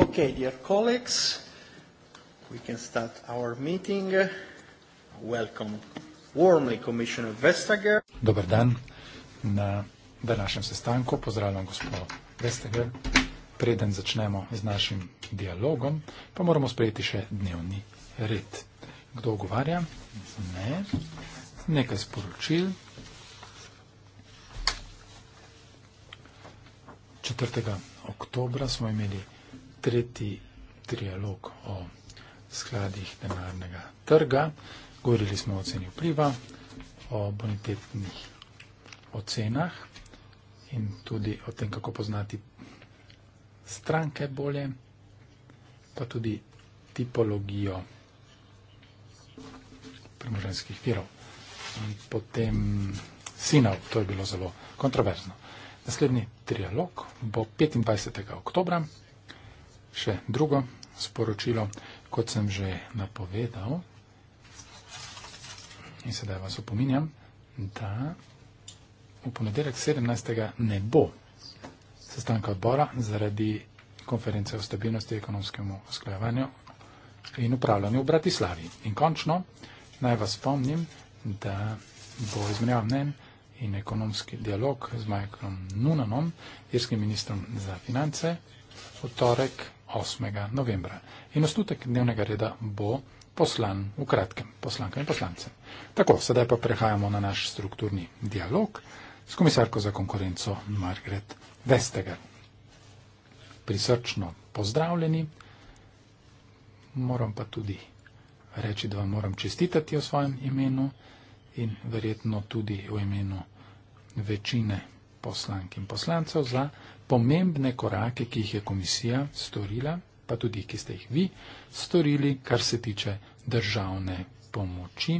Okay, dear colleagues, we can start our meeting. Welcome warmly, Commissioner Vestager. Dobar dan. Na današnjem sestanku pozdravljam gospod Vestager. Preden začnemo z našim dialogom, pa moramo sprejeti še dnevni red. Kdo ogovarja? Ne. Nekaj sporočil. 4. oktobra smo imeli tretji trialog o skladih denarnega trga. Govorili smo o ceni vpliva, o bonitetnih ocenah in tudi o tem, kako poznati stranke bolje, pa tudi tipologijo premoženskih virov. In potem sinov, to je bilo zelo kontroverzno. Naslednji trialog bo 25. oktobra še drugo sporočilo, kot sem že napovedal. In sedaj vas opominjam, da v ponedeljek 17. ne bo sestanka odbora zaradi konference o stabilnosti, ekonomskemu usklajevanju in upravljanju v Bratislavi. In končno naj vas spomnim, da bo izmenjava mnen in ekonomski dialog z Majkom Nunanom, irskim ministrom za finance, v torek 8. novembra. In ostutek dnevnega reda bo poslan v kratkem poslankam in poslancem. Tako, sedaj pa prehajamo na naš strukturni dialog s komisarko za konkurenco Margaret Vestager. Prisrčno pozdravljeni. Moram pa tudi reči, da vam moram čestitati o svojem imenu in verjetno tudi v imenu večine poslank in poslancev za pomembne korake, ki jih je komisija storila, pa tudi, ki ste jih vi storili, kar se tiče državne pomoči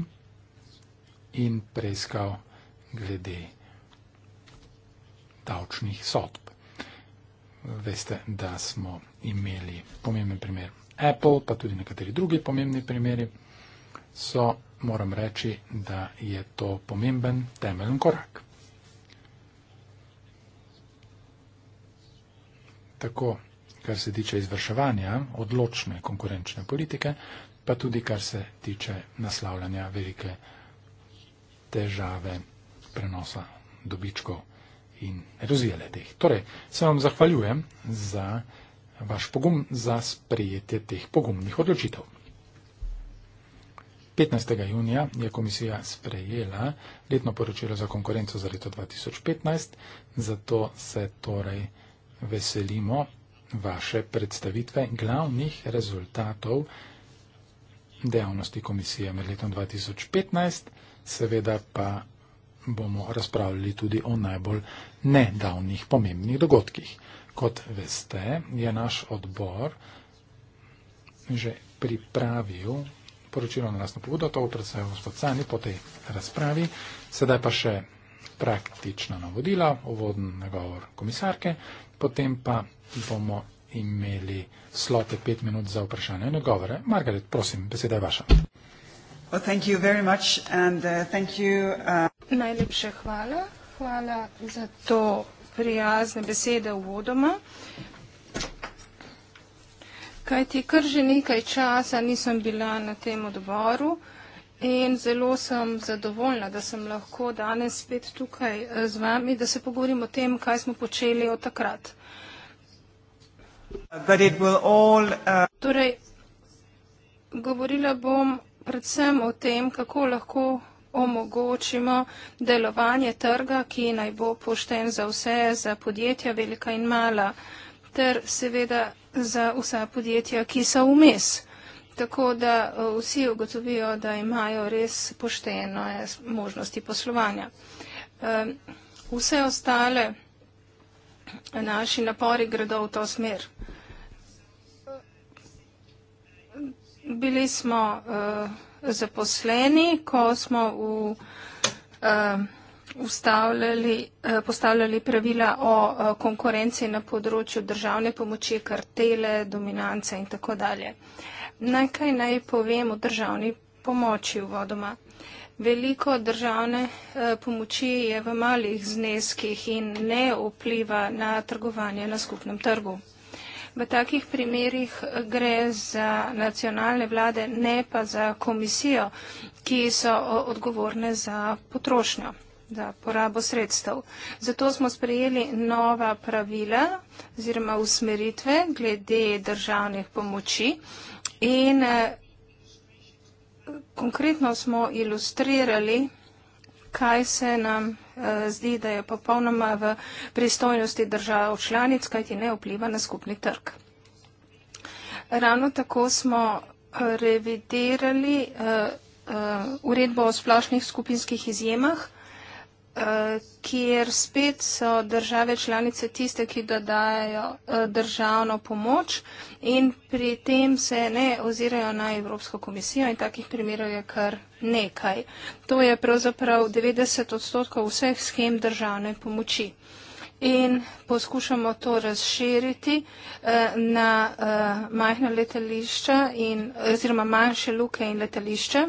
in preiskav glede davčnih sodb. Veste, da smo imeli pomemben primer Apple, pa tudi nekateri drugi pomembni primeri, so, moram reči, da je to pomemben temeljni korak. tako kar se tiče izvrševanja odločne konkurenčne politike, pa tudi kar se tiče naslavljanja velike težave prenosa dobičkov in erozije leteh. Torej, se vam zahvaljujem za vaš pogum, za sprejetje teh pogumnih odločitev. 15. junija je komisija sprejela letno poročilo za konkurenco za leto 2015, zato se torej veselimo vaše predstavitve glavnih rezultatov dejavnosti komisije med letom 2015. Seveda pa bomo razpravljali tudi o najbolj nedavnih pomembnih dogodkih. Kot veste, je naš odbor že pripravil poročilo na lasno pobudo, to predvsem gospod Cani po tej razpravi. Sedaj pa še praktična navodila, uvodni nagovor komisarke, potem pa bomo imeli slote pet minut za vprašanje in odgovore. Margaret, prosim, beseda je vaša. Well, thank you very much and uh, thank you. Uh... Najlepše hvala. Hvala za to prijazne besede v vodoma. Kaj ti kar že nekaj časa nisem bila na tem odboru, uh, In zelo sem zadovoljna, da sem lahko danes spet tukaj eh, z vami, da se pogovorimo o tem, kaj smo počeli od takrat. All, uh... Torej, govorila bom predvsem o tem, kako lahko omogočimo delovanje trga, ki naj bo pošten za vse, za podjetja velika in mala, ter seveda za vsa podjetja, ki so vmes tako, da eh, vsi ugotovijo, da imajo res pošteno možnosti poslovanja. Vse ostale naši napori gredo v to smer. Bili smo uh, zaposleni, ko smo v, uh, ustavljali, uh, postavljali pravila o uh, konkurenci na področju državne pomoči, kartele, dominance in tako dalje. Uh, Najkaj naj povem o državni pomoči v vodoma. Veliko državne eh, pomoči je v malih zneskih in ne vpliva na trgovanje na skupnem trgu. V takih primerjih eh, gre za nacionalne vlade, ne pa za komisijo, ki so odgovorne za potrošnjo, za porabo sredstev. Zato smo sprejeli nova pravila oziroma usmeritve glede državnih pomoči. In eh, konkretno smo ilustrirali, kaj se nam eh, zdi, da je popolnoma v pristojnosti držav članic, kajti ne vpliva na skupni trg. Ravno tako smo eh, revidirali uredbo o splošnih skupinskih izjemah Eh, kjer spet so države članice tiste, ki dodajo eh, državno pomoč in pri tem se ne ozirajo na Evropsko komisijo in takih primerov je kar nekaj. To je pravzaprav 90 odstotkov vseh schem državne pomoči. In poskušamo to razširiti eh, na majhne letališča in, oziroma manjše luke in letališča.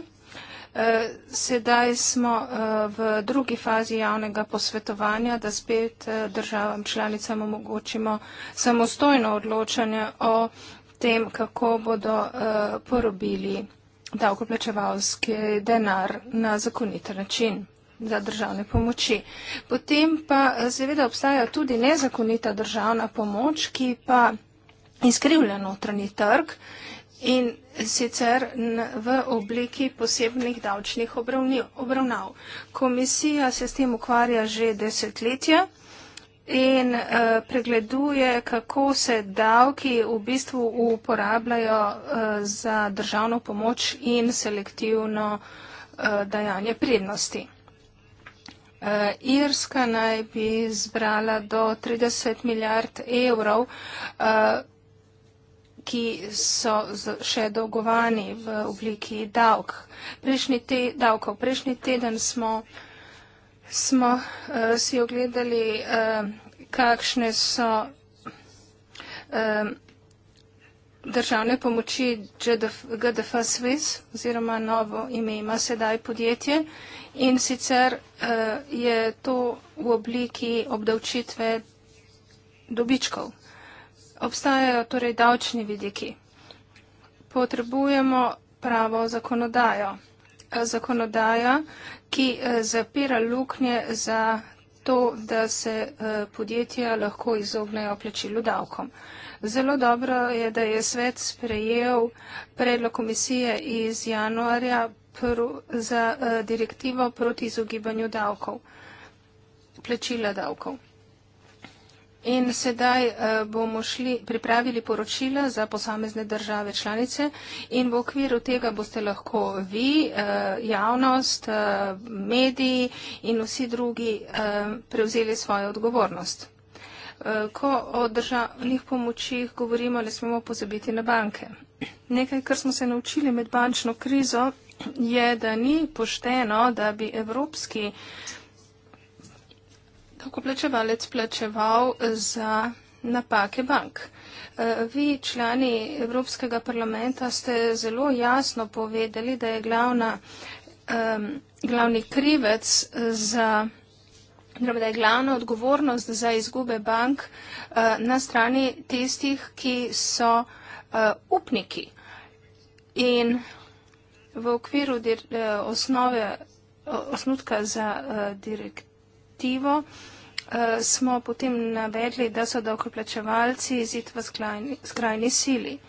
Eh, sedaj smo eh, v drugi fazi javnega posvetovanja, da spet eh, državam članicam omogočimo samostojno odločanje o tem, kako bodo porobili davkoplačevalski denar na zakonit način za državne pomoči. Potem pa seveda obstaja tudi nezakonita državna pomoč, ki pa izkrivlja notranji trg in sicer v obliki posebnih davčnih obravnav. Komisija se s tem ukvarja že desetletja in uh, pregleduje, kako se davki v bistvu uporabljajo uh, za državno pomoč in selektivno uh, dajanje prednosti. Uh, Irska naj bi zbrala do 30 milijard evrov. Uh, ki so še dolgovani v obliki davk. Prejšnji te, davkov. Prejšnji teden smo, smo uh, si ogledali, uh, kakšne so uh, državne pomoči GDF, GDF Swiss oziroma novo ime ima sedaj podjetje in sicer uh, je to v obliki obdavčitve dobičkov. Obstajajo torej davčni vidiki. Potrebujemo pravo zakonodajo. Zakonodaja, ki eh, zapira luknje za to, da se eh, podjetja lahko izognejo plačilu davkom. Zelo dobro je, da je svet sprejel predlog komisije iz januarja za eh, direktivo proti izogibanju davkov, plačila davkov. In sedaj eh, bomo šli, pripravili poročila za posamezne države članice in v okviru tega boste lahko vi, eh, javnost, eh, mediji in vsi drugi prevzeli svojo odgovornost. Ko o državnih pomočih govorimo, ne smemo pozabiti na banke. Nekaj, kar smo se naučili med bančno krizo, je, da ni pošteno, da bi evropski Dokoplačevalec plačeval za napake bank. Eh, vi, člani Evropskega parlamenta, ste zelo jasno povedali, da je glavna, um, glavni krivec za. Da je glavna odgovornost za izgube bank eh, na strani tistih, ki so eh, upniki. In v okviru osnove, osnutka za direktiv direktivo, eh, smo potem navedli, da so davkoplačevalci izid v skrajni, skrajni sili.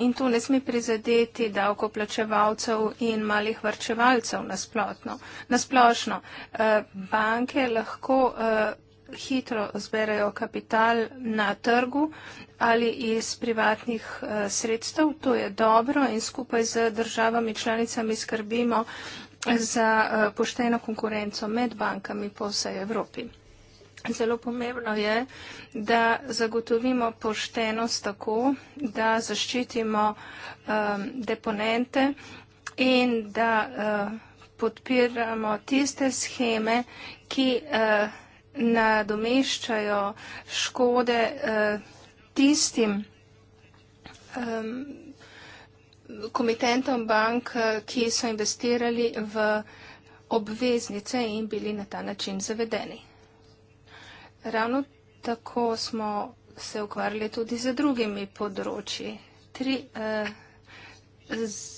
In to ne sme prizadeti davkoplačevalcev in malih vrčevalcev nasplotno. nasplošno. Eh, banke lahko eh, hitro zberejo kapital na trgu ali iz privatnih sredstev. To je dobro in skupaj z državami članicami skrbimo za eh, pošteno konkurenco med bankami po vsej Evropi. Zelo pomembno je, da zagotovimo poštenost tako, da zaščitimo um, deponente in da uh, podpiramo tiste scheme, ki uh, nadomeščajo škode uh, tistim um, komitentom bank, eh, ki so investirali v obveznice in bili na ta način zavedeni. Ravno tako smo se ukvarjali tudi z drugimi področji. Tri eh,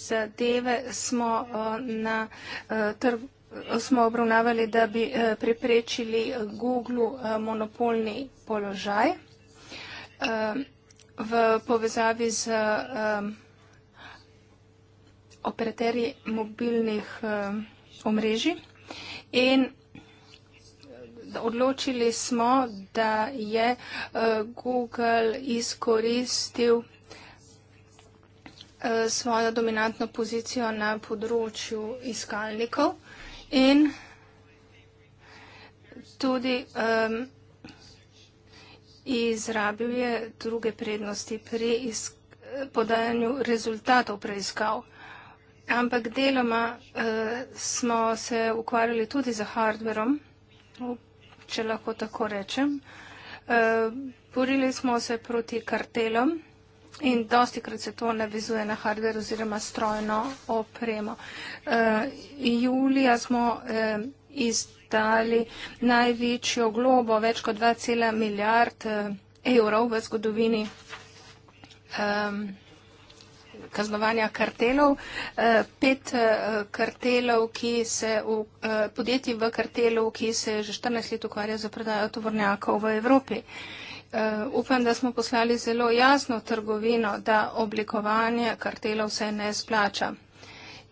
zadeve smo, eh, na, eh, trv, smo obravnavali, da bi eh, preprečili Google eh, monopolni položaj eh, v povezavi z. Eh, operaterji mobilnih uh, omrežij in odločili smo, da je uh, Google izkoristil uh, svojo dominantno pozicijo na področju iskalnikov in tudi um, izrabil je druge prednosti pri podajanju rezultatov preiskav ampak deloma uh, smo se ukvarjali tudi z hardverom, če lahko tako rečem. Eh, borili uh, smo se proti kartelom in dosti krat se to navezuje na hardver oziroma strojno opremo. Uh, julija smo uh, izdali največjo globo, več kot 2,1 milijard uh, evrov v zgodovini. Um, kaznovanja kartelov. Eh, pet eh, kartelov, ki se v eh, podjetji v kartelu, ki se že 14 let ukvarja za prodajo tovornjakov v Evropi. Upam, da smo poslali zelo jasno trgovino, da oblikovanje kartelov se ne splača.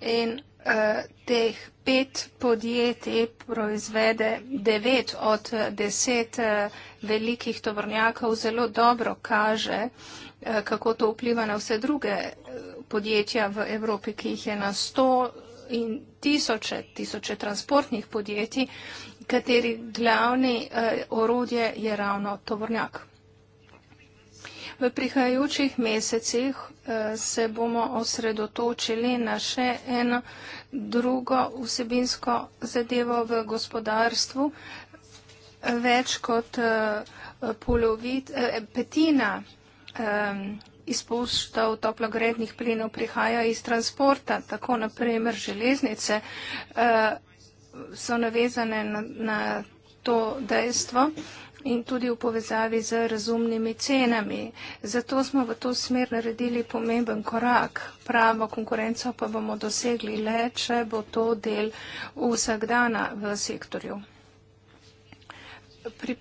In eh, teh pet podjetij proizvede devet od deset eh, velikih tovornjakov zelo dobro kaže, eh, kako to vpliva na vse druge podjetja v Evropi, ki jih je na sto in tisoče, tisoče transportnih podjetij, kateri glavni eh, orodje je ravno tovornjak. V prihajajočih mesecih eh, se bomo osredotočili na še eno drugo vsebinsko zadevo v gospodarstvu. Več kot eh, polovit, petina izpuščav toplogrednih plinov prihaja iz transporta, tako naprimer železnice eh, so navezane na, na to dejstvo in tudi v povezavi z razumnimi cenami. Zato smo v to smer naredili pomemben korak. Pravo konkurenco pa bomo dosegli le, če bo to del vsakdana v sektorju. Pri,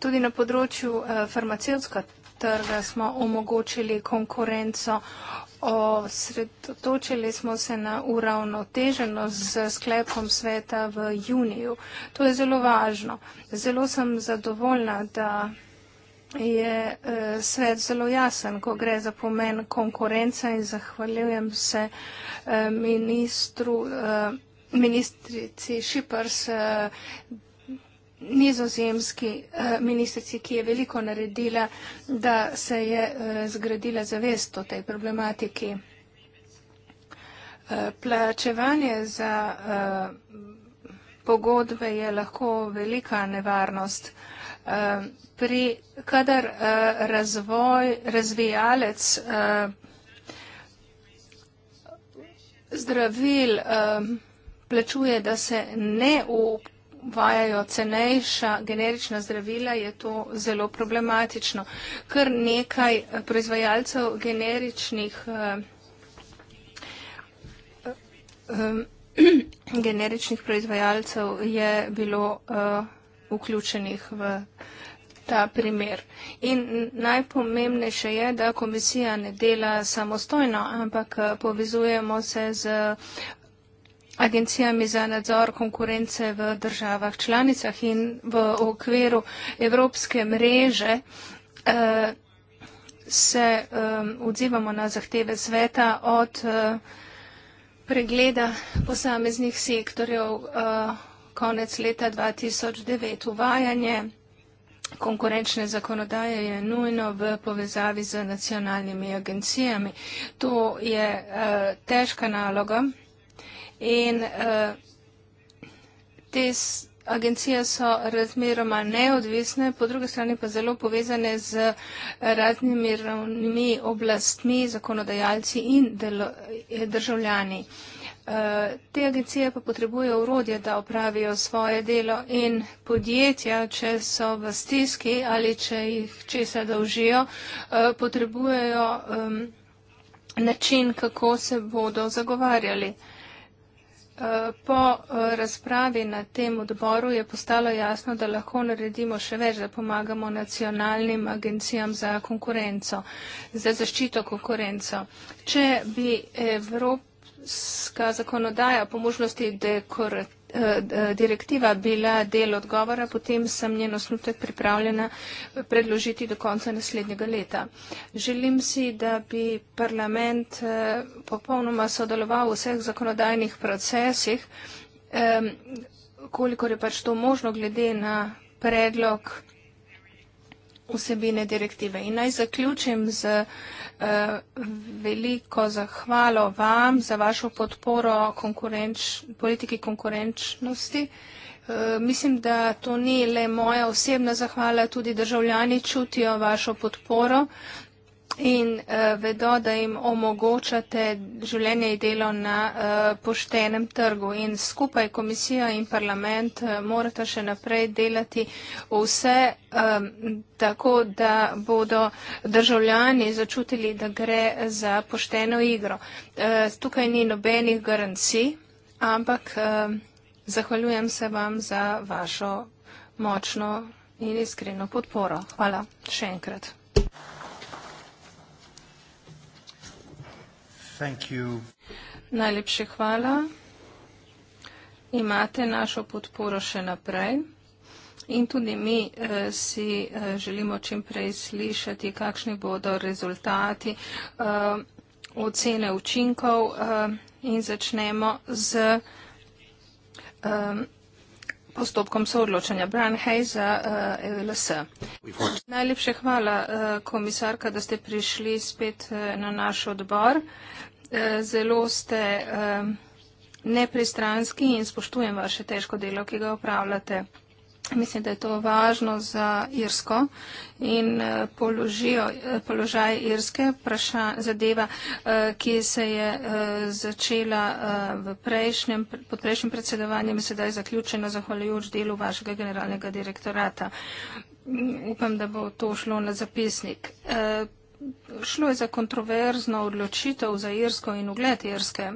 tudi na področju eh, farmacevtska trga smo omogočili konkurenco. Osredotočili smo se na uravnoteženost z sklepom sveta v juniju. To je zelo važno. Zelo sem zadovoljna, da je eh, svet zelo jasen, ko gre za pomen konkurenca in zahvaljujem se eh, ministru, eh, ministrici Šipars, nizozemski eh, ministrici, ki je veliko naredila, da se je eh, zgradila zavest o tej problematiki. Eh, plačevanje za pogodbe je lahko velika nevarnost. Pri, kadar razvoj, razvijalec zdravil plačuje, da se ne upravlja, uvajajo cenejša generična zdravila, je to zelo problematično. Kar nekaj eh, proizvajalcev generičnih, eh, eh, generičnih proizvajalcev je bilo vključenih v ta primer. In najpomembnejše je, da komisija ne dela samostojno, ampak povezujemo se z agencijami za nadzor konkurence v državah članicah in v okviru evropske mreže eh, se eh, odzivamo na zahteve sveta od eh, pregleda posameznih sektorjev konec leta 2009. Uvajanje konkurenčne zakonodaje je nujno v povezavi z nacionalnimi agencijami. To je težka naloga. In uh, te agencije so razmeroma neodvisne, po drugi strani pa zelo povezane z eh, raznimi ravnimi oblastmi, zakonodajalci in delo, eh, državljani. Te agencije pa potrebujejo urodje, da opravijo svoje delo in podjetja, če so v stiski ali če jih česa dolžijo, potrebujejo ehm, način, kako se bodo zagovarjali. Po eh, razpravi na tem odboru je postalo jasno, da lahko naredimo še več, da pomagamo nacionalnim agencijam za konkurenco, za zaščito konkurenco. Če bi Evropska zakonodaja po možnosti dekorativna, Eh, direktiva bila del odgovora, potem sem njen osnutek pripravljena predložiti do konca naslednjega leta. Želim si, da bi parlament eh, popolnoma sodeloval v vseh zakonodajnih procesih, kolikor je pač to možno glede na predlog vsebine direktive. In naj zaključim z uh, veliko zahvalo vam za vašo podporo konkurenč, politiki konkurenčnosti. Uh, mislim, da to ni le moja osebna zahvala, tudi državljani čutijo vašo podporo in uh, vedo, da jim omogočate življenje in delo na uh, poštenem trgu. In skupaj komisija in parlament uh, morata še naprej delati vse um, tako, da bodo državljani začutili, da gre za pošteno igro. Uh, tukaj ni nobenih garancij, ampak uh, zahvaljujem se vam za vašo močno in iskreno podporo. Hvala še enkrat. Najlepše hvala. Imate našo podporo še naprej. In tudi mi eh, si eh, želimo čimprej slišati, kakšni bodo rezultati eh, ocene učinkov eh, in začnemo z. Eh, postopkom soodločanja. Brian Hay za uh, eh, e LS. Najlepše hvala, uh, komisarka, da ste prišli spet uh, na naš odbor. Uh, zelo ste uh, nepristranski in spoštujem vaše težko delo, ki ga upravljate. Mislim, da je to važno za Irsko in eh, položijo, eh, položaj Irske praša, zadeva, eh, ki se je začela v prejšnjem, pod prejšnjim predsedovanjem in sedaj zaključena zahvaljujoč delu vašega generalnega direktorata. Upam, da bo to šlo na zapisnik. Šlo je za kontroverzno odločitev za Irsko in ugled Irske.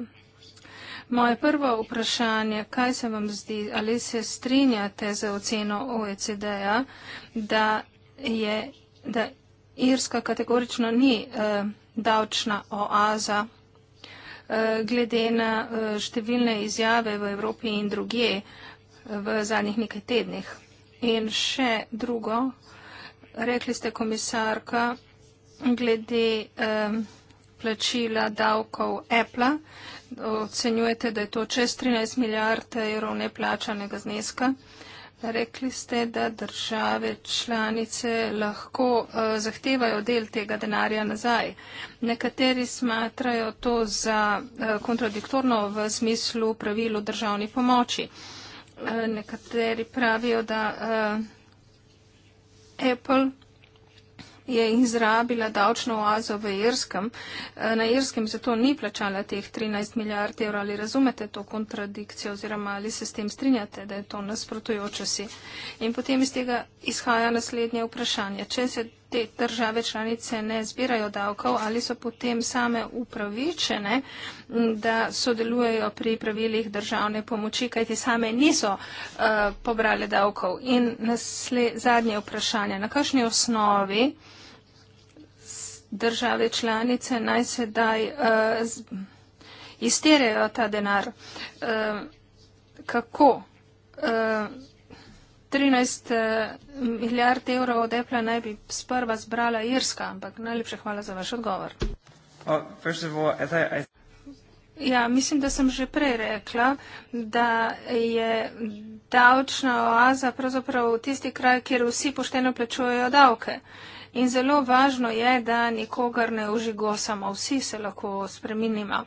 Moje prvo vprašanje, kaj se vam zdi, ali se strinjate za oceno OECD-a, da je da Irska kategorično ni eh, davčna oaza, eh, glede na eh, številne izjave v Evropi in druge eh, v zadnjih nekaj tednih. In še drugo, rekli ste komisarka, glede eh, plačila davkov Apple, ocenjujete, da je to čez 13 milijard evrov neplačanega zneska. Rekli ste, da države članice lahko uh, zahtevajo del tega denarja nazaj. Nekateri smatrajo to za uh, kontradiktorno v smislu pravilu državni pomoči. Uh, nekateri pravijo, da uh, Apple je izrabila davčno oazo v Irskem. E, na Irskem zato ni plačala teh 13 milijard evrov. Ali razumete to kontradikcijo oziroma ali se s tem strinjate, da je to nasprotujoče si? In potem iz tega izhaja naslednje vprašanje. Če se te države članice ne zbirajo davkov ali so potem same upravičene, da sodelujejo pri pravilih državne pomoči, kajti same niso uh, pobrale davkov. In nasle, zadnje vprašanje, na kakšni osnovi države članice naj sedaj uh, eh, iztirejo ta denar? Uh, kako? Uh, 13 eh, milijard evrov od Apple naj bi sprva zbrala Irska, ampak najlepša hvala za vaš odgovor. Oh, ja, mislim, da sem že prej rekla, da je davčna oaza pravzaprav tisti kraj, kjer vsi pošteno plačujejo davke. In zelo važno je, da nikogar ne užigosamo, vsi se lahko spreminjamo.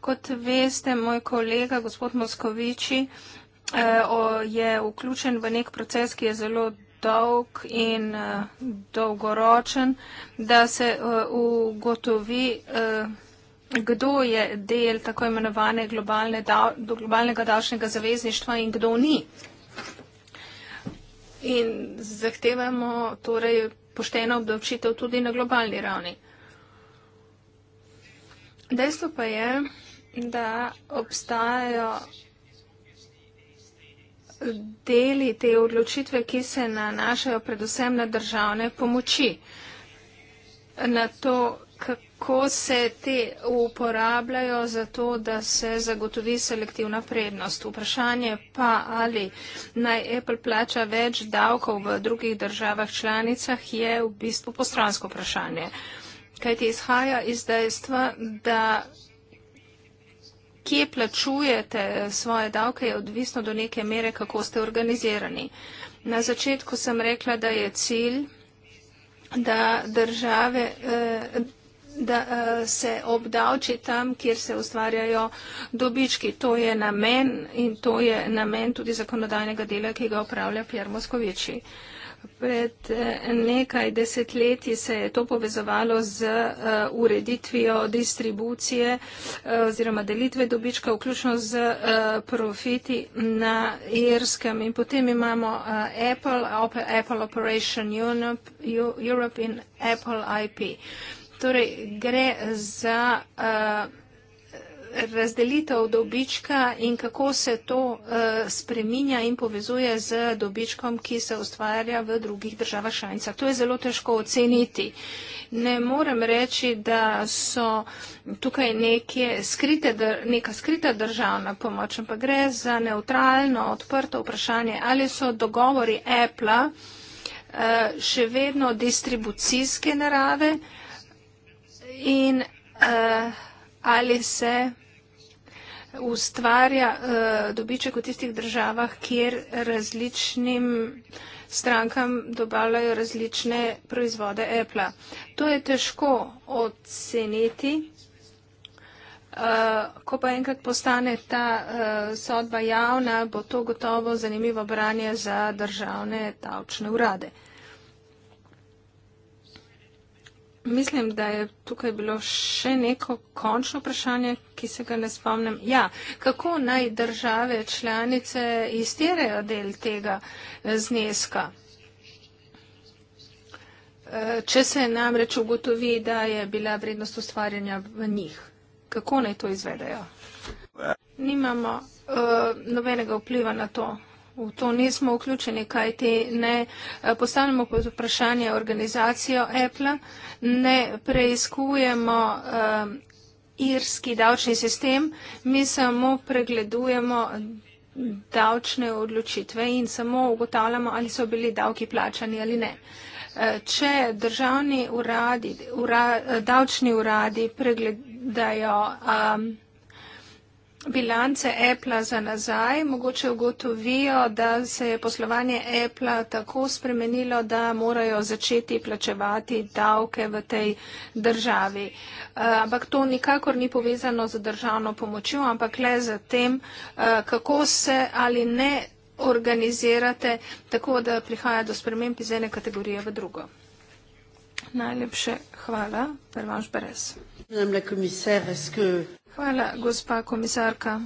Kot veste, moj kolega, gospod Moskoviči, Eh, o, je vključen v nek proces, ki je zelo dolg in uh, dolgoročen, da se uh, ugotovi, uh, kdo je del tako imenovane globalne dav, do globalnega davčnega zavezništva in kdo ni. In zahtevamo torej pošteno obdavčitev tudi na globalni ravni. Dejstvo pa je, da obstajajo deli te odločitve, ki se nanašajo predvsem na državne pomoči, na to, kako se te uporabljajo za to, da se zagotovi selektivna prednost. Vprašanje pa, ali naj Apple plača več davkov v drugih državah članicah, je v bistvu postransko vprašanje. Kaj ti izhaja iz dejstva, da kje plačujete svoje davke, je odvisno do neke mere, kako ste organizirani. Na začetku sem rekla, da je cilj, da države. Eh, da eh, se obdavči tam, kjer se ustvarjajo dobički. To je namen in to je namen tudi zakonodajnega dela, ki ga upravlja Pierre Moskovič. Uh, Pred eh, nekaj desetletji se je to povezovalo z eh, ureditvijo distribucije eh, oziroma delitve dobička, vključno z profiti na Irskem. In potem imamo Apple, Apple Operation Europe in Apple IP. Torej gre za uh, razdelitev dobička in kako se to uh, spreminja in povezuje z dobičkom, ki se ustvarja v drugih državah šanicah. To je zelo težko oceniti. Ne morem reči, da so tukaj skrite, neka skrita državna pomoč, ampak gre za neutralno, odprto vprašanje, ali so dogovori Apple uh, eh, še vedno distribucijske narave. In, uh, Ali se ustvarja uh, dobiček v tistih državah, kjer različnim strankam dobavljajo različne proizvode Apple. To je težko oceniti. Uh, ko pa enkrat postane ta uh, sodba javna, bo to gotovo zanimivo branje za državne davčne urade. Mislim, da je tukaj bilo še neko končno vprašanje, ki se ga ne spomnim. Ja, kako naj države članice izterejo del tega eh, zneska? Eh, če se namreč ugotovi, da je bila vrednost ustvarjanja v njih, kako naj to izvedejo? Nimamo uh, nobenega vpliva na to v to nismo vključeni, kaj ti ne eh, postavljamo pod vprašanje organizacijo Apple, ne preizkujemo um, irski davčni sistem, mi samo pregledujemo davčne odločitve in samo ugotavljamo, ali so bili davki plačani ali ne. Eh, če državni uradi, ura, davčni uradi pregledajo um, bilance Apple za nazaj, mogoče ugotovijo, da se je poslovanje Apple tako spremenilo, da morajo začeti plačevati davke v tej državi. Eh, ampak to nikakor ni povezano z državno pomočjo, ampak le z tem, eh, kako se ali ne organizirate, tako da prihaja do sprememb iz ene kategorije v drugo. Najlepše hvala, Pervanš Beres. Hvala, gospa komisarka.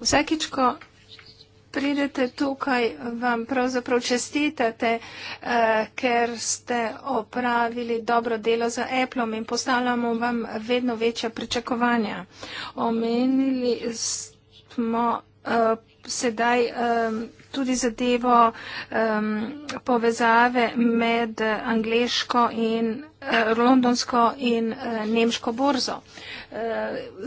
Vsakič, ko pridete tukaj, vam pravzaprav čestitate, eh, ker ste opravili dobro delo za Apple-om in postavljamo vam vedno večja pričakovanja. Omenili smo eh, sedaj eh, tudi zadevo um, povezave med angliško in uh, londonsko in uh, nemško borzo. Uh,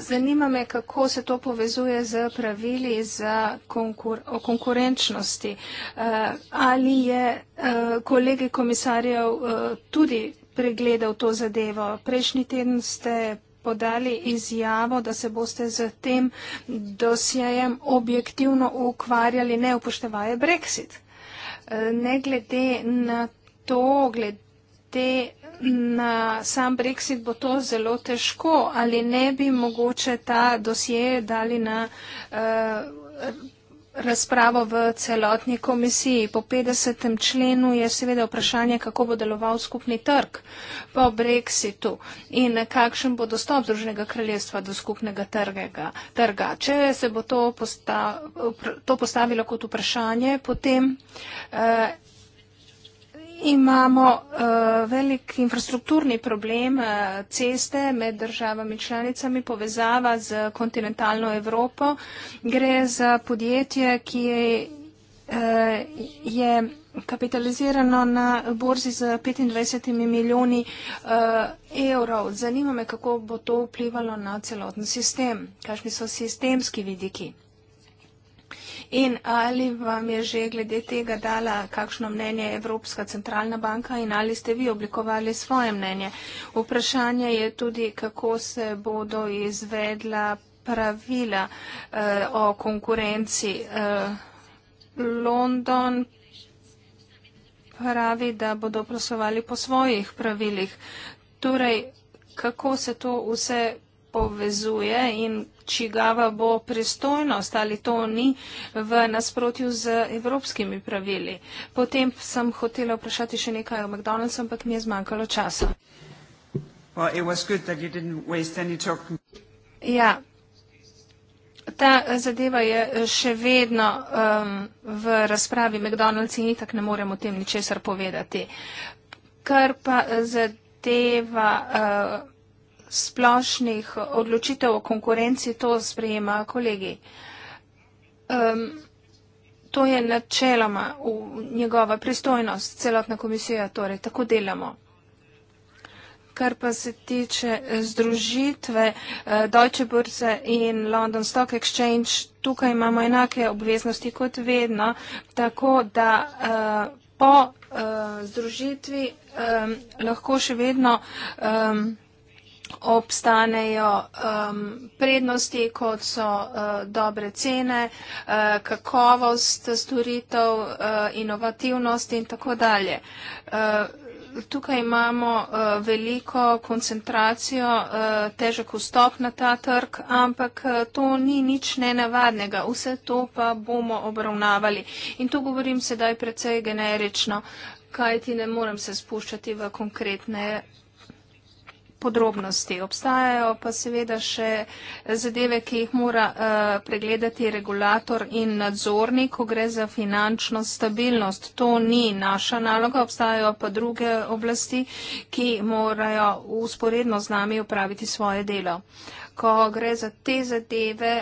zanima me, kako se to povezuje z pravili za konkur o konkurenčnosti. Uh, ali je uh, kolegi komisarjev uh, tudi pregledal to zadevo. Prejšnji teden ste podali izjavo, da se boste z tem dosjejem objektivno ukvarjali, ne upoštevaje Brexit. E, ne glede na to, glede na sam Brexit, bo to zelo težko, ali ne bi mogoče ta dosje dali na. Uh, razpravo v celotni komisiji. Po 50. členu je seveda vprašanje, kako bo deloval skupni trg po brexitu in kakšen bo dostop Združenega kraljestva do skupnega trgega, trga. Če se bo to, posta, to postavilo kot vprašanje, potem eh, Imamo uh, velik infrastrukturni problem uh, ceste med državami članicami, povezava z kontinentalno Evropo. Gre za podjetje, ki je, uh, je kapitalizirano na borzi z 25 milijoni uh, evrov. Zanima me, kako bo to vplivalo na celoten sistem, kakšni so sistemski vidiki. In ali vam je že glede tega dala kakšno mnenje Evropska centralna banka in ali ste vi oblikovali svoje mnenje? Vprašanje je tudi, kako se bodo izvedla pravila eh, o konkurenci. Eh, London pravi, da bodo prosovali po svojih pravilih. Torej, kako se to vse povezuje in čigava bo pristojnost ali to ni v nasprotju z evropskimi pravili. Potem sem hotela vprašati še nekaj o McDonald'su, ampak mi je zmanjkalo časa. Ja, ta zadeva je še vedno um, v razpravi. McDonald's in itak ne morem o tem ničesar povedati. Kar pa zadeva. Uh, splošnih odločitev o konkurenci to sprejema kolegi. Um, to je načeloma v njegova pristojnost, celotna komisija, torej tako delamo. Kar pa se tiče eh, združitve eh, Deutsche Börse in London Stock Exchange, tukaj imamo enake obveznosti kot vedno, tako da eh, po združitvi lahko še vedno obstanejo um, prednosti, kot so uh, dobre cene, uh, kakovost storitev, uh, inovativnost in tako dalje. Uh, tukaj imamo uh, veliko koncentracijo, uh, težek vstop na ta trg, ampak uh, to ni nič nenavadnega. Vse to pa bomo obravnavali. In tu govorim sedaj precej generično, kaj ti ne morem se spuščati v konkretne podrobnosti. Obstajajo pa seveda še zadeve, ki jih mora uh, pregledati regulator in nadzornik, ko gre za finančno stabilnost. To ni naša naloga, obstajajo pa druge oblasti, ki morajo usporedno z nami upraviti svoje delo. Ko gre za te zadeve,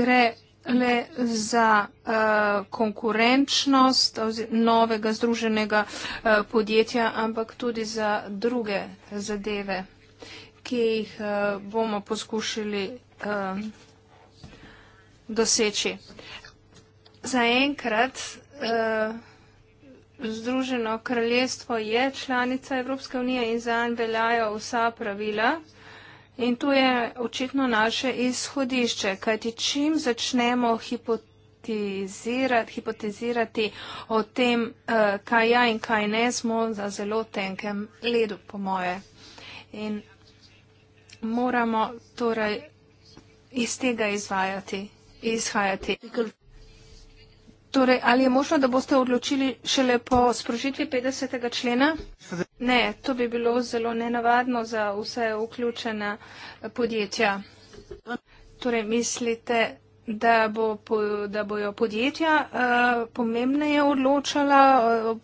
gre le za uh, konkurenčnost novega združenega uh, podjetja, ampak tudi za druge zadeve, ki jih uh, bomo poskušali uh, doseči. Zaenkrat uh, Združeno kraljestvo je članica Evropske unije in zanj veljajo vsa pravila. In tu je očitno naše izhodišče, kajti čim začnemo hipotizirati, hipotizirati o tem, eh, kaj ja in kaj ne, smo za zelo tenkem ledu, po moje. In moramo torej iz tega izvajati, izhajati. Torej, ali je možno, da boste odločili šele po sprožitvi 50. člena? Ne, to bi bilo zelo nenavadno za vse vključena podjetja. Torej, mislite, da, bo, da bojo podjetja uh, pomembneje odločala,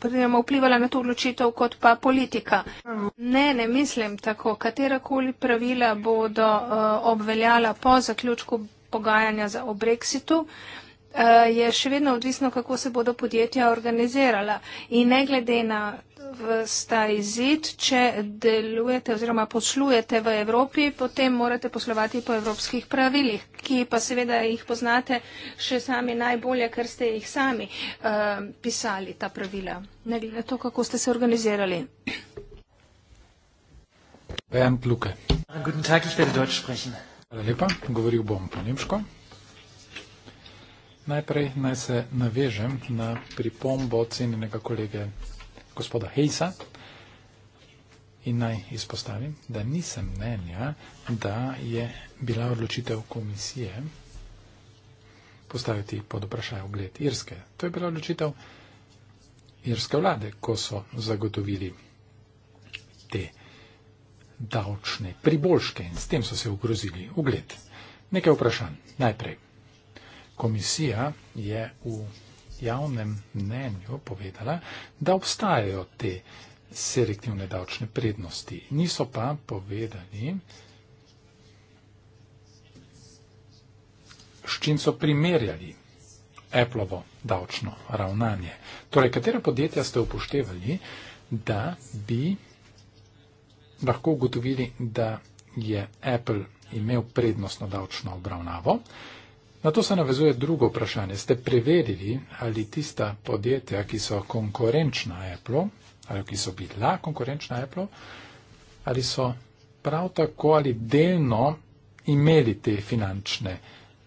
uh, vplivala na to odločitev kot pa politika? Ne, ne mislim tako. Katerakoli pravila bodo uh, obveljala po zaključku pogajanja za, o brexitu. Uh, Eh, je še vedno odvisno, kako se bodo podjetja organizirala. In ne glede na staj zid, če delujete oziroma poslujete v Evropi, potem morate poslovati po evropskih pravilih, ki pa seveda jih poznate še sami najbolje, ker ste jih sami uh, pisali, ta pravila. Ne glede na to, kako ste se organizirali. Bernd Luke. Guten Tag, ich werde Deutsch sprechen. Hvala lepa, govoril bom po nemško. Najprej naj se navežem na pripombo cenjenega kolege gospoda Hejsa in naj izpostavim, da nisem mnenja, da je bila odločitev komisije postaviti pod vprašaj ogled Irske. To je bila odločitev irske vlade, ko so zagotovili te davčne priboljške in s tem so se ogrozili ugled. Nekaj vprašanj. Najprej. Komisija je v javnem mnenju povedala, da obstajajo te selektivne davčne prednosti. Niso pa povedali, s čim so primerjali Appleovo davčno ravnanje. Torej, katera podjetja ste upoštevali, da bi lahko ugotovili, da je Apple imel prednostno davčno obravnavo? Na to se navezuje drugo vprašanje. Ste preverili, ali tista podjetja, ki so konkurenčna Apple, ali ki so bila konkurenčna Apple, ali so prav tako ali delno imeli te finančne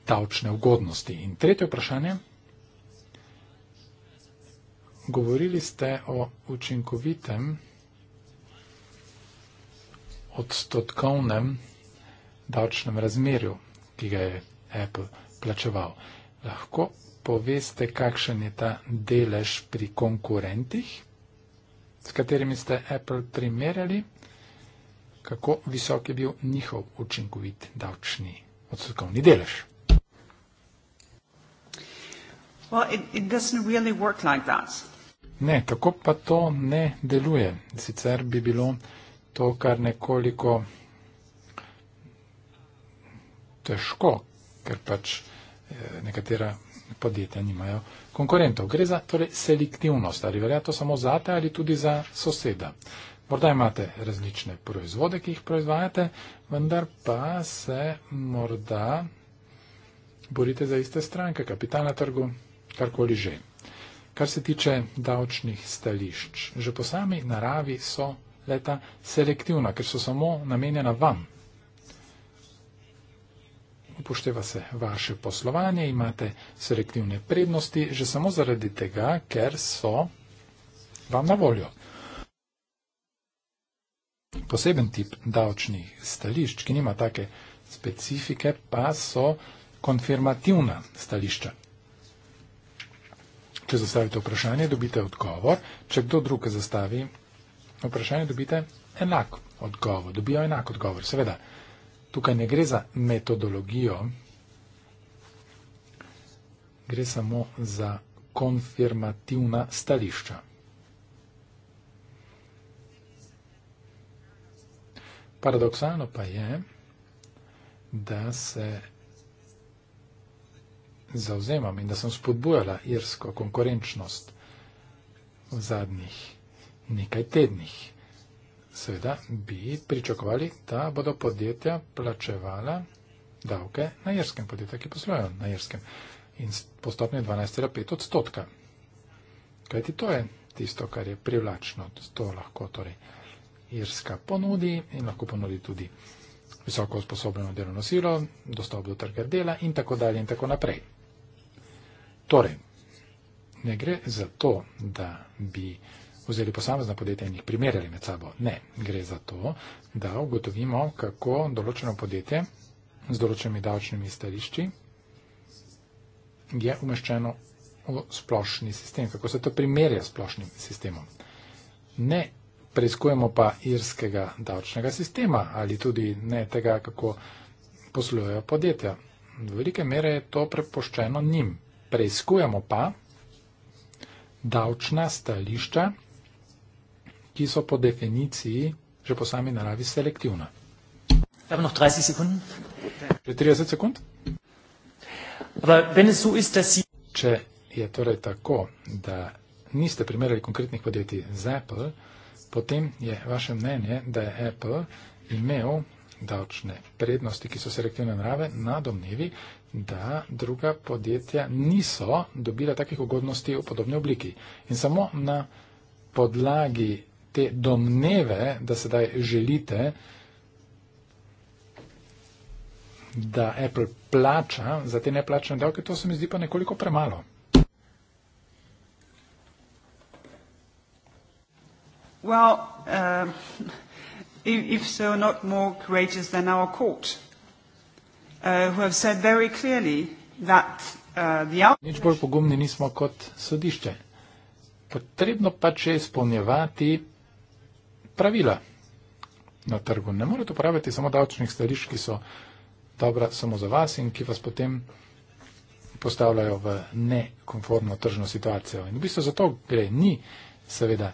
davčne ugodnosti. In tretje vprašanje. Govorili ste o učinkovitem odstotkovnem davčnem razmerju, ki ga je Apple plačeval. Lahko poveste, kakšen je ta delež pri konkurentih, s katerimi ste Apple primerjali, kako visok je bil njihov učinkovit davčni odstotkovni delež. Well, it, it doesn't really work like that. Ne, tako pa to ne deluje. Sicer bi bilo to kar nekoliko težko, ker pač eh, nekatera podjetja nimajo konkurentov. Gre za torej, selektivnost, ali velja to samo zate ali tudi za soseda. Morda imate različne proizvode, ki jih proizvajate, vendar pa se morda borite za iste stranke, kapital na trgu, karkoli že. Kar se tiče davčnih stališč, že po sami naravi so leta selektivna, ker so samo namenjena vam, upošteva se vaše poslovanje, imate selektivne prednosti, že samo zaradi tega, ker so vam na voljo. Poseben tip davčnih stališč, ki nima take specifike, pa so konfirmativna stališča. Če zastavite vprašanje, dobite odgovor. Če kdo drug zastavi vprašanje, dobite enak odgovor. Dobijo enak odgovor, seveda tukaj ne gre za metodologijo, gre samo za konfirmativna stališča. Paradoksalno pa je, da se zauzemam in da sem spodbujala irsko konkurenčnost v zadnjih nekaj tednih. Seveda bi pričakovali, da bodo podjetja plačevala davke na jerskem, podjetja, ki poslujejo na jerskem. In postopne 12,5 odstotka. Kaj ti to je tisto, kar je privlačno? To lahko torej jerska ponudi in lahko ponudi tudi visoko usposobljeno delovno silo, dostop do trga dela in tako dalje in tako naprej. Torej, ne gre za to, da bi vzeli posamezna podjetja in jih primerjali med sabo. Ne, gre za to, da ugotovimo, kako določeno podjetje z določenimi davčnimi stališči je umeščeno v splošni sistem, kako se to primerja s splošnim sistemom. Ne preizkujemo pa irskega davčnega sistema ali tudi ne tega, kako poslujejo podjetja. V velike mere je to prepoščeno njim. Preizkujemo pa davčna stališča ki so po definiciji že po sami naravi selektivna. Imamo noh 30 sekund. Še 30 sekund. Če je torej tako, da niste primerjali konkretnih podjetij z Apple, potem je vaše mnenje, da je Apple imel davčne prednosti, ki so selektivne narave, na domnevi, da druga podjetja niso dobila takih ugodnosti v podobni obliki. In samo na podlagi te domneve, da sedaj želite, da Apple plača za te neplačene davke, to se mi zdi pa nekoliko premalo. Well, uh, if so, not more courageous than our court, uh, who have said very clearly that uh, the outrage. Nič bolj pogumni nismo kot sodišče. Potrebno pa če izpolnjevati pravila na trgu. Ne morete uporabljati samo davčnih stališč, ki so dobra samo za vas in ki vas potem postavljajo v nekonformno tržno situacijo. In v bistvu za to gre. Ni seveda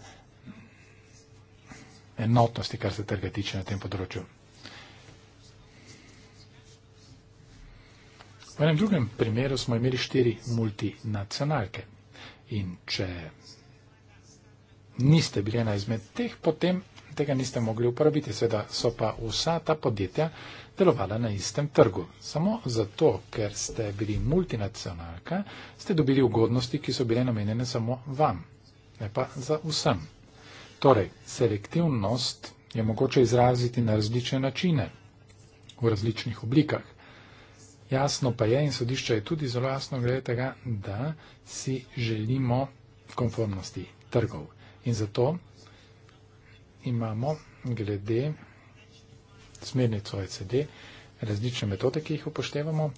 enotnosti, kar se trga tiče na tem področju. V enem drugem primeru smo imeli štiri multinacionalke. In če niste bili ena izmed teh, potem tega niste mogli uporabiti. Seveda so pa vsa ta podjetja delovala na istem trgu. Samo zato, ker ste bili multinacionalka, ste dobili ugodnosti, ki so bile namenjene samo vam, ne pa za vsem. Torej, selektivnost je mogoče izraziti na različne načine, v različnih oblikah. Jasno pa je in sodišče je tudi zelo jasno glede tega, da si želimo konformnosti trgov. In zato imamo glede smernic OECD različne metode, ki jih upoštevamo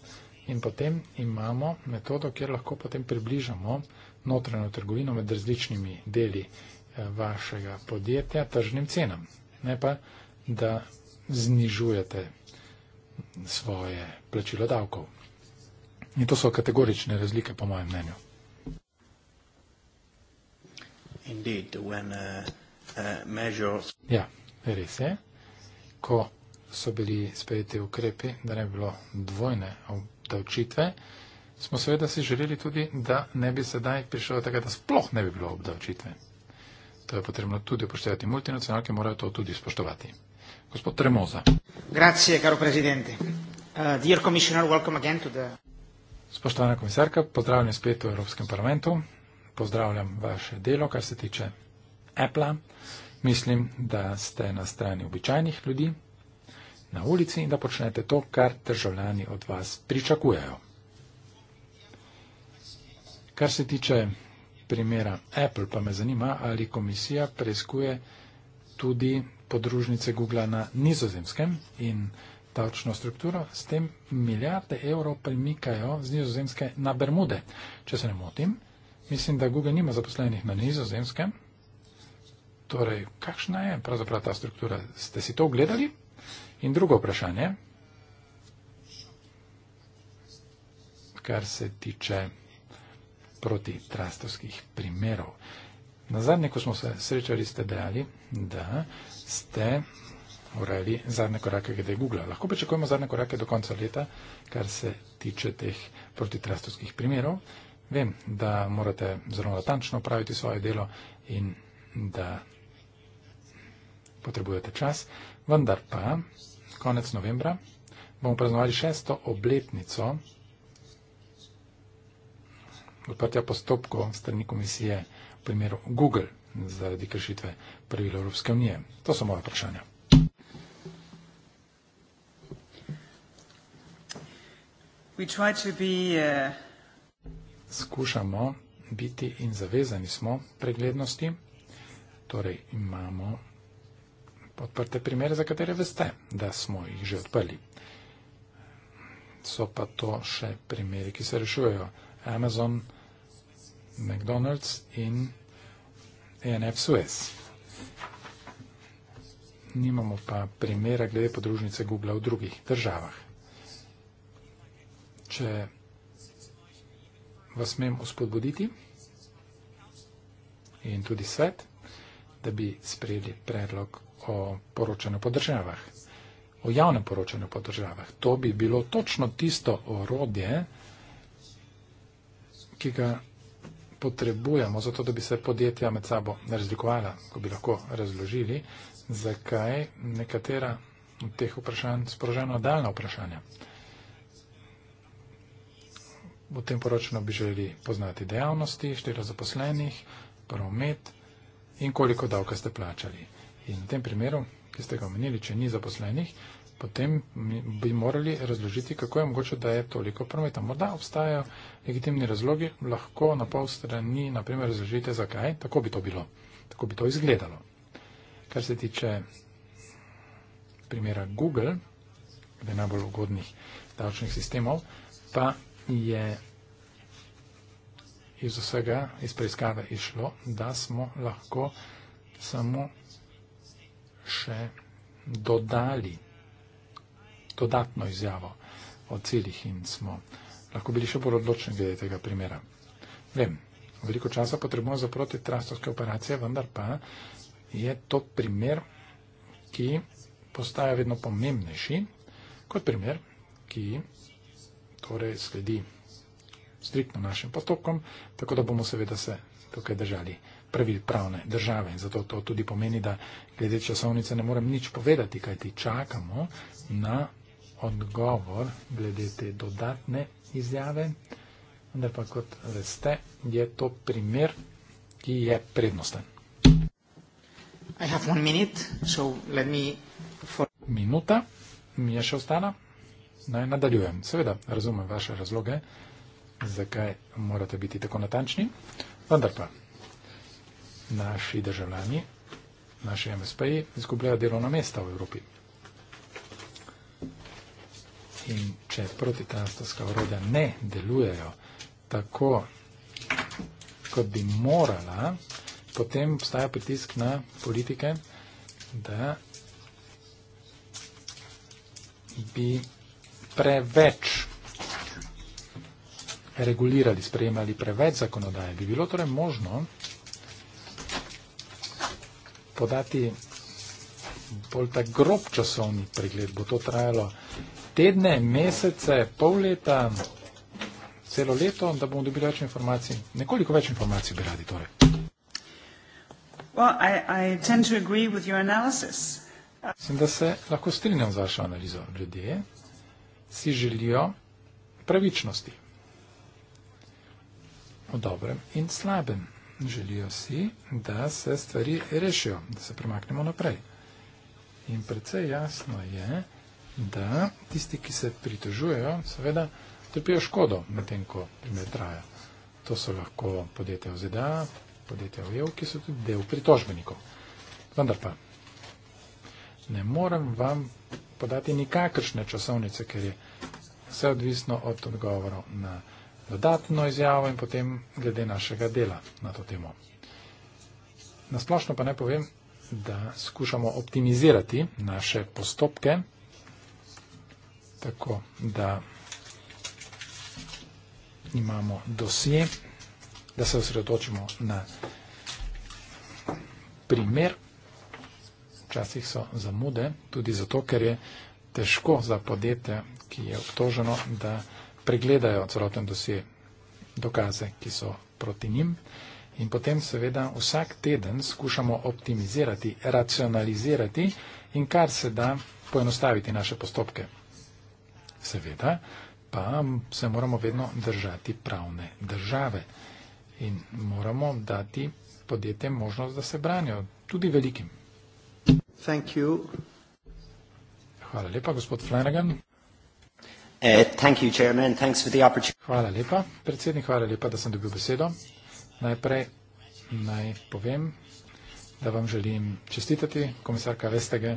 in potem imamo metodo, kjer lahko potem približamo notranjo trgovino med različnimi deli eh, vašega podjetja tržnim cenam. Ne pa, da znižujete svoje plačilo davkov. In to so kategorične razlike, po mojem mnenju. Indeed, when uh, Eh, measures. Ja, res je. Ko so bili sprejeti ukrepi, da ne bi bilo dvojne obdavčitve, smo seveda si želeli tudi, da ne bi sedaj prišlo tega, da sploh ne bi bilo obdavčitve. To je potrebno tudi upoštevati. Multinacionalke morajo to tudi spoštovati. Gospod Tremoza. Grazie, caro presidente. Uh, dear commissioner, welcome again to the. Spoštovana komisarka, pozdravljam spet v Evropskem parlamentu. Pozdravljam vaše delo, kar se tiče Apple, mislim, da ste na strani običajnih ljudi na ulici in da počnete to, kar državljani od vas pričakujejo. Kar se tiče primera Apple, pa me zanima, ali komisija preizkuje tudi podružnice Google na nizozemskem in davčno strukturo, s tem milijarde evrov premikajo z nizozemske na Bermude. Če se ne motim, mislim, da Google nima zaposlenih na nizozemskem, Torej, kakšna je pravzaprav ta struktura? Ste si to ogledali? In drugo vprašanje, kar se tiče protitrastovskih primerov. Na zadnje, ko smo se srečali, ste dejali, da ste urejali zadnje korake glede Google. Lahko pričakujemo zadnje korake do konca leta, kar se tiče teh protitrastovskih primerov. Vem, da morate zelo natančno upraviti svoje delo in da potrebujete čas, vendar pa konec novembra bomo praznovali šesto obletnico odprtja postopkov strani komisije v primeru Google zaradi kršitve pravil Evropske unije. To so moje vprašanja. Uh, Skušamo biti in zavezani smo preglednosti, torej imamo odprte primere, za katere veste, da smo jih že odprli. So pa to še primeri, ki se rešujejo. Amazon, McDonald's in ENF Suez. Nimamo pa primera glede podružnice Google v drugih državah. Če vas smem uspodbuditi in tudi svet, da bi sprejeli predlog o poročanju po državah, o javnem poročanju po državah. To bi bilo točno tisto orodje, ki ga potrebujemo, zato da bi se podjetja med sabo razlikovala, ko bi lahko razložili, zakaj nekatera od teh vprašanj sporožena daljna vprašanja. V tem poročanju bi želeli poznati dejavnosti, število zaposlenih, promet in koliko davka ste plačali. In v tem primeru, ki ste ga omenili, če ni zaposlenih, potem bi morali razložiti, kako je mogoče, da je toliko prometa. Morda obstajajo legitimni razlogi, lahko na pol strani, naprimer, razložite, zakaj, tako bi to bilo, tako bi to izgledalo. Kar se tiče primera Google, glede najbolj ugodnih davčnih sistemov, pa je iz vsega, iz preiskave išlo, da smo lahko samo še dodali dodatno izjavo o ciljih in smo lahko bili še bolj odločni glede tega primera. Vem, veliko časa potrebujemo za protitrastovske operacije, vendar pa je to primer, ki postaja vedno pomembnejši kot primer, ki torej sledi striktno našim postopkom, tako da bomo seveda se tukaj držali pravil pravne države. In zato to tudi pomeni, da glede časovnice ne morem nič povedati, kajti čakamo na odgovor glede te dodatne izjave. Vendar pa kot veste, je to primer, ki je prednosten. Minute, so for... Minuta mi je še ostala. Naj nadaljujem. Seveda razumem vaše razloge, zakaj morate biti tako natančni. Vendar pa naši državljani, naši MSP-ji, izgubljajo delovna mesta v Evropi. In če protitanstovska orodja ne delujejo tako, kot bi morala, potem obstaja pritisk na politike, da bi preveč regulirali, sprejemali preveč zakonodaje. Bi bilo torej možno, podati bolj tak grob časovni pregled. Bo to trajalo tedne, mesece, pol leta, celo leto, da bomo dobili več informacij. Nekoliko več informacij bi radi torej. Well, I, I Mislim, da se lahko strinjam z vašo analizo. Ljudje si želijo pravičnosti o dobrem in slabem. Želijo si, da se stvari rešijo, da se premaknemo naprej. In predvsej jasno je, da tisti, ki se pritožujejo, seveda trpijo škodo med tem, ko primer traja. To so lahko podjetja v ZDA, podjetja v EU, ki so tudi del pritožbenikov. Vendar pa ne morem vam podati nikakršne časovnice, ker je vse odvisno od odgovorov na vse dodatno izjavo in potem glede našega dela na to temo. Nasplošno pa ne povem, da skušamo optimizirati naše postopke, tako da imamo dosje, da se osredotočimo na primer. Včasih so zamude, tudi zato, ker je težko za podjetje, ki je obtoženo, da pregledajo celoten dosje, dokaze, ki so proti njim. In potem seveda vsak teden skušamo optimizirati, racionalizirati in kar se da poenostaviti naše postopke. Seveda pa se moramo vedno držati pravne države in moramo dati podjetjem možnost, da se branijo, tudi velikim. Hvala lepa, gospod Flanagan. Eh, hvala lepa, predsednik, hvala lepa, da sem dobil besedo. Najprej naj povem, da vam želim čestitati, komisarka Vestege,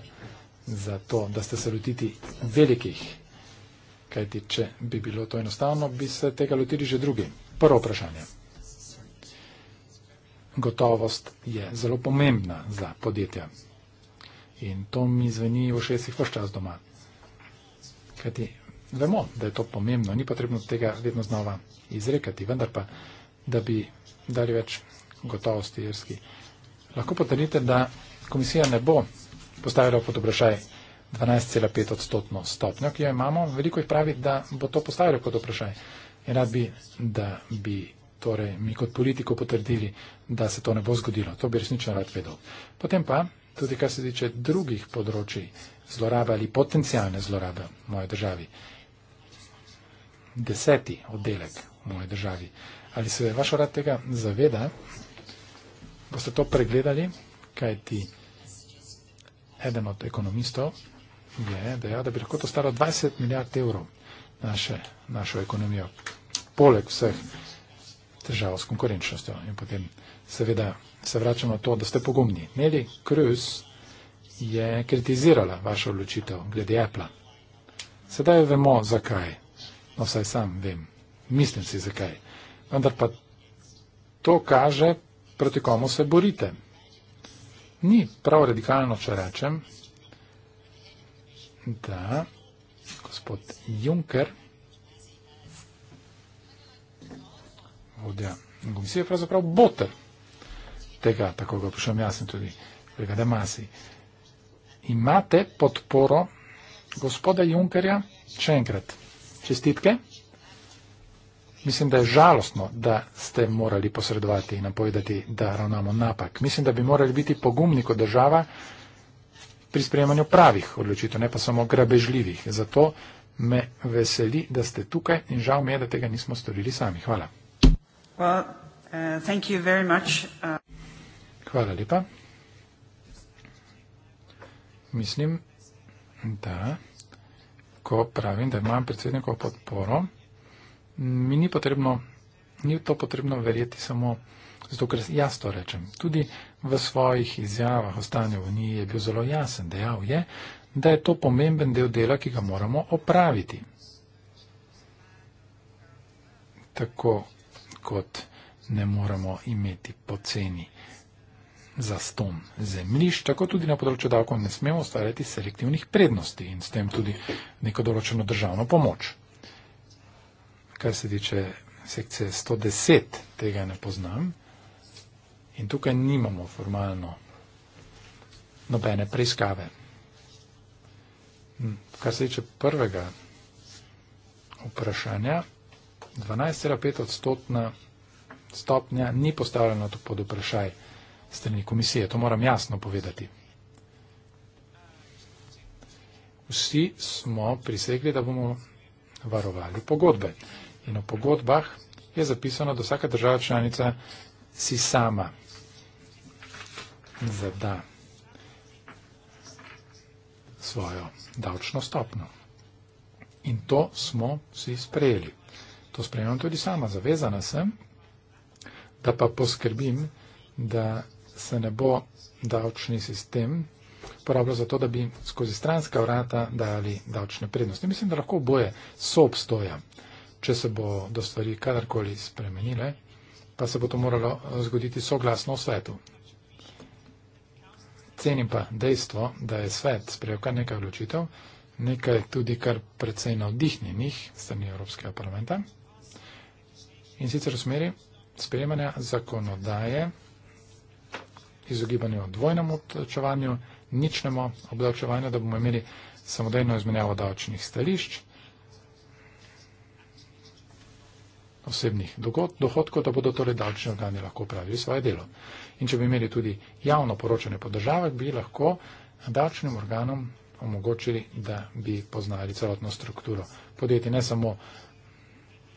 za to, da ste se lotiti velikih, kajti če bi bilo to enostavno, bi se tega lotili že drugi. Prvo vprašanje. Gotovost je zelo pomembna za podjetja. In to mi zveni v šestih vrščas doma. Kajti vemo, da je to pomembno, ni potrebno tega vedno znova izrekati, vendar pa, da bi dali več gotovosti irski. Lahko potrdite, da komisija ne bo postavila pod vprašaj 12,5 odstotno stopnjo, ki jo imamo. Veliko jih pravi, da bo to postavilo pod vprašaj. In rad bi, da bi torej, mi kot politiko potrdili, da se to ne bo zgodilo. To bi resnično rad vedel. Potem pa, tudi kar se tiče drugih področji zlorabe ali potencijalne zlorabe v moje državi deseti oddelek v moji državi. Ali se je vaš urad tega zaveda? Boste to pregledali, kaj ti eden od ekonomistov je dejal, da bi lahko to stalo 20 milijard evrov naše, našo ekonomijo, poleg vseh težav s konkurenčnostjo. In potem seveda se vračamo na to, da ste pogumni. Neli Cruz je kritizirala vašo odločitev glede Apple. Sedaj vemo, zakaj No, vsaj sam vem, mislim si zakaj. Vendar pa to kaže, proti komu se borite. Ni prav radikalno, če rečem, da gospod Juncker, vodja komisije, pravzaprav boter tega, tako ga pošljem jasno tudi, tega demasi. Imate podporo gospoda Junckerja, še enkrat čestitke. Mislim, da je žalostno, da ste morali posredovati in napovedati, da ravnamo napak. Mislim, da bi morali biti pogumni kot država pri sprejemanju pravih odločitev, ne pa samo grabežljivih. Zato me veseli, da ste tukaj in žal mi je, da tega nismo storili sami. Hvala. Well, uh, uh Hvala lepa. Mislim, da ko pravim, da imam predsednikov podporo, mi ni potrebno, ni to potrebno verjeti samo zato, ker jaz to rečem. Tudi v svojih izjavah o stanju v njih je bil zelo jasen, dejal je, da je to pomemben del dela, ki ga moramo opraviti. Tako kot ne moramo imeti poceni za ston zemljišč, tako tudi na področju davkov ne smemo ustvarjati selektivnih prednosti in s tem tudi neko določeno državno pomoč. Kar se tiče sekcije 110, tega ne poznam in tukaj nimamo formalno nobene preiskave. Hm, kar se tiče prvega vprašanja, 12,5 odstotna stopnja ni postavljena pod vprašanje strani komisije. To moram jasno povedati. Vsi smo prisegli, da bomo varovali pogodbe. In v pogodbah je zapisano, da vsaka država članica si sama zada svojo davčno stopno. In to smo vsi sprejeli. To sprejemam tudi sama. Zavezana sem, da pa poskrbim, da se ne bo davčni sistem uporabljal za to, da bi skozi stranska vrata dajali davčne prednosti. Mislim, da lahko oboje so obstoja, če se bo do stvari kadarkoli spremenile, pa se bo to moralo eh, zgoditi soglasno v svetu. Cenim pa dejstvo, da je svet sprejel kar nekaj odločitev, nekaj tudi kar precej navdihnjenih strani Evropskega parlamenta. In sicer v smeri sprejemanja zakonodaje izogibanju dvojnemu odločevanju, ničnemu obdavčevanju, da bomo imeli samodejno izmenjavo davčnih stališč, osebnih dohodkov, da bodo torej davčni organi lahko upravili svoje delo. In če bi imeli tudi javno poročanje po državah, bi lahko davčnim organom omogočili, da bi poznali celotno strukturo podjetij. Ne samo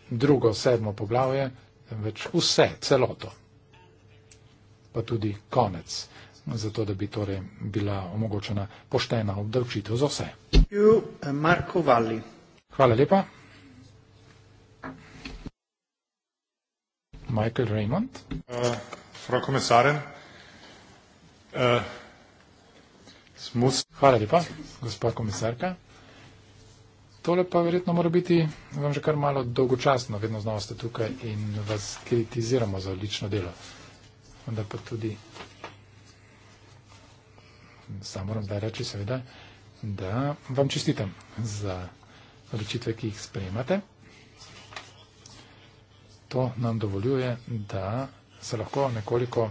drugo, sedmo poglavje, temveč vse, celoto pa tudi konec, zato da bi torej bila omogočena poštena obdavčitev za vse. Hvala lepa. Michael Raymond. Uh, Frau Kommissarin. Uh, Hvala lepa, gospa komisarka. Tole pa verjetno mora biti vam že kar malo dolgočasno, vedno znova ste tukaj in vas kritiziramo za odlično delo onda pa tudi sam moram zdaj reči seveda, da vam čestitam za odločitve, ki jih sprejemate. To nam dovoljuje, da se lahko nekoliko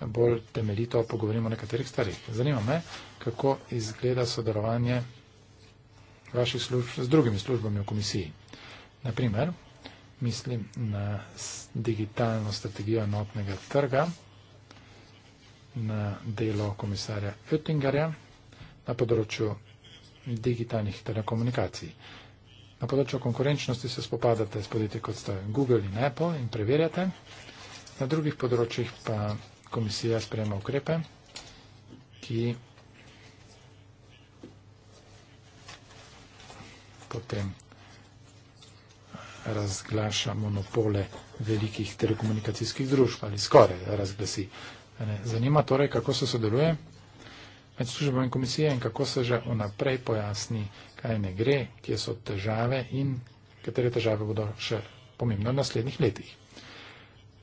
bolj temeljito pogovorimo o nekaterih stvarih. Zanima me, kako izgleda sodelovanje vaših služb z drugimi službami v komisiji. Naprimer, mislim na digitalno strategijo enotnega trga, in delo komisarja Oettingerja na področju digitalnih telekomunikacij. Na področju konkurenčnosti se spopadate s podjetji kot sta Google in Apple in preverjate. Na drugih področjih pa komisija sprejema ukrepe, ki potem razglaša monopole velikih telekomunikacijskih družb ali skoraj razglasi. Zanima torej, kako se sodeluje med službami in komisije in kako se že vnaprej pojasni, kaj ne gre, kje so težave in katere težave bodo še pomembne v naslednjih letih.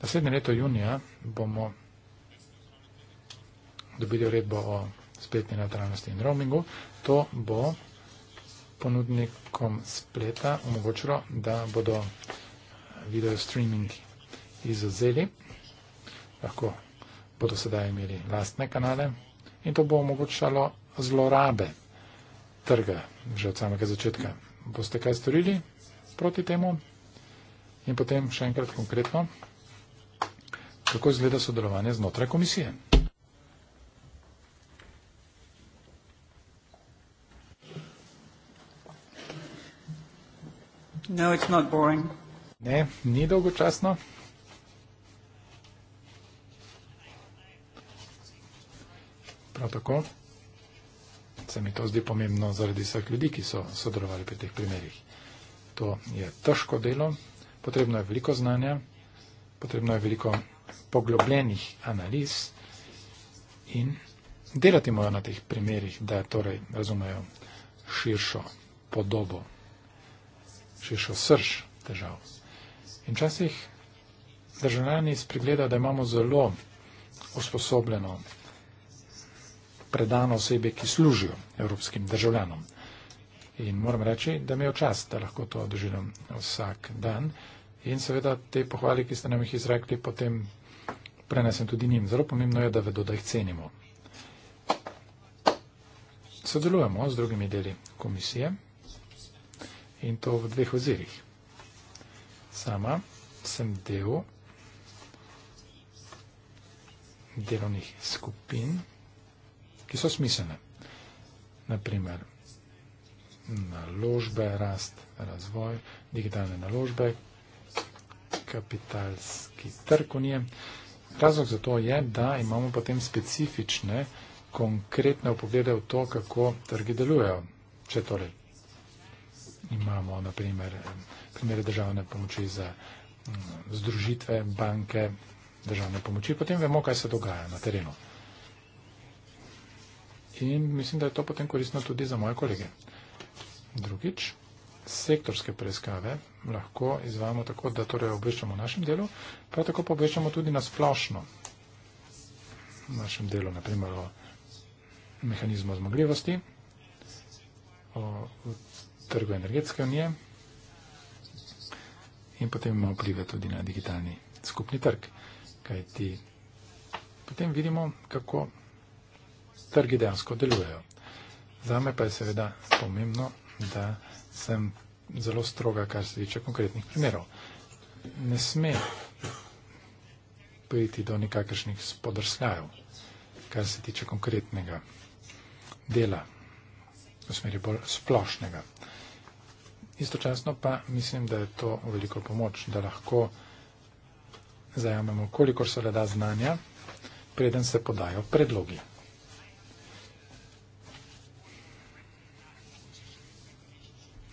Naslednje leto junija bomo dobili uredbo o spletni neutralnosti in roamingu. To bo ponudnikom spleta omogočilo, da bodo video streaming izuzeli. Lahko bodo sedaj imeli lastne kanale in to bo omogočalo zlorabe trga že od samega začetka. Boste kaj storili proti temu? In potem še enkrat konkretno, kako izgleda sodelovanje znotraj komisije? No, it's not boring. Ne, ni dolgočasno. prav tako. Se mi to zdi pomembno zaradi vseh ljudi, ki so sodelovali pri teh primerih. To je težko delo, potrebno je veliko znanja, potrebno je veliko poglobljenih analiz in delati morajo na teh primerih, da torej razumejo širšo podobo, širšo srž težav. In včasih državljani spregledajo, da imamo zelo usposobljeno predano osebe, ki služijo evropskim državljanom. In moram reči, da mi je čast, da lahko to doživim vsak dan. In seveda te pohvali, ki ste nam jih izrekli, potem prenesem tudi njim. Zelo pomembno je, da vedo, da jih cenimo. Sodelujemo z drugimi deli komisije in to v dveh ozirih. Sama sem del delovnih skupin ki so smiselne. Naprimer, naložbe, rast, razvoj, digitalne naložbe, kapitalski trg v njem. Razlog za to je, da imamo potem specifične, konkretne upoglede v to, kako trgi delujejo. Če torej imamo, naprimer, primere državne pomoči za mm, združitve, banke, državne pomoči, potem vemo, kaj se dogaja na terenu in mislim, da je to potem koristno tudi za moje kolege. Drugič, sektorske preiskave lahko izvajamo tako, da torej obveščamo v našem delu, prav tako pa obveščamo tudi na splošno v našem delu, naprimer o mehanizmu zmogljivosti, o trgu energetske unije in potem imamo vplive tudi na digitalni skupni trg, kajti potem vidimo, kako trgi dejansko delujejo. Zame pa je seveda pomembno, da sem zelo stroga, kar se tiče konkretnih primerov. Ne sme priti do nekakršnih spodrsljajev, kar se tiče konkretnega dela, v smeri bolj splošnega. Istočasno pa mislim, da je to veliko pomoč, da lahko zajamemo, kolikor se le da znanja, preden se podajo predlogi.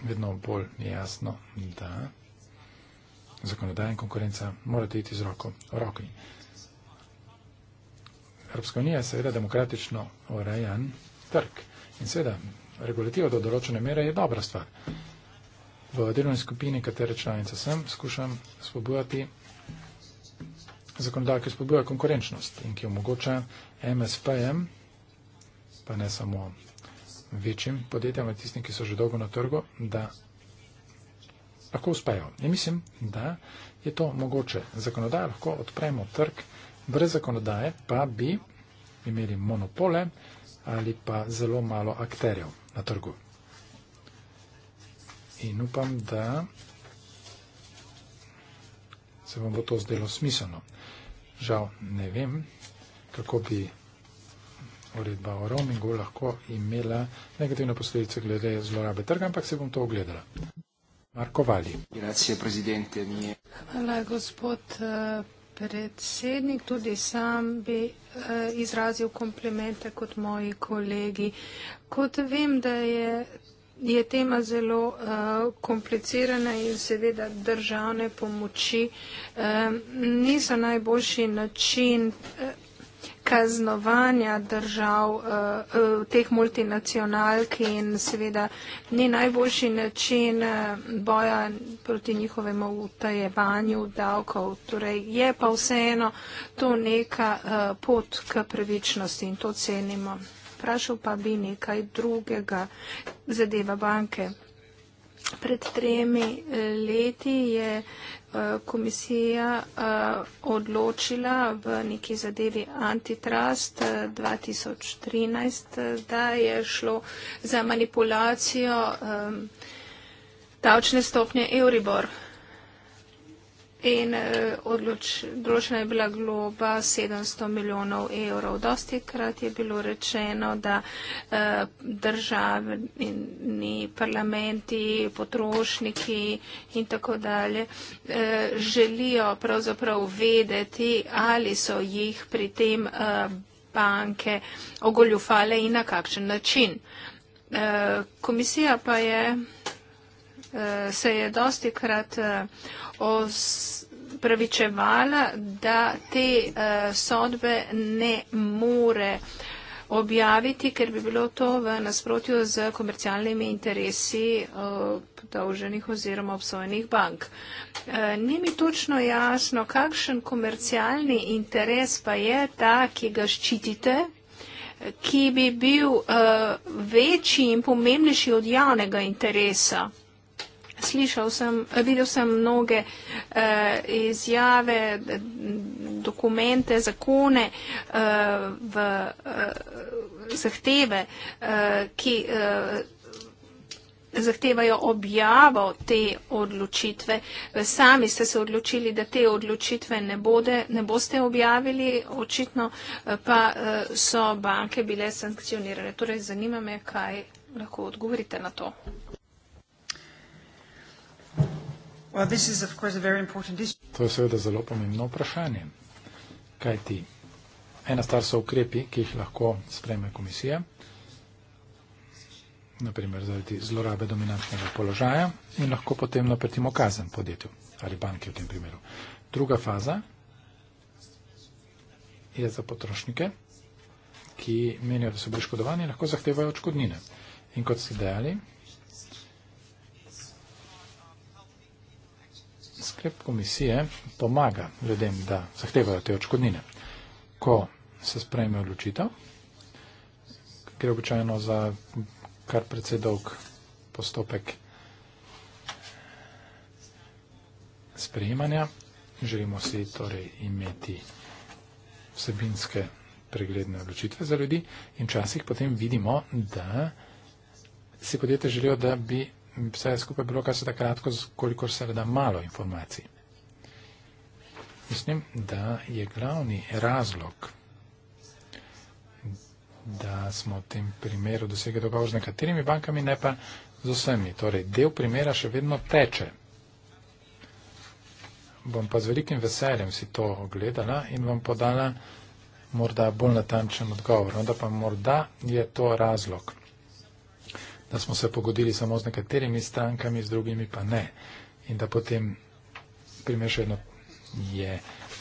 vedno bolj jasno, da zakonodajna konkurenca mora iti z roko v roki. Evropska unija je seveda demokratično urejen trg in seveda regulativa do določene mere je dobra stvar. V delovni skupini, katere članice sem, skušam spodbujati zakonodajo, ki spodbuja konkurenčnost in ki omogoča MSPM, pa ne samo večjim podjetjem, ali tistim, ki so že dolgo na trgu, da lahko uspejo. In mislim, da je to mogoče. Zakonodaja lahko odpremo trg, brez zakonodaje pa bi imeli monopole ali pa zelo malo akterjev na trgu. In upam, da se vam bo to zdelo smiselno. Žal ne vem, kako bi uredba o roamingu lahko imela negativne posledice glede zlorabe trga, ampak se bom to ogledala. Marko Vali. Hvala, gospod eh, predsednik. Tudi sam bi eh, izrazil komplimente kot moji kolegi. Kot vem, da je, je tema zelo eh, komplicirana in seveda državne pomoči niso najboljši način kaznovanja držav, eh, eh, teh multinacionalk in seveda ni najboljši način eh, boja proti njihovemu utajevanju davkov. Torej je pa vseeno to neka pot k pravičnosti in to cenimo. Vprašal pa bi nekaj drugega zadeva banke. Pred tremi eh, leti je eh, komisija eh, odločila v neki zadevi antitrust 2013, da je šlo za manipulacijo davčne stopnje Euribor. In eh, odloč, določena je bila globa 700 milijonov evrov. Dosti krat je bilo rečeno, da eh, državni parlamenti, potrošniki in tako dalje eh, želijo pravzaprav vedeti, ali so jih pri tem banke ogoljufale in na kakšen način. Komisija pa je se je dosti krat eh, pravičevala, da te eh, sodbe ne more objaviti, ker bi bilo to v nasprotju z komercialnimi interesi eh, dolženih oziroma obsojenih bank. Ni mi točno jasno, kakšen komercialni interes pa je ta, ki ga ščitite, ki bi bil večji in pomembnejši od javnega interesa slišal sem, videl sem mnoge eh, izjave, dokumente, zakone, eh, v, eh, zahteve, eh, ki. Eh, zahtevajo objavo te odločitve. Sami ste se odločili, da te odločitve ne, bode, ne boste objavili, očitno eh, pa eh, so banke bile sankcionirane. Torej, zanima me, kaj lahko odgovorite na to. To je seveda zelo pomembno vprašanje. Kaj ti? Ena stvar so ukrepi, ki jih lahko spreme komisija, naprimer zaradi zlorabe dominantnega položaja in lahko potem napretimo kazen podjetju ali banki v tem primeru. Druga faza je za potrošnike, ki menijo, da so bili škodovani, lahko zahtevajo očkodnine. In kot ste dejali, sklep komisije pomaga ljudem, da zahtevajo te očkodnine. Ko se sprejme odločitev, gre običajno za kar precej dolg postopek sprejemanja. Želimo si torej imeti vsebinske pregledne odločitve za ljudi in časih potem vidimo, da si podjetje želijo, da bi vse skupaj bilo, kar se takratko, koliko se da malo informacij. Mislim, da je glavni razlog, da smo v tem primeru dosegli dogovor z nekaterimi bankami, ne pa z vsemi. Torej, del primera še vedno teče. Bom pa z velikim veseljem si to ogledala in vam podala morda bolj natančen odgovor. Onda no, pa morda je to razlog da smo se pogodili samo z nekaterimi strankami, z drugimi pa ne. In da potem primer še eno je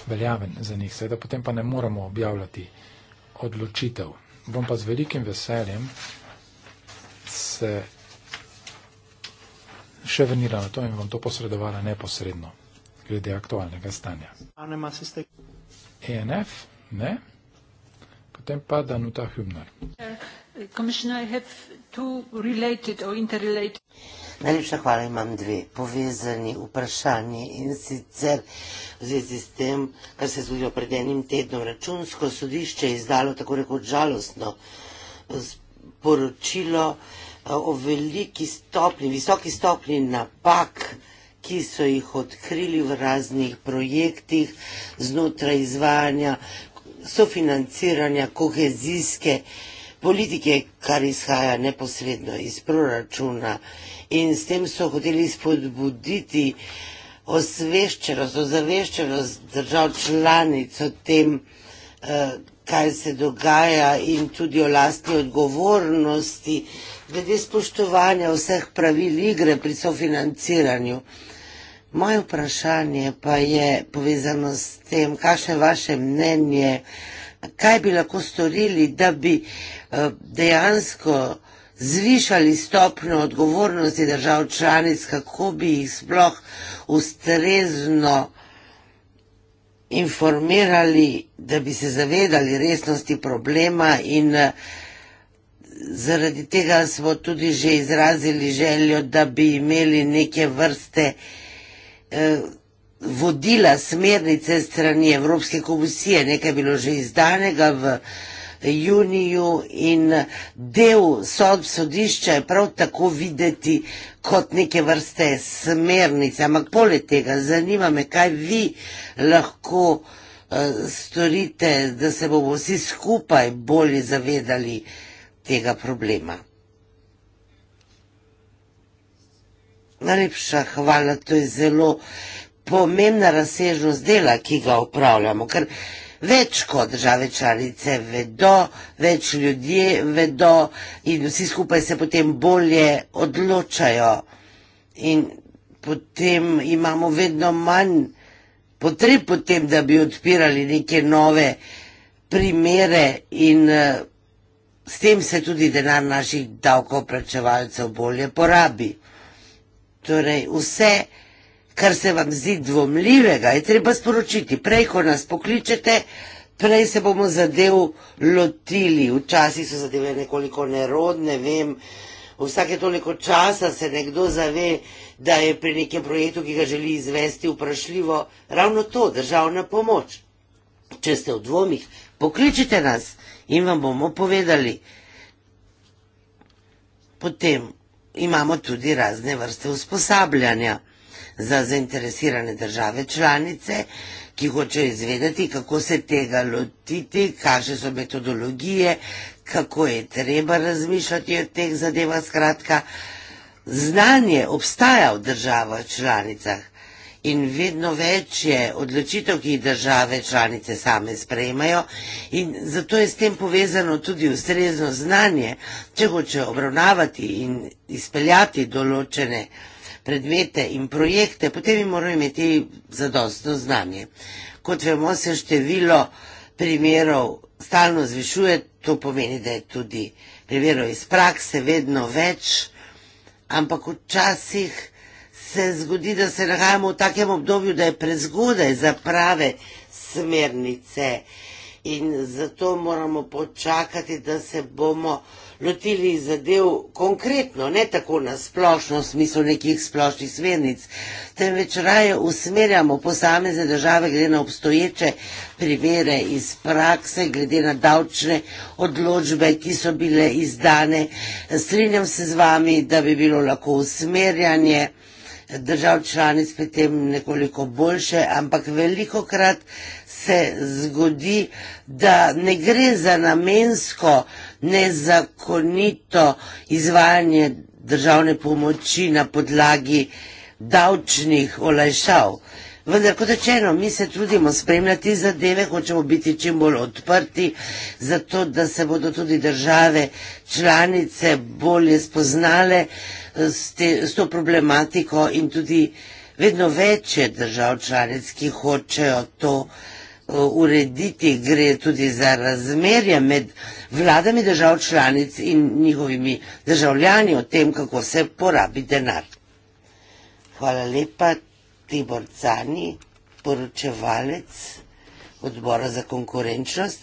veljaven za njih, seveda potem pa ne moramo objavljati odločitev. Bom pa z velikim veseljem se še vrnila na to in vam to posredovala neposredno, glede aktualnega stanja. ENF, ne? Potem pa Danuta Hübner. Yeah. Najlepša hvala, imam dve povezani vprašanje in sicer v zvezi s tem, kar se je zgodilo pred enim tednom. Računsko sodišče je izdalo tako rekoč žalostno poročilo eh, o veliki stopni, visoki stopni napak, ki so jih odkrili v raznih projektih znotraj izvajanja sofinanciranja kohezijske politike politike, kar izhaja neposredno iz proračuna in s tem so hoteli spodbuditi osveščenost, ozaveščenost držav članic o tem, eh, kaj se dogaja in tudi o lastni odgovornosti, glede spoštovanja vseh pravil igre pri sofinanciranju. Moje vprašanje pa je povezano s tem, kakšno je vaše mnenje, kaj bi lahko storili, da bi eh, dejansko zvišali stopno odgovornosti držav članic, kako bi jih sploh ustrezno informirali, da bi se zavedali resnosti problema in eh, zaradi tega smo tudi že izrazili željo, da bi imeli neke vrste eh, vodila smernice strani Evropske komisije, nekaj bilo že izdanega v juniju in del sodb sodišča je prav tako videti kot neke vrste smernice. Ampak poleg tega zanima me, kaj vi lahko eh, storite, da se bomo vsi skupaj bolje zavedali tega problema. Najlepša hvala, to je zelo pomembna razsežnost dela, ki ga upravljamo, ker več kot države članice vedo, več ljudje vedo in vsi skupaj se potem bolje odločajo in potem imamo vedno manj potreb potem, da bi odpirali neke nove primere in eh, s tem se tudi denar naših davkoplačevalcev bolje porabi. Torej, vse, kar se vam zdi dvomljivega, je treba sporočiti. Prej, ko nas pokličete, prej se bomo zadev lotili. Včasih so zadeve nekoliko nerodne, vem, vsake toliko časa se nekdo zave, da je pri nekem projektu, ki ga želi izvesti, vprašljivo ravno to, državna pomoč. Če ste v dvomih, pokličite nas in vam bomo povedali. Potem imamo tudi razne vrste usposabljanja za zainteresirane države članice, ki hočejo izvedeti, kako se tega lotiti, kaže so metodologije, kako je treba razmišljati o teh zadevah. Skratka, znanje obstaja v državah članicah in vedno več je odločitev, ki jih države članice same sprejmajo in zato je s tem povezano tudi ustrezno znanje, če hoče obravnavati in izpeljati določene predmete in projekte, potem bi morali imeti zadostno znanje. Kot vemo, se število primerov stalno zvišuje, to pomeni, da je tudi primerov iz prakse vedno več, ampak včasih se zgodi, da se nahajamo v takem obdobju, da je prezgodaj za prave smernice in zato moramo počakati, da se bomo lotili zadev konkretno, ne tako na splošno v smislu nekih splošnih smernic, temveč raje usmerjamo posamezne države glede na obstoječe privere iz prakse, glede na davčne odločbe, ki so bile izdane. Strinjam se z vami, da bi bilo lahko usmerjanje držav članic pri tem nekoliko boljše, ampak veliko krat se zgodi, da ne gre za namensko uh, nezakonito izvajanje državne pomoči na podlagi davčnih olajšav. Vendar, kot rečeno, mi se trudimo spremljati zadeve, hočemo biti čim bolj odprti, zato da se bodo tudi države članice bolje spoznale eh, s, te, s to problematiko in tudi vedno večje držav članic, ki hočejo to uh, urediti gre tudi za razmerje med vladami držav članic in njihovimi državljani o tem, kako se porabi denar. Hvala lepa, Tibor Cani, poročevalec odbora za konkurenčnost.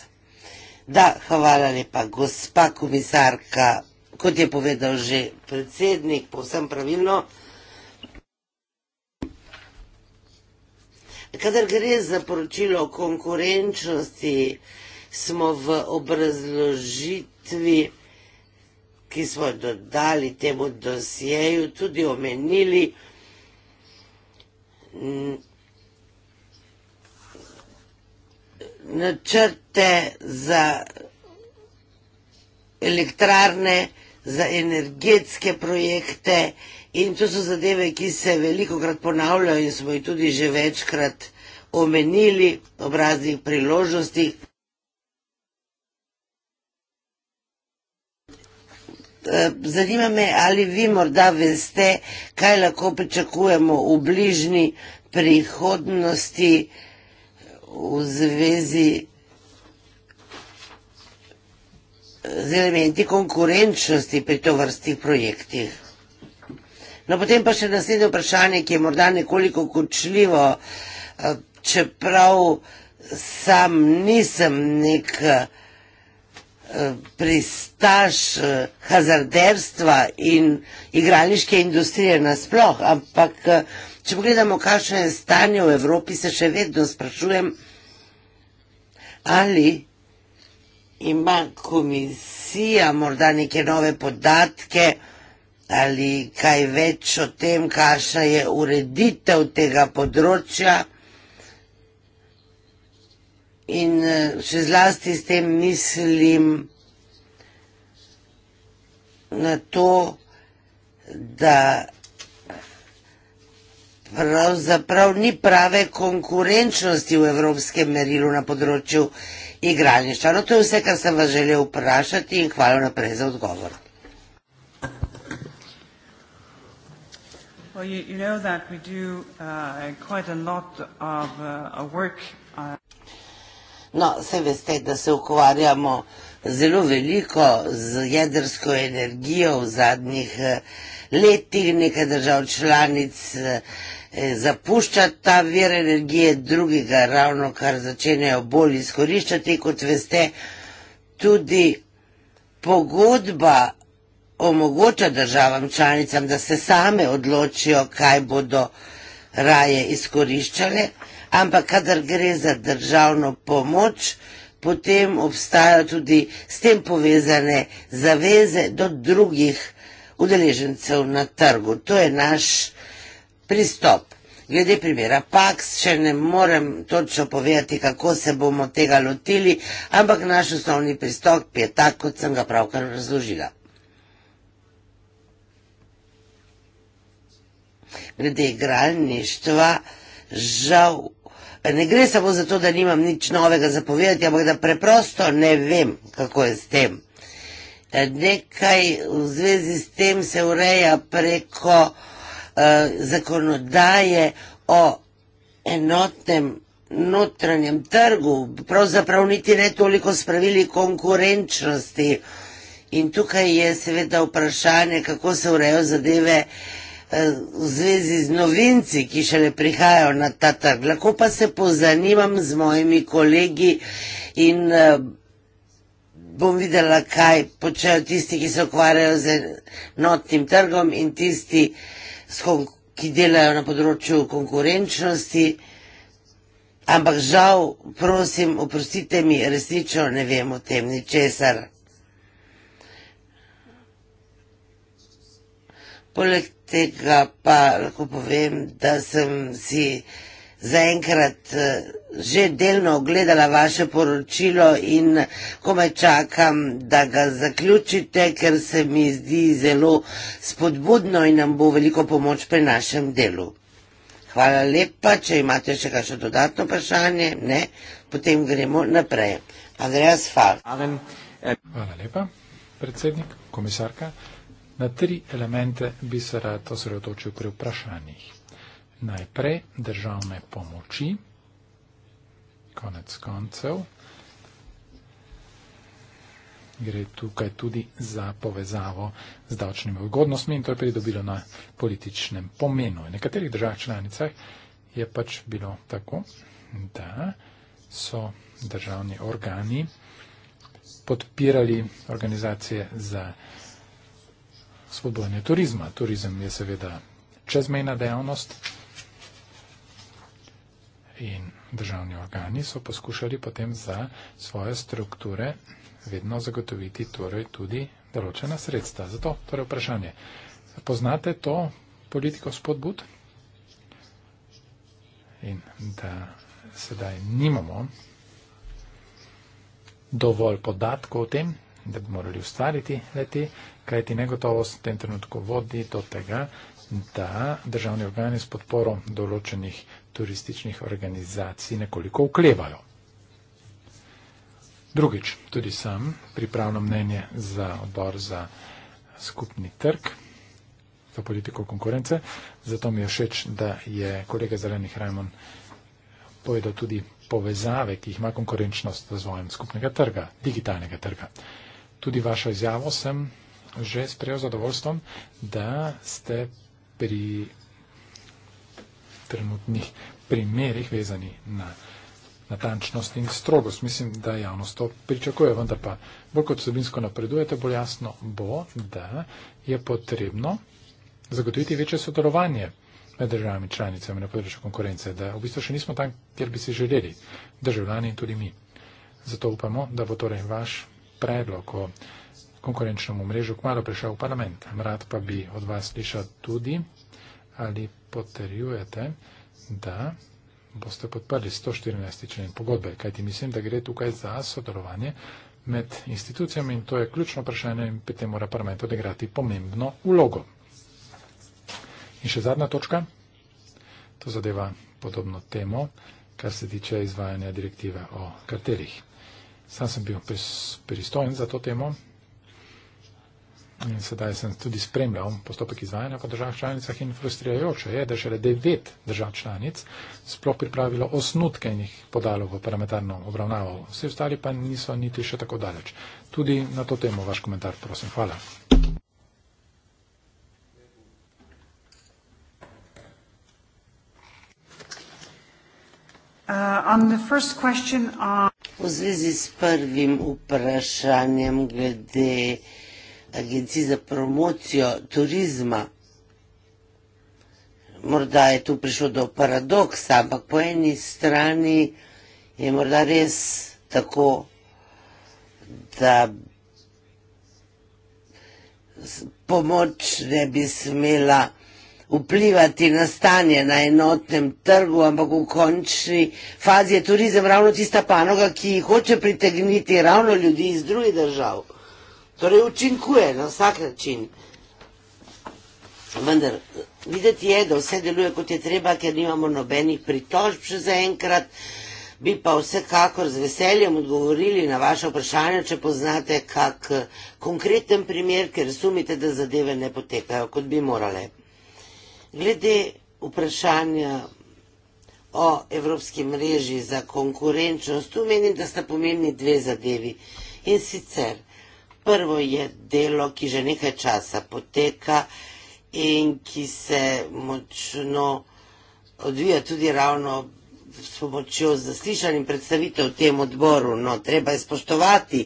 Da, hvala lepa, gospa komisarka, kot je povedal že predsednik, povsem pravilno, Kadar gre za poročilo o konkurenčnosti, smo v obrazložitvi, ki smo dodali temu dosjeju, tudi omenili, načrte za elektrarne, za energetske projekte in to so zadeve, ki se veliko krat ponavljajo in smo jih tudi že večkrat omenili ob raznih priložnostih. Zanima me, ali vi morda veste, kaj lahko pričakujemo v bližnji prihodnosti v zvezi z elementi konkurenčnosti pri to vrstih projektih. No, potem pa še naslednje vprašanje, ki je morda nekoliko kočljivo, eh, čeprav sam nisem nek eh, pristaš eh, hazarderstva in igralniške industrije nasploh, ampak če pogledamo, kakšno je stanje v Evropi, se še vedno sprašujem, ali ima komisija morda neke nove podatke ali kaj več o tem, kakšna je ureditev tega področja. In e, še zlasti s tem mislim na to, da pravzaprav ni prave konkurenčnosti v evropskem merilu na področju igralništva. No, to je vse, kar sem vas želel vprašati in hvala naprej za odgovor. Well, you, you know that we do uh, quite a lot of uh, work. No, se veste, da se ukvarjamo zelo veliko z jedrsko energijo v zadnjih eh, letih, nekaj držav članic. Uh, Eh, zapuščati ta vir energije drugega, ravno kar začenjajo bolj izkoriščati, kot veste, tudi pogodba omogoča državam članicam, da se same odločijo, kaj bodo raje izkoriščale, ampak kadar gre za državno pomoč, potem obstajajo tudi s tem povezane zaveze do drugih udeležencev na trgu. To je naš pogodba pristop. Glede primera PAKS še ne morem točno povedati, kako se bomo tega lotili, ampak naš osnovni pristop je tak, kot sem ga pravkar razložila. Glede igralništva, žal, ne gre samo zato, da nimam nič novega za povedati, ampak da preprosto ne vem, kako je s tem. Nekaj v zvezi s tem se ureja preko Eh, zakonodaje o enotnem notranjem trgu, pravzaprav niti ne toliko spravili konkurenčnosti. In tukaj je seveda vprašanje, kako se urejo zadeve eh, v zvezi z novinci, ki šele prihajajo na ta trg. Lahko pa se pozanimam z mojimi kolegi in eh, bom videla, kaj počejo tisti, ki se ukvarjajo z notnim trgom in tisti, ki ki delajo na področju konkurenčnosti, ampak žal, prosim, oprostite mi, resnično ne vem o tem ničesar. Poleg tega pa lahko povem, da sem si zaenkrat. Uh, že delno ogledala vaše poročilo in kome čakam, da ga zaključite, ker se mi zdi zelo spodbudno in nam bo veliko pomoč pri našem delu. Hvala lepa, če imate še kakšno dodatno vprašanje, ne, potem gremo naprej. Andreas Fal. Eh, Hvala lepa, predsednik, komisarka. Na tri elemente bi se rad osredotočil pri vprašanjih. Najprej državne pomoči, konec koncev. Gre tukaj tudi za povezavo z davčnimi ugodnostmi in to je pridobilo na političnem pomenu. V nekaterih držav članicah je pač bilo tako, da so državni organi podpirali organizacije za spodbojanje turizma. Turizem je seveda čezmejna dejavnost in državni organi so poskušali potem za svoje strukture vedno zagotoviti torej tudi določena sredstva. Zato torej vprašanje. Poznate to politiko spodbud? In da sedaj nimamo dovolj podatkov o tem, da bi morali ustvariti leti, kaj ti negotovost v tem trenutku vodi do tega, da državni organi s podporo določenih turističnih organizacij nekoliko uklevajo. Drugič, tudi sam pripravljam mnenje za odbor za skupni trg, za politiko konkurence, zato mi je všeč, da je kolega Zelenih Rajmon povedal tudi povezave, ki jih ima konkurenčnost z razvojem skupnega trga, digitalnega trga. Tudi vašo izjavo sem že sprejel zadovoljstvom, da ste pri trenutnih primerih vezani na natančnost in strogost. Mislim, da javnost to pričakuje, vendar pa bolj kot sobinsko napredujete, bolj jasno bo, da je potrebno zagotoviti večje sodelovanje med državami članicami na področju konkurence, da v bistvu še nismo tam, kjer bi si želeli, državljani in tudi mi. Zato upamo, da bo torej vaš predlog o konkurenčnem omrežju kmalo prišel v parlament. Rad pa bi od vas slišal tudi ali potrjujete, da boste podprli 114. člen pogodbe, kajti mislim, da gre tukaj za sodelovanje med institucijami in to je ključno vprašanje in pri tem mora parlament odigrati pomembno vlogo. In še zadnja točka, to zadeva podobno temo, kar se tiče izvajanja direktive o kartelih. Sam sem bil pristojen za to temo, in sedaj sem tudi spremljal postopek izvajanja po državah članicah in frustrirajoče je, da šele devet držav članic sploh pripravilo osnutke in jih podalo v parlamentarno obravnavo. Vsi ostali pa niso niti še tako daleč. Tudi na to temo vaš komentar, prosim. Hvala. Uh, question, uh... V zvezi s prvim vprašanjem glede agencij za promocijo turizma. Morda je tu prišlo do paradoksa, ampak po eni strani je morda res tako, da pomoč ne bi smela vplivati na stanje na enotnem trgu, ampak v končni fazi je turizem ravno tista panoga, ki hoče pritegniti ravno ljudi iz drugih držav. Torej, učinkuje na vsak način. Vendar, videti je, da vse deluje kot je treba, ker nimamo nobenih pritožb še za enkrat. Bi pa vsekakor z veseljem odgovorili na vaše vprašanje, če poznate kak eh, konkreten primer, ker sumite, da zadeve ne potekajo, kot bi morale. Glede vprašanja o Evropski mreži za konkurenčnost, tu menim, da sta pomembni dve zadevi. In sicer, prvo je delo, ki že nekaj časa poteka in ki se močno odvija tudi ravno s pomočjo zaslišanj in predstavitev v tem odboru. No, treba je spoštovati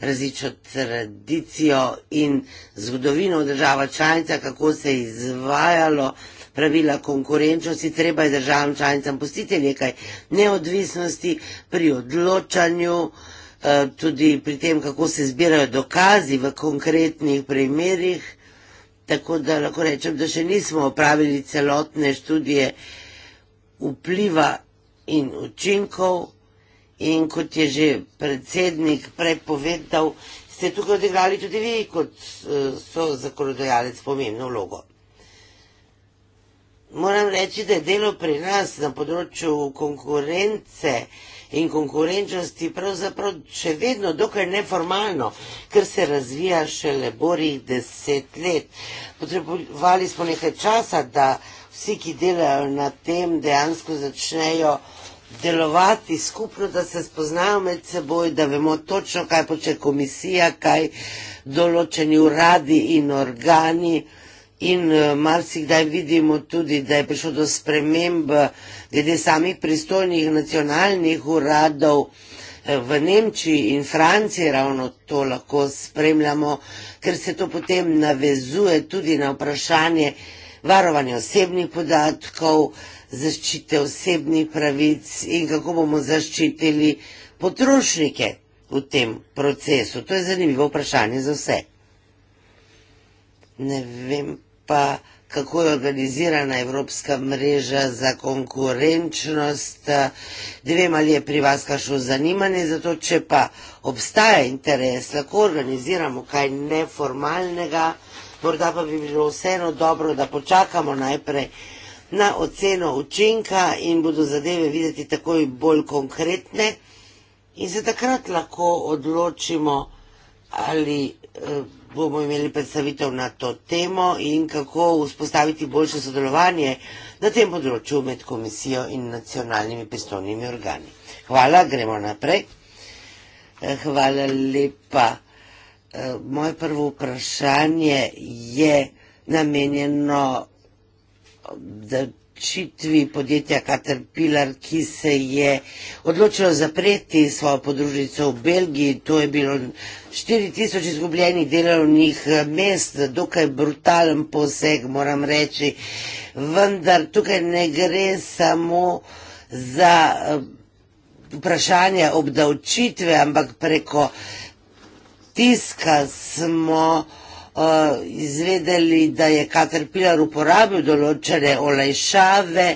različno tradicijo in zgodovino država članica, kako se je izvajalo pravila konkurenčnosti, treba je državam članicam pustiti nekaj neodvisnosti pri odločanju. Eh, tudi pri tem, kako se zbirajo dokazi v konkretnih primerjih, tako da lahko rečem, da še nismo opravili celotne študije vpliva in učinkov in kot je že predsednik prepovedal, ste tukaj odigrali tudi vi, kot eh, so zakonodajalec pomembno vlogo. Moram reči, da je delo pri nas na področju konkurence, in konkurenčnosti pravzaprav še vedno dokaj neformalno, ker se razvija šele borih deset let. Potrebovali smo nekaj časa, da vsi, ki delajo na tem, dejansko začnejo delovati skupno, da se spoznajo med seboj, da vemo točno, kaj poče komisija, kaj določeni uradi in organi in eh, marsikdaj vidimo tudi, da je prišlo do sprememb eh, glede samih pristojnih nacionalnih uradov eh, v Nemčiji in Franciji, ravno to lahko spremljamo, ker se to potem navezuje tudi na vprašanje varovanja osebnih podatkov, zaščite osebnih pravic in kako bomo zaščitili potrošnike v tem procesu. To je zanimivo vprašanje za vse. Ne vem pa kako je organizirana Evropska mreža za konkurenčnost. Ne vem, ali je pri vas kakšno zanimanje, zato če pa obstaja interes, lahko organiziramo kaj neformalnega, morda pa bi bilo vseeno dobro, da počakamo najprej na oceno učinka in bodo zadeve videti takoj bolj konkretne in se takrat lahko odločimo ali. Eh, bomo imeli predstavitev na to temo in kako vzpostaviti boljše sodelovanje na tem področju med komisijo in nacionalnimi pristojnimi organi. Hvala, gremo naprej. Eh, hvala lepa. Eh, moje prvo vprašanje je namenjeno, da odločitvi podjetja Caterpillar, ki se je odločilo zapreti svojo podružnico v Belgiji. To je bilo 4000 izgubljenih delovnih eh, mest, dokaj brutalen poseg, moram reči. Vendar tukaj ne gre samo za eh, vprašanje obdavčitve, ampak preko tiska smo izvedeli, da je Caterpillar uporabil določene olajšave,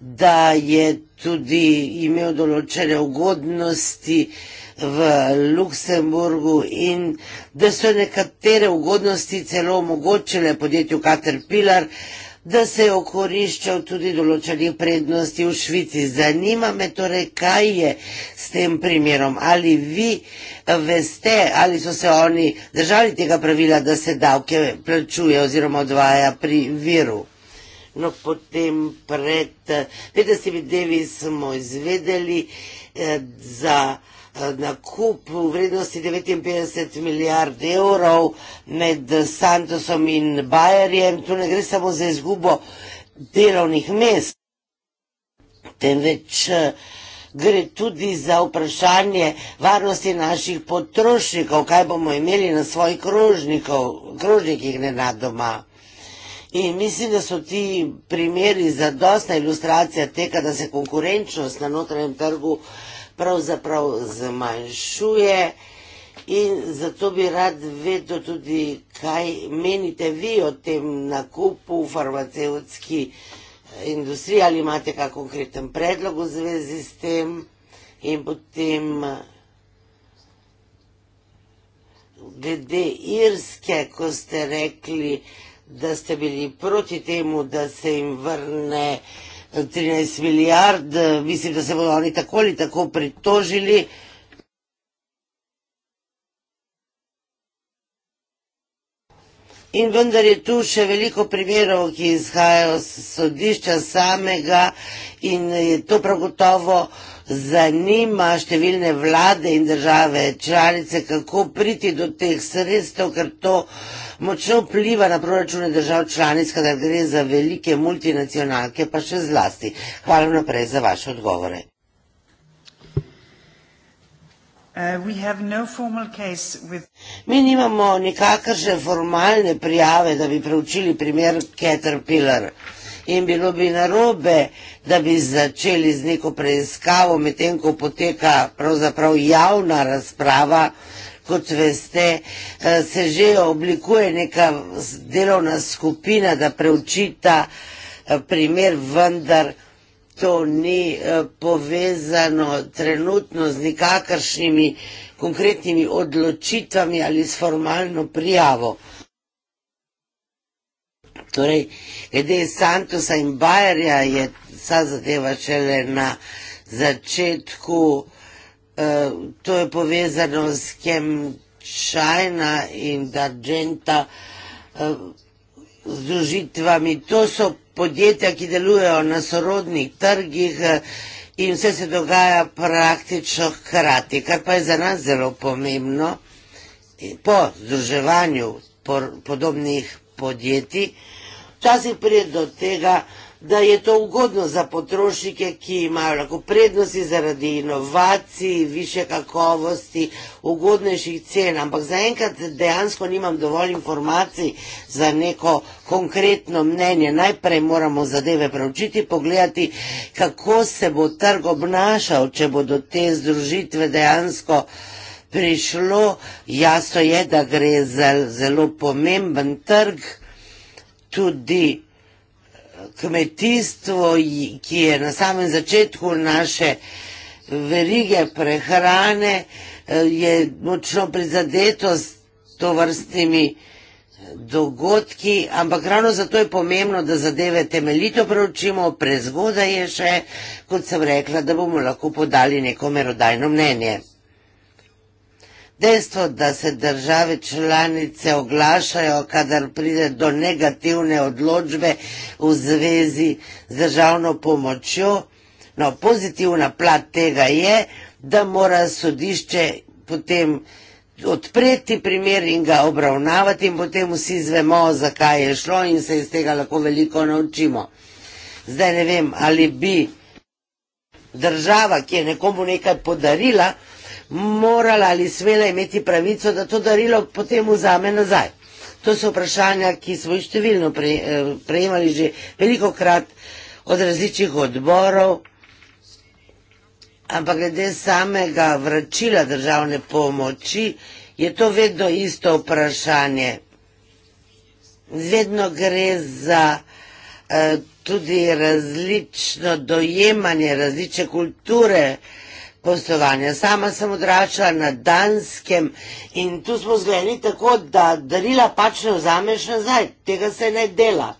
da je tudi imel določene ugodnosti v Luksemburgu in da so nekatere ugodnosti celo omogočile podjetju Caterpillar, da se je okoriščal tudi določenih prednosti v Švici. Zanima me torej, kaj je s tem primerom. Ali vi eh, veste, ali so se oni držali tega pravila, da se davke plačuje oziroma odvaja pri viru? No, potem pred 50 eh, dnevi smo izvedeli eh, za. Eh, nakup v vrednosti 59 milijard evrov med Santosom in Bajerjem. Tu ne gre samo za izgubo delovnih mest, temveč eh, gre tudi za vprašanje varnosti naših potrošnikov, kaj bomo imeli na svojih krožnikih nenadoma. In mislim, da so ti primeri za dosta ilustracija tega, da se konkurenčnost na notranjem trgu pravzaprav zmanjšuje in zato bi rad vedel tudi, kaj menite vi o tem nakupu v farmaceutski eh, industriji, ali imate kak konkreten predlog v zvezi s tem in potem eh, glede Irske, ko ste rekli, da ste bili proti temu, da se jim vrne uh, 13 milijard, eh, mislim, da se bodo oni tako ali tako pritožili. In vendar je tu še veliko primerov, ki izhajajo z sodišča samega in je to prav gotovo zanima številne vlade in države članice, kako priti do teh sredstev, ker to uh, močno vpliva na proračune držav članic, kadar gre za velike multinacionalke, pa še zlasti. Hvala naprej za vaše odgovore. Uh, no Mi nimamo nikakršne formalne prijave, da bi preučili primer Caterpillar. In bilo bi narobe, da bi začeli z neko preiskavo, medtem ko poteka pravzaprav javna razprava kot veste, eh, se že oblikuje neka delovna skupina, da preučita eh, primer, vendar to ni eh, povezano trenutno z nikakršnimi konkretnimi odločitvami ali s formalno prijavo. Torej, glede Santosa in Bajerja je ta zadeva šele na začetku Eh, to je povezano s tem Šajna in Darženta eh, združitvami. To so podjetja, ki delujejo na sorodnih trgih eh, in vse se dogaja praktično hkrati, kar pa je za nas zelo pomembno po združevanju podobnih podjetij. Včasih pride do tega, da je to ugodno za potrošnike, ki imajo lahko prednosti zaradi inovacij, više kakovosti, ugodnejših cen. Ampak zaenkrat dejansko nimam dovolj informacij za neko konkretno mnenje. Najprej moramo zadeve preučiti, pogledati, kako se bo trg obnašal, če bo do te združitve dejansko prišlo. Jasno je, da gre za zelo pomemben trg, tudi kmetijstvo, ki je na samem začetku naše verige prehrane, eh, je močno prizadeto s to vrstnimi eh, dogodki, ampak ravno zato je pomembno, da zadeve temeljito preučimo, prezgoda je še, kot sem rekla, da bomo lahko podali neko merodajno mnenje. Dejstvo, da se države članice oglašajo, kadar pride do negativne odločbe v zvezi z državno pomočjo, no pozitivna plat tega je, da mora sodišče potem odpreti primer in ga obravnavati in potem vsi zvemo, zakaj je šlo in se iz tega lahko veliko naučimo. Zdaj ne vem, ali bi država, ki je nekomu nekaj podarila, morala ali smela imeti pravico, da to darilo potem vzame nazaj. To so vprašanja, ki smo jih številno prej, eh, prejemali že veliko krat od različnih odborov, ampak glede samega vračila državne pomoči je to vedno isto vprašanje. Vedno gre za eh, tudi različno dojemanje, različne kulture eh, poslovanja. Sama sem odraščala na Danskem in tu smo zgledali tako, da darila pač ne vzameš nazaj, tega se ne dela.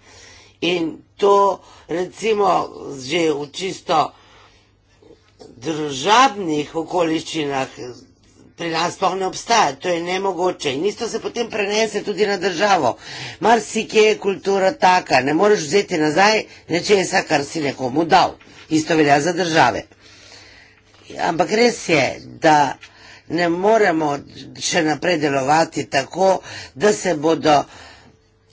In to recimo že v čisto družabnih okoliščinah pri nas sploh ne obstaja, to je nemogoče. In isto se potem prenese tudi na državo. Mar si kje je kultura taka, ne moreš vzeti nazaj nečesa, kar si nekomu dal. Isto velja za države ampak res je, da ne moremo še naprej delovati tako, da se bodo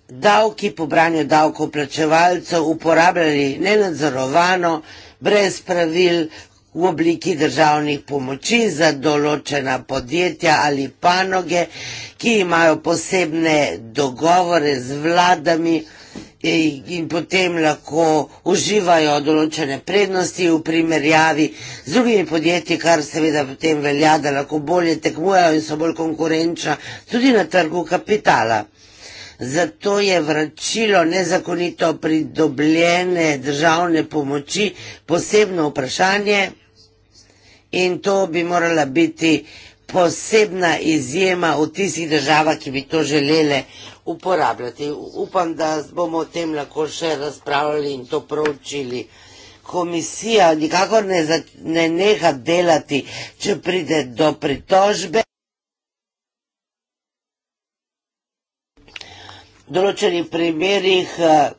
davki po branju davkov plačevalcev uporabljali nenadzorovano, brez pravil v obliki državnih pomoči za določena podjetja ali panoge, ki imajo posebne dogovore z vladami vsega in potem lahko uživajo določene prednosti v primerjavi z drugimi podjetji, kar seveda potem velja, da lahko bolje tekmujejo in so bolj konkurenčna tudi na trgu kapitala. Zato je vračilo nezakonito pridobljene državne pomoči posebno vprašanje in to bi morala biti posebna izjema v tistih državah, ki bi to želele uporabljati. Upam, da bomo o tem lahko še razpravljali in to proučili. Komisija nikakor ne, za, ne neha delati, če pride do pritožbe. V določenih primerih eh,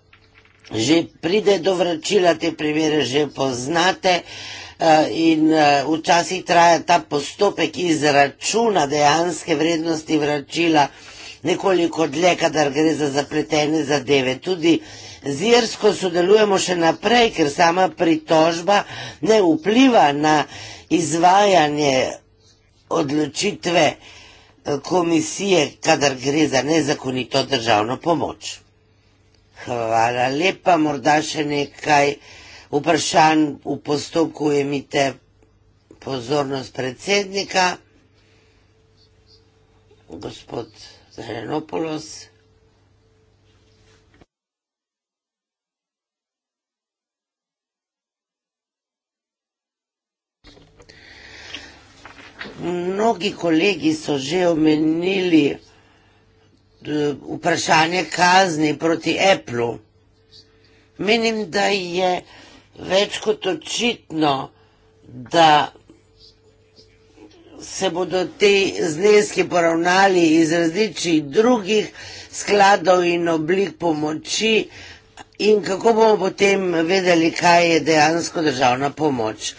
že pride do vračila, te primere že poznate eh, in eh, včasih traja ta postopek izračuna dejanske vrednosti vračila nekoliko dlje, kadar gre za zapletene zadeve. Tudi z Irsko sodelujemo še naprej, ker sama pritožba ne vpliva na izvajanje odločitve eh, komisije, kadar gre za nezakonito državno pomoč. Hvala lepa, morda še nekaj vprašanj v postopku imite pozornost predsednika. Gospod. Zelenopoulos. Mnogi kolegi so že omenili eh, vprašanje kazni proti Apple. Menim, da je več kot očitno, da se bodo te zneski poravnali iz različnih drugih skladov in oblik pomoči in kako bomo potem vedeli, kaj je dejansko državna pomoč.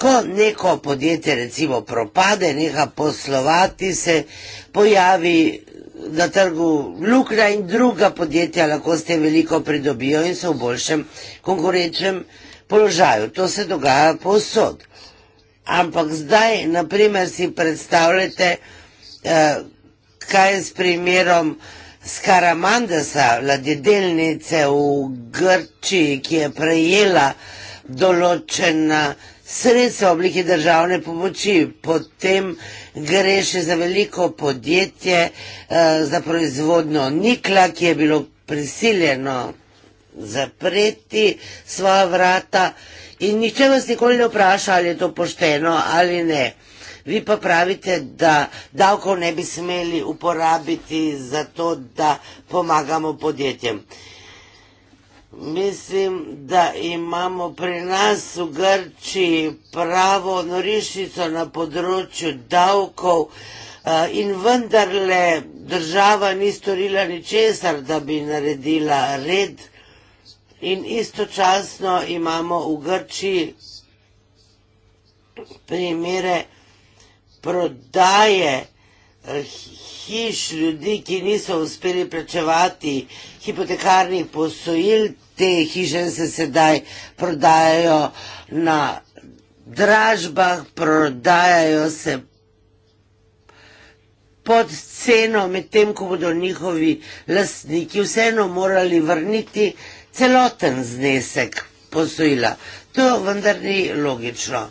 Ko neko podjetje recimo propade, neha poslovati, se pojavi na trgu lukna in druga podjetja lahko s tem veliko pridobijo in so v boljšem konkurenčnem položaju. To se dogaja posod. Po Ampak zdaj, naprimer, si predstavljate, eh, kaj je s primerom Skaramandasa, vladedelnice v Grčiji, ki je prejela določena sredstva v obliki državne pomoči, potem gre še za veliko podjetje eh, za proizvodno nikla, ki je bilo prisiljeno zapreti svoja vrata In nihče vas nikoli ne vpraša, ali je to pošteno ali ne. Vi pa pravite, da davkov ne bi smeli uporabiti za to, da pomagamo podjetjem. Mislim, da imamo pri nas v Grčiji pravo norišnico na področju davkov in vendarle država ni storila ničesar, da bi naredila red in istočasno imamo v Grčiji primere prodaje eh, hiš ljudi, ki niso uspeli plačevati hipotekarnih posojil, te hiše se sedaj prodajajo na dražbah, prodajajo se pod ceno, medtem ko bodo njihovi lastniki vseeno morali vrniti vse, celoten znesek posojila. To vendar ni logično.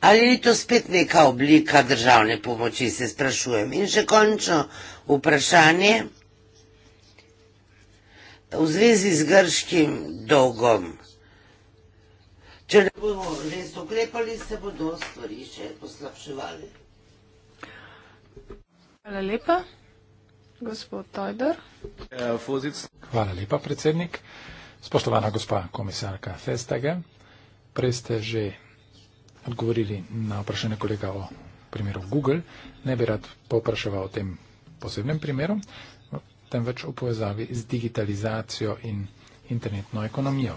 Ali ni to spet neka oblika državne pomoči, se sprašujem. In še končno vprašanje v zvezi z grškim dolgom. Če ne bomo res ukrepali, se bodo stvari še poslabševali. Hvala lepa, gospod Tojder. Hvala lepa, predsednik. Spoštovana gospa komisarka Festage, prej ste že odgovorili na vprašanje kolega o primeru Google. Ne bi rad popraševal o tem posebnem primeru, temveč v povezavi z digitalizacijo in internetno ekonomijo.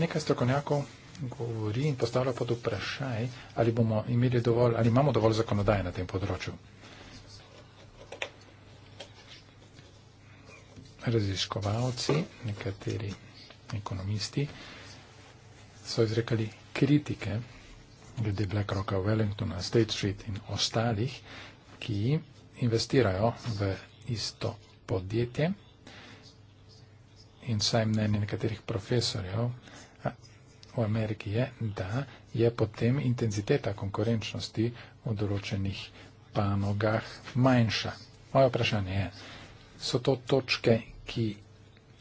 Nekaj strokovnjakov govori in postavlja pod vprašaj, ali bomo imeli dovolj, ali imamo dovolj zakonodaje na tem področju. Raziskovalci, nekateri ekonomisti, so izrekali kritike glede BlackRocka v Wellingtonu, State Street in ostalih, ki investirajo v isto podjetje. In saj mnenje nekaterih profesorjev v Ameriki je, da je potem intenziteta konkurenčnosti v določenih panogah manjša. Moje vprašanje je, so to točke, ki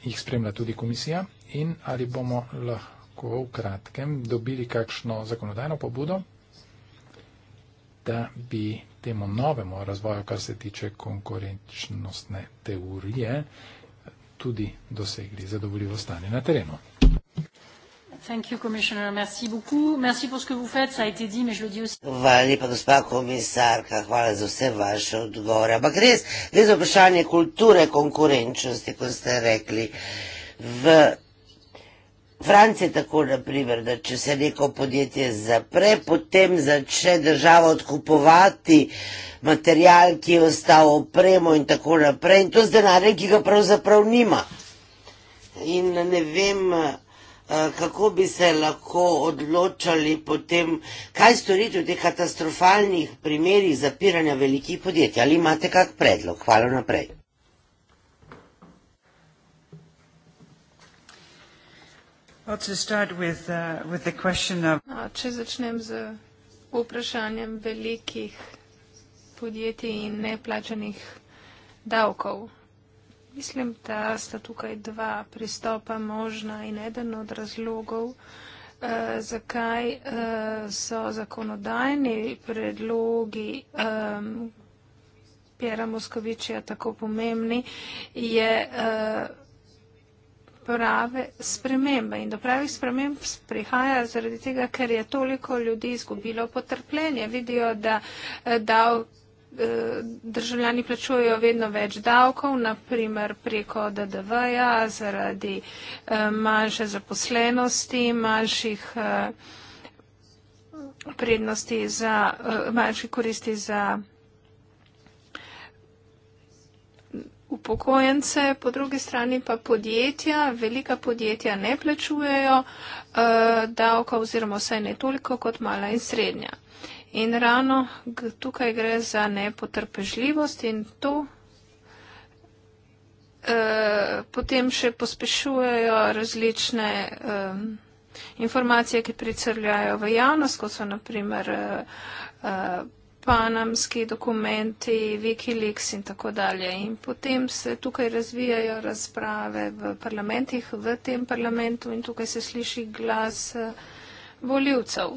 jih spremlja tudi komisija? in ali bomo lahko v kratkem dobili kakšno zakonodajno pobudo, da bi temu novemu razvoju, kar se tiče konkurenčnostne teorije, tudi dosegli zadovoljivo stanje na terenu. Thank you, Commissioner. Merci beaucoup. Merci pour ce que vous faites. Ça a été dit, mais je le dis aussi. Hvala lepa, gospa komisarka. Hvala za vse vaše odgovore. Ampak res, gre za vprašanje kulture konkurenčnosti, kot ste rekli. V Francija tako, naprimer, da če se neko podjetje zapre, potem začne država odkupovati material, ki je ostal opremo in tako naprej. In to z denarjem, ki ga pravzaprav nima. In ne vem, eh, kako bi se lahko odločali potem, kaj storiti v teh katastrofalnih primerih zapiranja velikih podjetij. Ali imate kak predlog? Hvala naprej. Uh, no, če začnem z vprašanjem velikih podjetij in neplačanih davkov. Mislim, da sta tukaj dva pristopa možna in eden od razlogov, eh, zakaj eh, so zakonodajni predlogi ehm, Pjera Moskoviča tako pomembni, je vprašanje, eh, prave spremembe. In do pravih sprememb prihaja zaradi tega, ker je toliko ljudi izgubilo potrpljenje. Vidijo, da eh, dav, eh, državljani plačujejo vedno več davkov, naprimer preko DDV-ja, zaradi eh, manjše zaposlenosti, manjših prednosti za, manjših koristi za upokojence, po drugi strani pa podjetja, velika podjetja ne plačujejo uh, davka oziroma vsaj ne toliko kot mala in srednja. In ravno tukaj gre za nepotrpežljivost in to eh, potem še pospešujejo različne eh, informacije, ki pricrljajo v javnost, kot so naprimer eh, eh panamski dokumenti, Wikileaks in tako dalje. In potem se tukaj razvijajo razprave v parlamentih, v tem parlamentu in tukaj se sliši glas eh, voljivcev.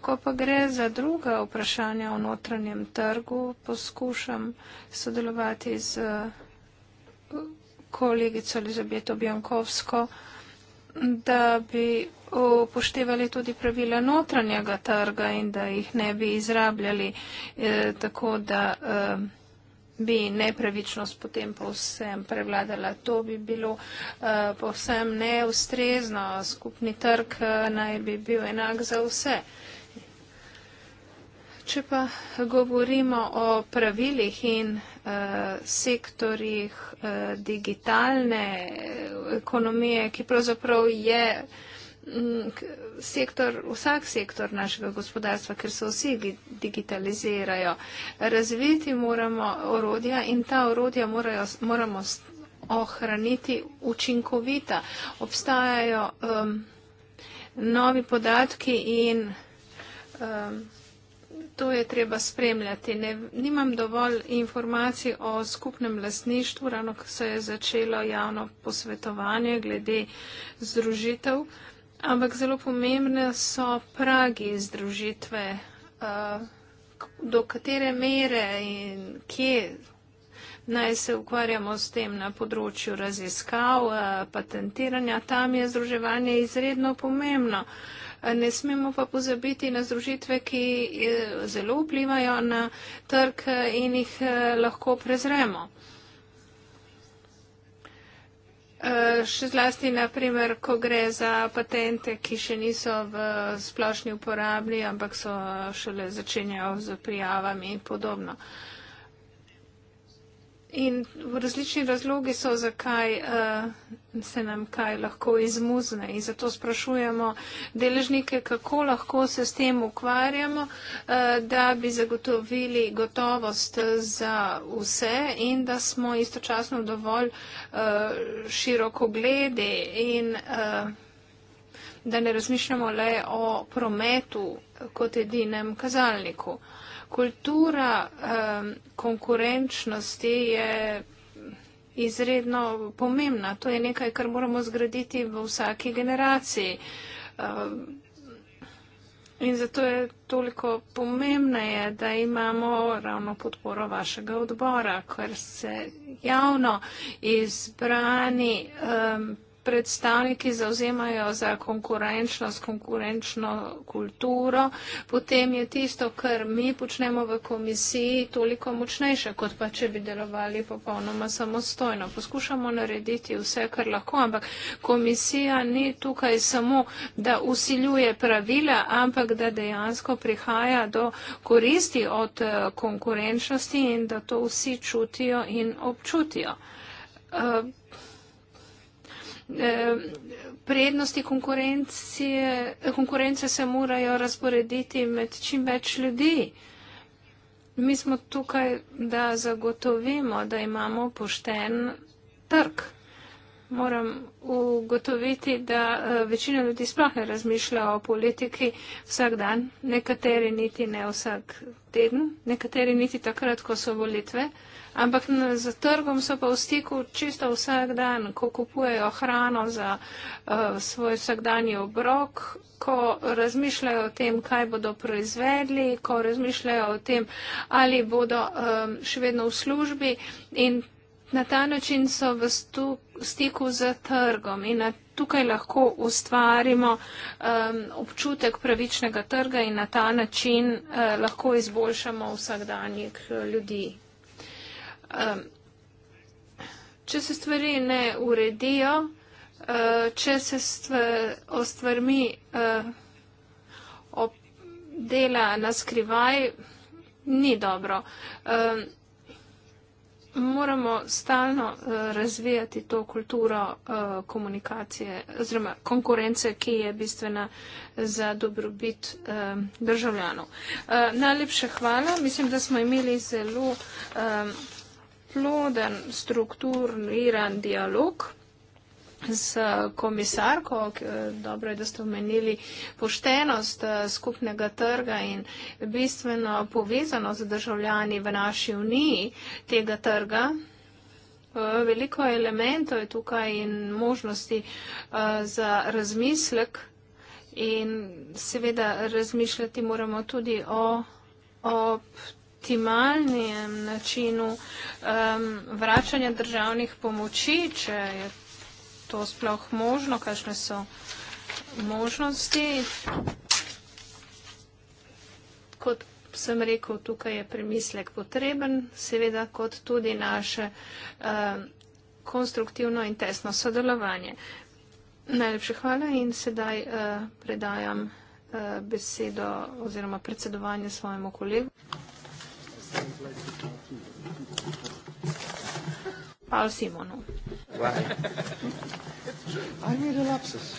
Ko pa gre za druga vprašanja o notranjem trgu, poskušam sodelovati z eh, kolegico Elizabeto Bjankovsko da bi upoštevali tudi pravila notranjega trga in da jih ne bi izrabljali eh, tako, da eh, bi nepravičnost potem povsem prevladala. To bi bilo eh, povsem neustrezno. Skupni trg eh, naj bi bil enak za vse. Eh, če pa govorimo o pravilih in eh, sektorjih eh, digitalne eh, ekonomije, ki pravzaprav je mm, sektor, vsak sektor našega gospodarstva, ker se vsi digitalizirajo. Razviti moramo orodja in ta orodja morajo, moramo ohraniti učinkovita. Obstajajo um, novi podatki in um, to je treba spremljati. Ne, nimam dovolj informacij o skupnem lasništvu, ravno ko se je začelo javno posvetovanje glede združitev, ampak zelo pomembne so pragi združitve, eh, do katere mere in kje naj se ukvarjamo s tem na področju raziskav, eh, patentiranja. Tam je združevanje izredno pomembno ne smemo pa pozabiti na združitve, ki eh, zelo vplivajo na trg eh, in jih eh, lahko prezremo. Še zlasti, naprimer, ko gre za patente, ki še niso v splošni uporabni, ampak so šele začenjajo z prijavami in podobno. Uh, In različni razlogi so, zakaj uh, se nam kaj lahko izmuzne. In zato sprašujemo deležnike, kako lahko se s tem ukvarjamo, uh, da bi zagotovili gotovost eh, za vse in da smo istočasno dovolj uh, širokogledi in uh, da ne razmišljamo le o prometu kot edinem kazalniku. Uh, kultura um, konkurenčnosti je izredno pomembna. To je nekaj, kar moramo zgraditi v vsaki generaciji. Um, in zato je toliko pomembneje, da imamo ravno podporo vašega odbora, ker se javno izbrani. Um, predstavniki zauzemajo za konkurenčnost, konkurenčno kulturo, potem je tisto, kar mi počnemo v komisiji, toliko močnejše, kot pa če bi delovali popolnoma samostojno. Poskušamo narediti vse, kar lahko, ampak komisija ni tukaj samo, da usiljuje pravila, ampak da dejansko prihaja do koristi od eh, konkurenčnosti in da to vsi čutijo in občutijo. Uh, Eh, prednosti konkurence se morajo razporediti med čim več ljudi. Mi smo tukaj, da zagotovimo, da imamo pošten trg. Moram ugotoviti, da eh, večina ljudi sploh ne razmišlja o politiki vsak dan, nekateri niti ne vsak teden, nekateri niti takrat, ko so volitve ampak na, za trgom so pa v stiku čisto vsak dan, ko kupujejo hrano za uh, svoj vsakdanji obrok, ko razmišljajo o tem, kaj bodo proizvedli, ko razmišljajo o tem, ali bodo um, še vedno v službi in na ta način so v stu, stiku z trgom. Tukaj lahko ustvarimo um, občutek pravičnega trga in na ta način uh, lahko izboljšamo vsakdanjik ljudi. Um, če se stvari ne uredijo, uh, če se stv, o stvarmi uh, dela na skrivaj, ni dobro. Um, moramo stalno uh, razvijati to kulturo uh, komunikacije oziroma konkurence, ki je bistvena za dobrobit uh, državljanov. Uh, najlepša hvala. Mislim, da smo imeli zelo. Uh, ploden strukturiran dialog z komisarko, dobro je, da ste omenili poštenost eh, skupnega trga in bistveno povezano z državljani v naši uniji tega trga. Eh, veliko elementov je tukaj in možnosti eh, za razmislek in seveda razmišljati moramo tudi o, o optimalnem načinu um, vračanja državnih pomoči, če je to sploh možno, kakšne so možnosti. Kot sem rekel, tukaj je premislek potreben, seveda kot tudi naše um, konstruktivno in tesno sodelovanje. Najlepše hvala in sedaj uh, predajam eh, besedo oziroma predsedovanje svojemu kolegu. Paul Simonu. Why? I need a lapsus.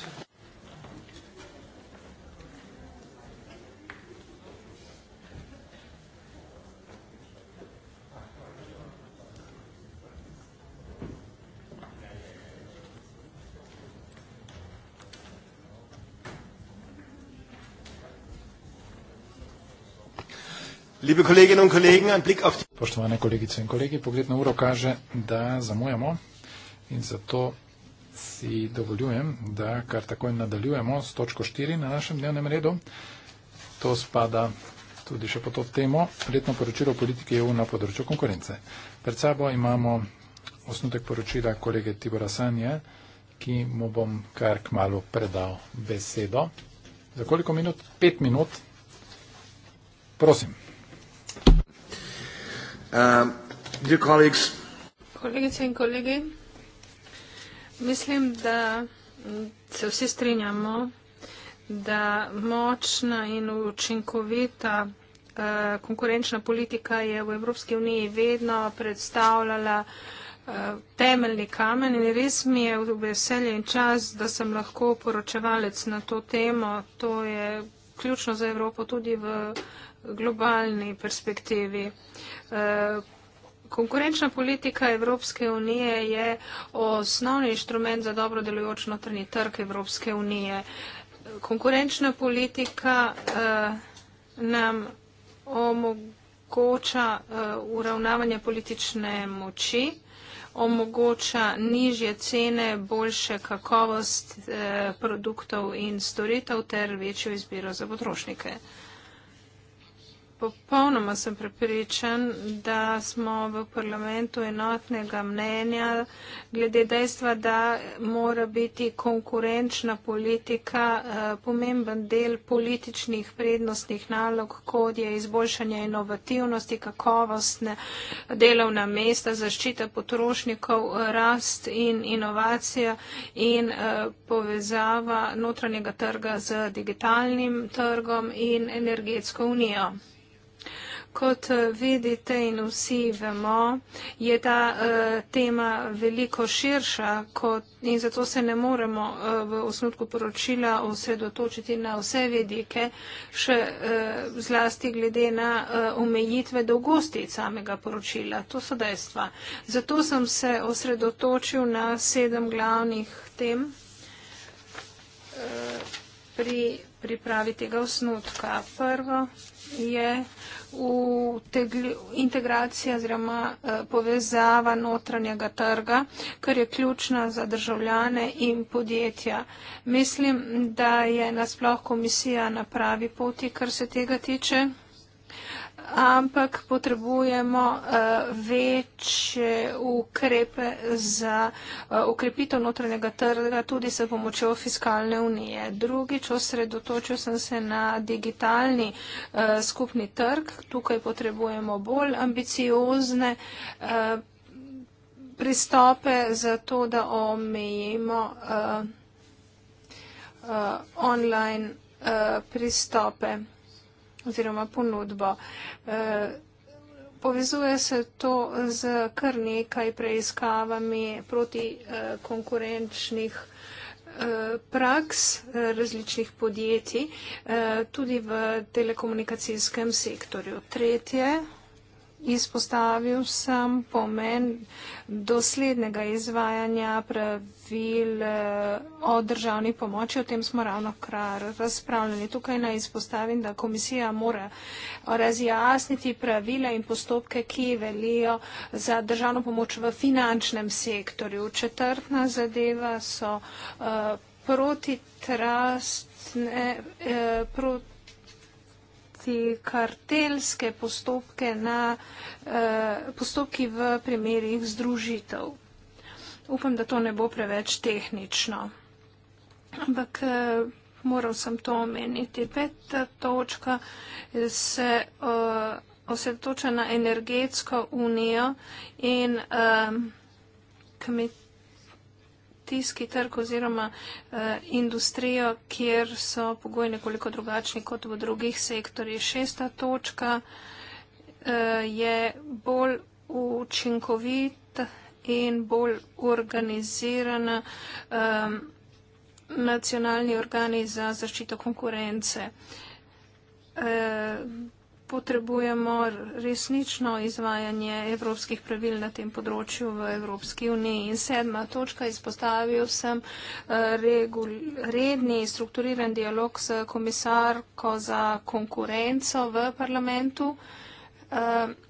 Liebe Kolleginnen und Kollegen, ein Blick auf die. Poštovane kolegice in kolegi, pogled na uro kaže, da zamujamo in zato si dovoljujem, da kar takoj nadaljujemo s točko 4 na našem dnevnem redu. To spada tudi še po to temo, letno poročilo politike EU na področju konkurence. Pred sabo imamo osnutek poročila kolege Tibora Sanje, ki mu bom kar kmalo predal besedo. Za koliko minut? Pet minut. Prosim. Um, dear colleagues. Kolegice in kolegi, mislim, da se vsi strinjamo, da močna in učinkovita uh, konkurenčna politika je v Evropski uniji vedno predstavljala uh, temeljni kamen in res mi je veselje in čas, da sem lahko poročevalec na to temo. To je ključno za Evropo tudi v globalni perspektivi. Eh, konkurenčna politika Evropske unije je osnovni inštrument za dobro delujoč notrni trg Evropske unije. Konkurenčna politika eh, nam omogoča eh, uravnavanje politične moči, omogoča nižje cene, boljše kakovost produktov in storitev ter večjo izbiro za potrošnike. Popolnoma sem prepričan, da smo v parlamentu enotnega mnenja glede dejstva, da mora biti konkurenčna politika eh, pomemben del političnih prednostnih nalog, kot je izboljšanje inovativnosti, kakovostne delovna mesta, zaščita potrošnikov, rast in inovacija in eh, povezava notranjega trga z digitalnim trgom in energetsko unijo. Kot eh, vidite in vsi vemo, je ta uh, tema veliko širša kot, in zato se ne moremo uh, v osnutku poročila osredotočiti na vse vedike, še uh, zlasti glede na uh, omejitve dolgosti samega poročila. To so dejstva. Zato sem se osredotočil na sedem glavnih tem uh, pri pripravi tega osnutka. Prvo je integracija oziroma eh, povezava notranjega trga, kar je ključna za državljane in podjetja. Mislim, da je nasploh komisija na pravi poti, kar se tega tiče ampak potrebujemo uh, večje ukrepe za ukrepitev eh, uh, notranjega trga tudi s pomočjo fiskalne unije. Drugič, osredotočil sem se na digitalni uh, skupni trg. Tukaj potrebujemo bolj ambiciozne. Uh, pristope za to, da omejimo uh, uh, online uh, pristope oziroma ponudbo. Eh, povezuje se to z kar nekaj preiskavami proti eh, konkurenčnih eh, praks različnih podjetij, tudi v telekomunikacijskem sektorju. Tretje Izpostavil sem pomen doslednega izvajanja pravil eh, o državni pomoči, o tem smo ravno kar razpravljali. Tukaj naj izpostavim, da komisija mora razjasniti pravila in postopke, ki velijo za državno pomoč v finančnem sektorju. Četrtna zadeva so uh, eh, protitrastne. Uh, eh, prot izvesti kartelske postopke na eh, postopki v primerih združitev. Upam, da to ne bo preveč tehnično. Ampak eh, moral sem to omeniti. Peta točka se eh, osredotoča na energetsko unijo in eh, kmetijstvo kmetijski trg oziroma eh, industrijo, kjer so pogoji nekoliko drugačni kot v drugih sektorjih. Šesta točka eh, je bolj učinkovit in bolj organizirana eh, nacionalni organi za zaščito konkurence. Eh, potrebujemo resnično izvajanje evropskih pravil na tem področju v Evropski uniji. In sedma točka, izpostavil sem eh, regul, redni strukturiran dialog s komisarko za konkurenco v parlamentu. Eh,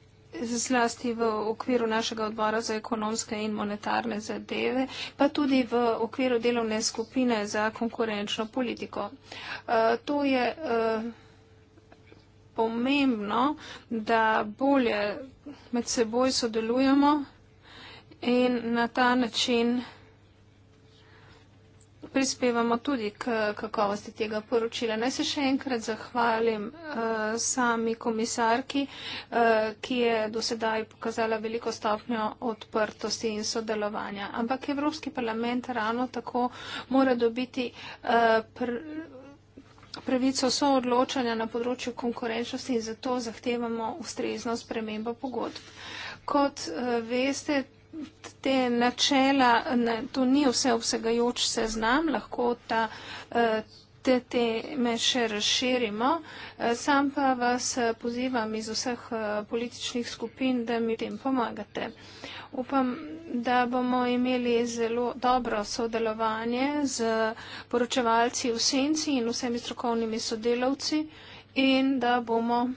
zlasti v okviru našega odbora za ekonomske in monetarne zadeve, pa tudi v okviru delovne skupine za konkurenčno politiko. Uh, to je uh, pomembno, da bolje med seboj sodelujemo in na ta način prispevamo tudi k kakovosti tega poročila. Naj se še enkrat zahvalim uh, sami komisarki, uh, ki je dosedaj pokazala veliko stopnjo odprtosti in sodelovanja. Ampak Evropski parlament ravno tako mora dobiti. Uh, pr pravico soodločanja na področju konkurenčnosti in zato zahtevamo ustrezno spremembo pogodb. Kot eh, veste, te načela, ne, to ni vsevsegajoč seznam, lahko ta, eh, te teme še razširimo. Eh, sam pa vas pozivam iz vseh političnih skupin, da mi tem pomagate upam, da bomo imeli zelo dobro sodelovanje z poročevalci v senci in vsemi strokovnimi sodelavci in da bomo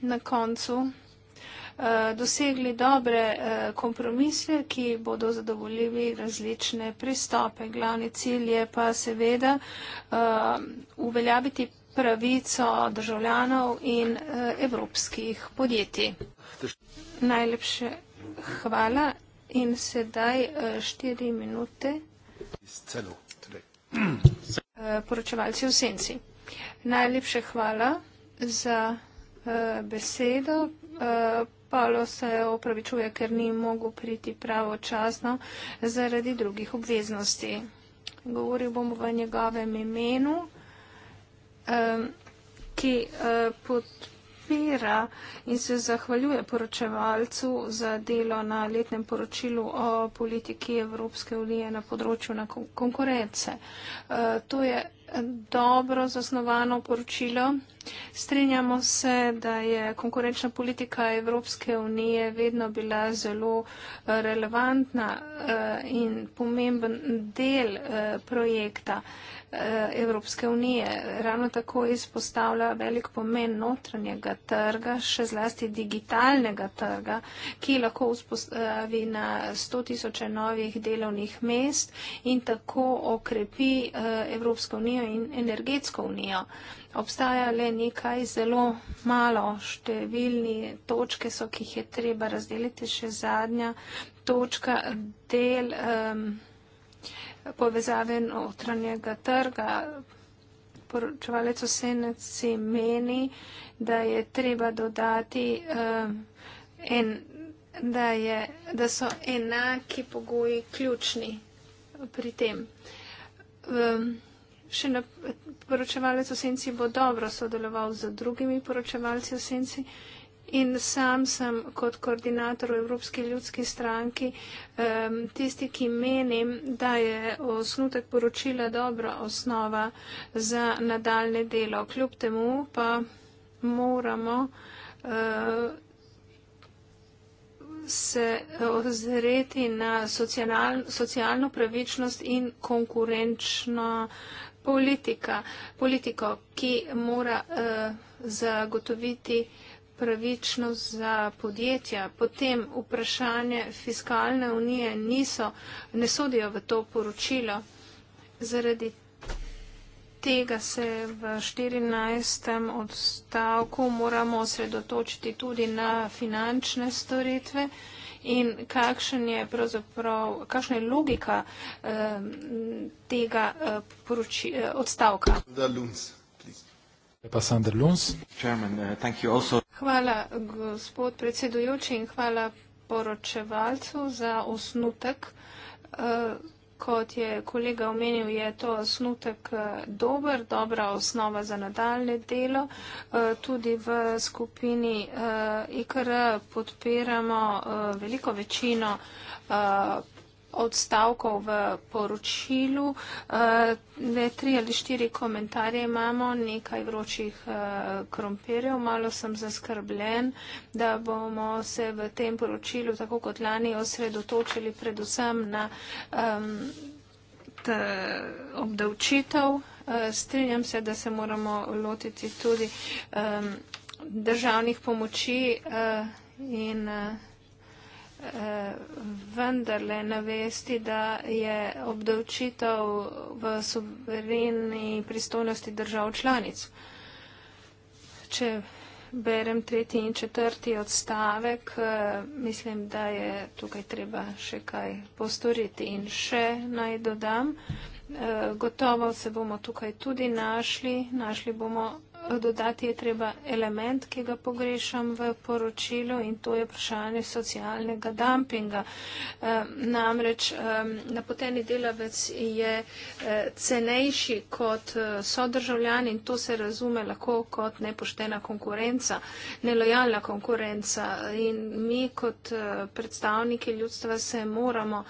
na koncu eh, dosegli dobre eh, kompromise, ki bodo zadovoljili različne pristope. Glavni cilj je pa seveda eh, uveljaviti pravico državljanov in evropskih podjetij. Najlepše hvala in sedaj eh, štiri minute. Torej. Eh, poročevalci v senci. Najlepše hvala za eh, besedo. Paolo se opravičuje, ker ni mogel priti pravočasno zaradi drugih obveznosti. Govoril bom v njegovem imenu, ki podpravlja podpira in se zahvaljuje poročevalcu za delo na letnem poročilu o politiki Evropske unije na področju na konkurence. Eh, to je dobro zasnovano poročilo. Strenjamo se, da je konkurenčna politika Evropske unije vedno bila zelo eh, relevantna eh, in pomemben del projekta. Eh, Evropske unije. Ravno tako izpostavlja velik pomen notranjega trga, še zlasti digitalnega trga, ki lahko vzpostavi na 100 tisoče novih delovnih mest in tako okrepi eh, Evropsko unijo in energetsko unijo. Obstaja le nekaj zelo malo številni točke so, ki jih je treba razdeliti še zadnja točka del. Um, povezave notranjega trga. Poročevalec osenec meni, da je treba dodati, uh, en, da, je, da so enaki pogoji ključni pri tem. Um, še na poročevalec osenci bo dobro sodeloval z drugimi poročevalci osenci. Uh, in sam sem kot koordinator v Evropski ljudski stranki um, tisti, ki menim, da je osnutek poročila dobra osnova za nadaljne delo. Kljub temu pa moramo uh, se ozreti na socijal, socijalno pravičnost in konkurenčno politika, politiko, ki mora uh, zagotoviti uh, pravičnost za podjetja. Potem vprašanje fiskalne unije niso, ne sodijo v to poročilo. Zaradi tega se v 14. odstavku moramo osredotočiti tudi na finančne storitve in kakšen je pravzaprav, kakšna je logika eh, tega eh, poroči, eh, odstavka pa Sander Luns. Uh, hvala, gospod predsedujoči, in hvala poročevalcu za osnutek. Uh, kot je kolega omenil, je to osnutek uh, dober, dobra osnova za nadaljne delo. Tudi v skupini IKR podpiramo veliko večino odstavkov v poročilu. Ne eh, tri ali štiri komentarje imamo, nekaj vročih eh, krompirjev. Malo sem zaskrbljen, da bomo se v tem poročilu, tako kot lani, osredotočili predvsem na obdavčitev. Eh, strinjam se, da se moramo lotiti tudi državnih pomoči in. Eh, vendarle navesti, da je obdavčitev v suvereni pristojnosti držav članic. Če berem tretji in četrti odstavek, eh, mislim, da je tukaj treba še kaj postoriti. In še naj dodam, eh, gotovo se bomo tukaj tudi našli, našli bomo dodati je treba element, ki ga pogrešam v poročilu in to je vprašanje socialnega dampinga. Eh, namreč eh, napoteni delavec je eh, cenejši kot sodržavljan in to se razume lahko kot nepoštena konkurenca, nelojalna konkurenca in mi kot predstavniki ljudstva se moramo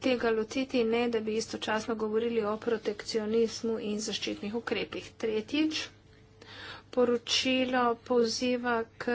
tega lotiti, ne da bi istočasno govorili o protekcionizmu in zaščitnih ukrepih. Tretjič, poročilo poziva k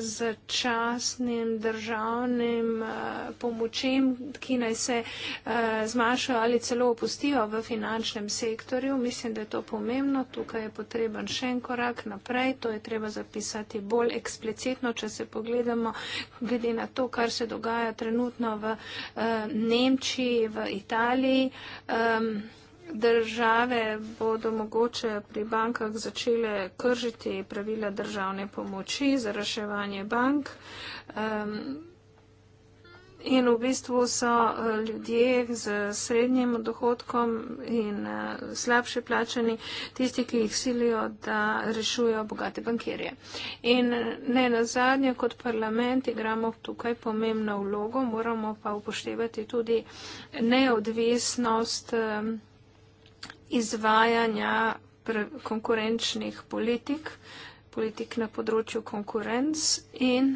začasnim državnim eh, pomočem, ki naj se eh, zmanjšajo ali celo opustijo v finančnem sektorju. Mislim, da je to pomembno. Tukaj je potreben še en korak naprej. To je treba zapisati bolj eksplicitno, če se pogledamo, glede na to, kar se dogaja trenutno v eh, Nemčiji, v Italiji. Um, države bodo mogoče pri bankah začele kržiti pravila državne pomoči za reševanje bank. Um, In v bistvu so eh, ljudje z srednjim dohodkom in eh, slabše plačani tisti, ki jih silijo, da rešujo bogate bankirje. In eh, ne na zadnje, kot parlament igramo tukaj pomembno vlogo, moramo pa upoštevati tudi neodvisnost. Um, izvajanja konkurenčnih politik, politik na področju konkurenc in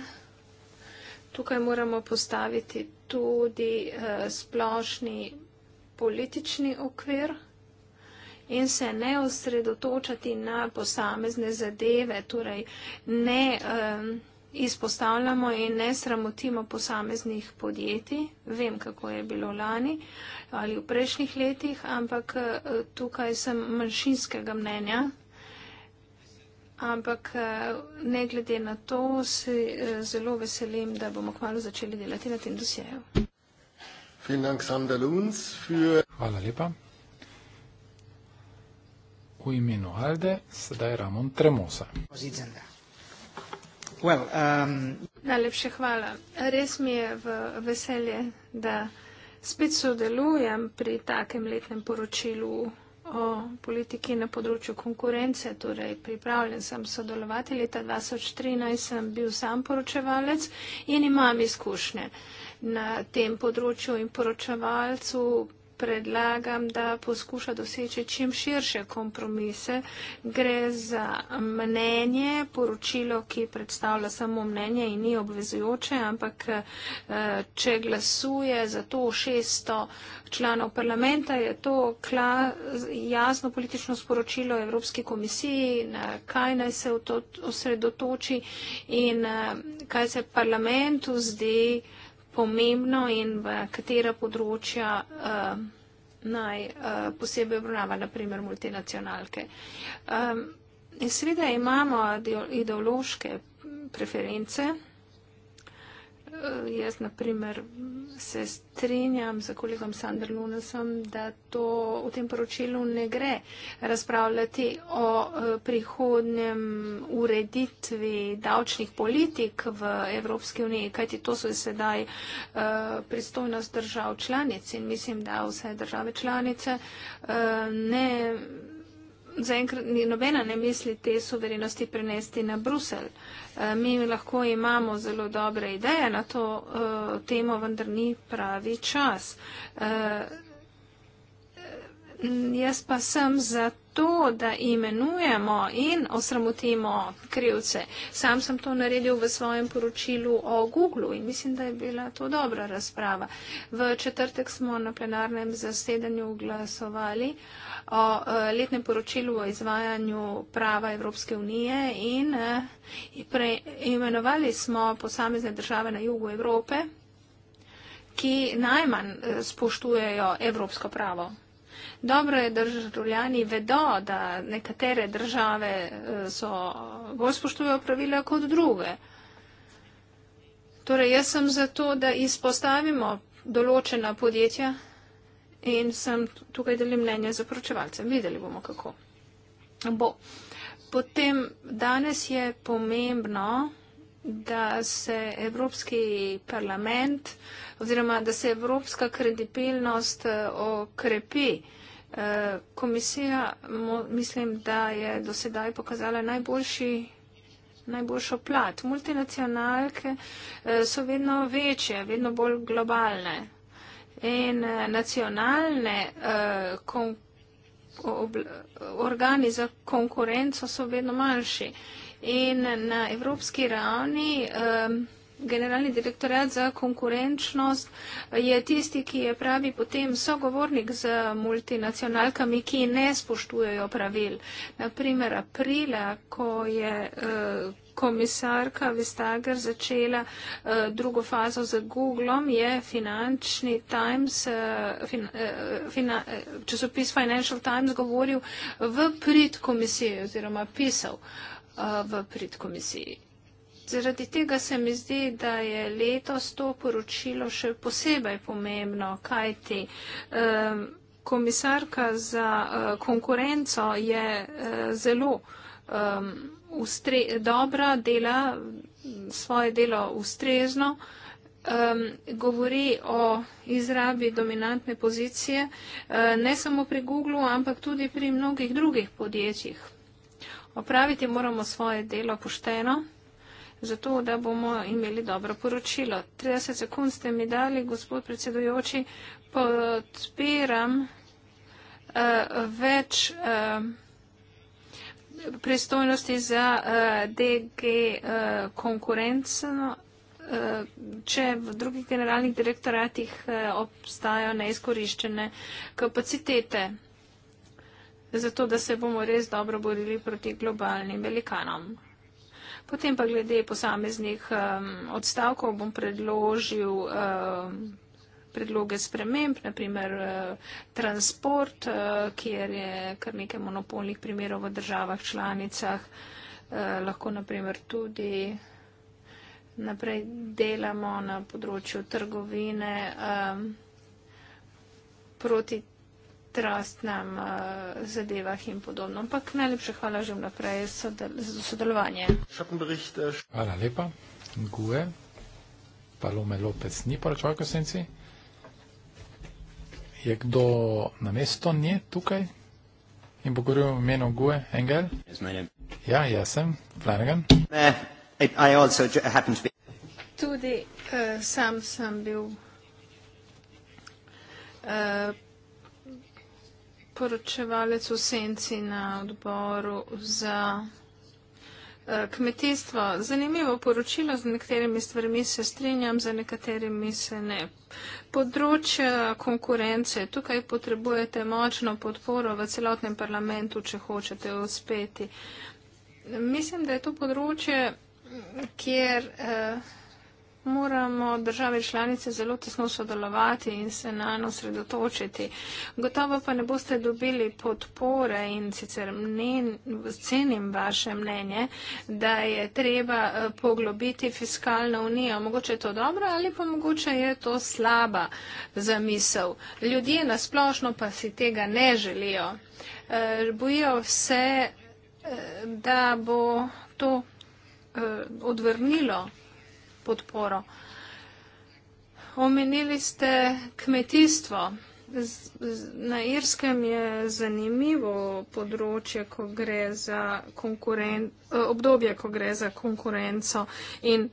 tukaj moramo postaviti tudi eh, splošni politični okvir in se ne osredotočati na posamezne zadeve, torej ne um, izpostavljamo in ne sramotimo posameznih podjetij. Vem, kako je bilo lani ali v prejšnjih letih, ampak eh, tukaj sem manjšinskega mnenja. Ampak eh, ne glede na to, se eh, zelo veselim, da bomo kmalo začeli delati na tem dosjeju. Hvala lepa. V imenu Alde, sedaj Ramon Tremosa. Pozicenda. Well, um... Najlepša hvala. Res mi je v veselje, da spet sodelujem pri takem letnem poročilu o politiki na področju konkurence. Torej, pripravljen sem sodelovati. Leta 2013 sem bil sam poročevalec in imam izkušnje na tem področju in poročevalcu predlagam, da poskuša doseči čim širše kompromise. Gre za mnenje, poročilo, ki predstavlja samo mnenje in ni obvezujoče, ampak eh, če glasuje za to 600 članov parlamenta, je to jasno politično sporočilo Evropski komisiji, kaj naj se osredotoči in eh, kaj se parlamentu zdi pomembno in v katera področja uh, naj uh, posebej obravnava, naprimer, multinacionalke. Um, in seveda imamo ideološke preference, jaz naprimer se strinjam z kolegom Sandr Lunasom, da to v tem poročilu ne gre razpravljati o eh, prihodnem ureditvi davčnih politik v Evropski uniji, kajti to so sedaj eh, pristojnost držav članic in mislim, da vse države članice eh, ne. Zaenkrat nobena ne misli te suverenosti prenesti na Bruselj. Uh, Eh, mi lahko imamo zelo dobre ideje na to eh, temo, vendar ni pravi čas. Eh, jaz pa sem za to, da imenujemo in osramotimo krivce. Sam sem to naredil v svojem poročilu o Google in mislim, da je bila to dobra razprava. V četrtek smo na plenarnem zasedanju glasovali uh, o e, letnem poročilu o izvajanju prava Evropske unije in e, preimenovali smo posamezne države na jugu Evrope, ki najmanj e, spoštujejo evropsko pravo. Dobro je, da državljani vedo, da nekatere države so bolj spoštujejo pravila kot druge. Torej, jaz sem za to, da izpostavimo določena podjetja, in sem tukaj delim mnenje z opročevalcem. Videli bomo kako. Bo. Potem danes je pomembno, da se Evropski parlament oziroma da se evropska kredibilnost eh, okrepi. Eh, komisija, mislim, da je do sedaj pokazala najboljši, najboljšo plat. Multinacionalke eh, so vedno večje, vedno bolj globalne in eh, nacionalne uh, kon, ob, organi za konkurenco so vedno manjši. In na evropski ravni um, generalni direktorat za konkurenčnost je tisti, ki je pravi potem sogovornik z multinacionalkami, ki ne spoštujejo pravil. Naprimer, aprila, ko je. Uh, komisarka Vestager začela eh, drugo fazo z Googlom, je finančni Times, eh, fin, eh, fina, časopis Financial Times govoril v prid komisiji oziroma pisal v prid komisiji. Zaradi tega se mi zdi, da je letos to poročilo še posebej pomembno, kajti um, komisarka za uh, konkurenco je uh, zelo um, ustre, dobra, dela svoje delo ustrezno, um, govori o izrabi dominantne pozicije eh, ne samo pri Google, ampak tudi pri mnogih drugih podjetjih. Opraviti moramo svoje delo pošteno, zato da bomo imeli dobro poročilo. 30 sekund ste mi dali, gospod predsedujoči, podpiram uh, več. Uh, pristojnosti za uh, eh, DG uh, eh, konkurenceno, uh, eh, če v drugih generalnih direktoratih uh, obstajajo neizkoriščene kapacitete, zato da se bomo res dobro borili proti globalnim velikanom. Potem pa glede posameznih um, odstavkov bom predložil. Um, predloge sprememb, naprimer eh, transport, eh, kjer je kar nekaj monopolnih primerov v državah članicah, eh, lahko naprimer tudi naprej delamo na področju trgovine ehm, proti trastnem zadevah in podobno. Ampak najlepše hvala že vnaprej za sodelovanje. Äh, hvala lepa. Gue. Palome López ni poročal, ko senci je kdo na mesto nje tukaj in bo govoril o imenu Gue Engel. Ja, jaz sem Flanagan. Uh, be... Tudi uh, sam sem bil uh, poročevalec v senci na odboru za. Eh, kmetijstvo. Zanimivo poročilo, z nekaterimi stvarmi se strinjam, za nekaterimi se ne. Področje konkurence. Tukaj potrebujete močno podporo v celotnem parlamentu, če hočete uspeti. Mislim, da je to področje, kjer. Uh, moramo države članice zelo tesno sodelovati in se na eno sredotočiti. Gotovo pa ne boste dobili podpore in sicer mnen, cenim vaše mnenje, da je treba eh, poglobiti fiskalno unijo. Mogoče je to dobro ali pa mogoče je to slaba zamisel. Ljudje nasplošno pa si tega ne želijo. Eh, bojijo se, eh, da bo to odvrnilo podporo. Omenili ste kmetijstvo. Na Irskem je zanimivo področje, ko gre za konkuren, eh, obdobje, ko gre za konkurenco in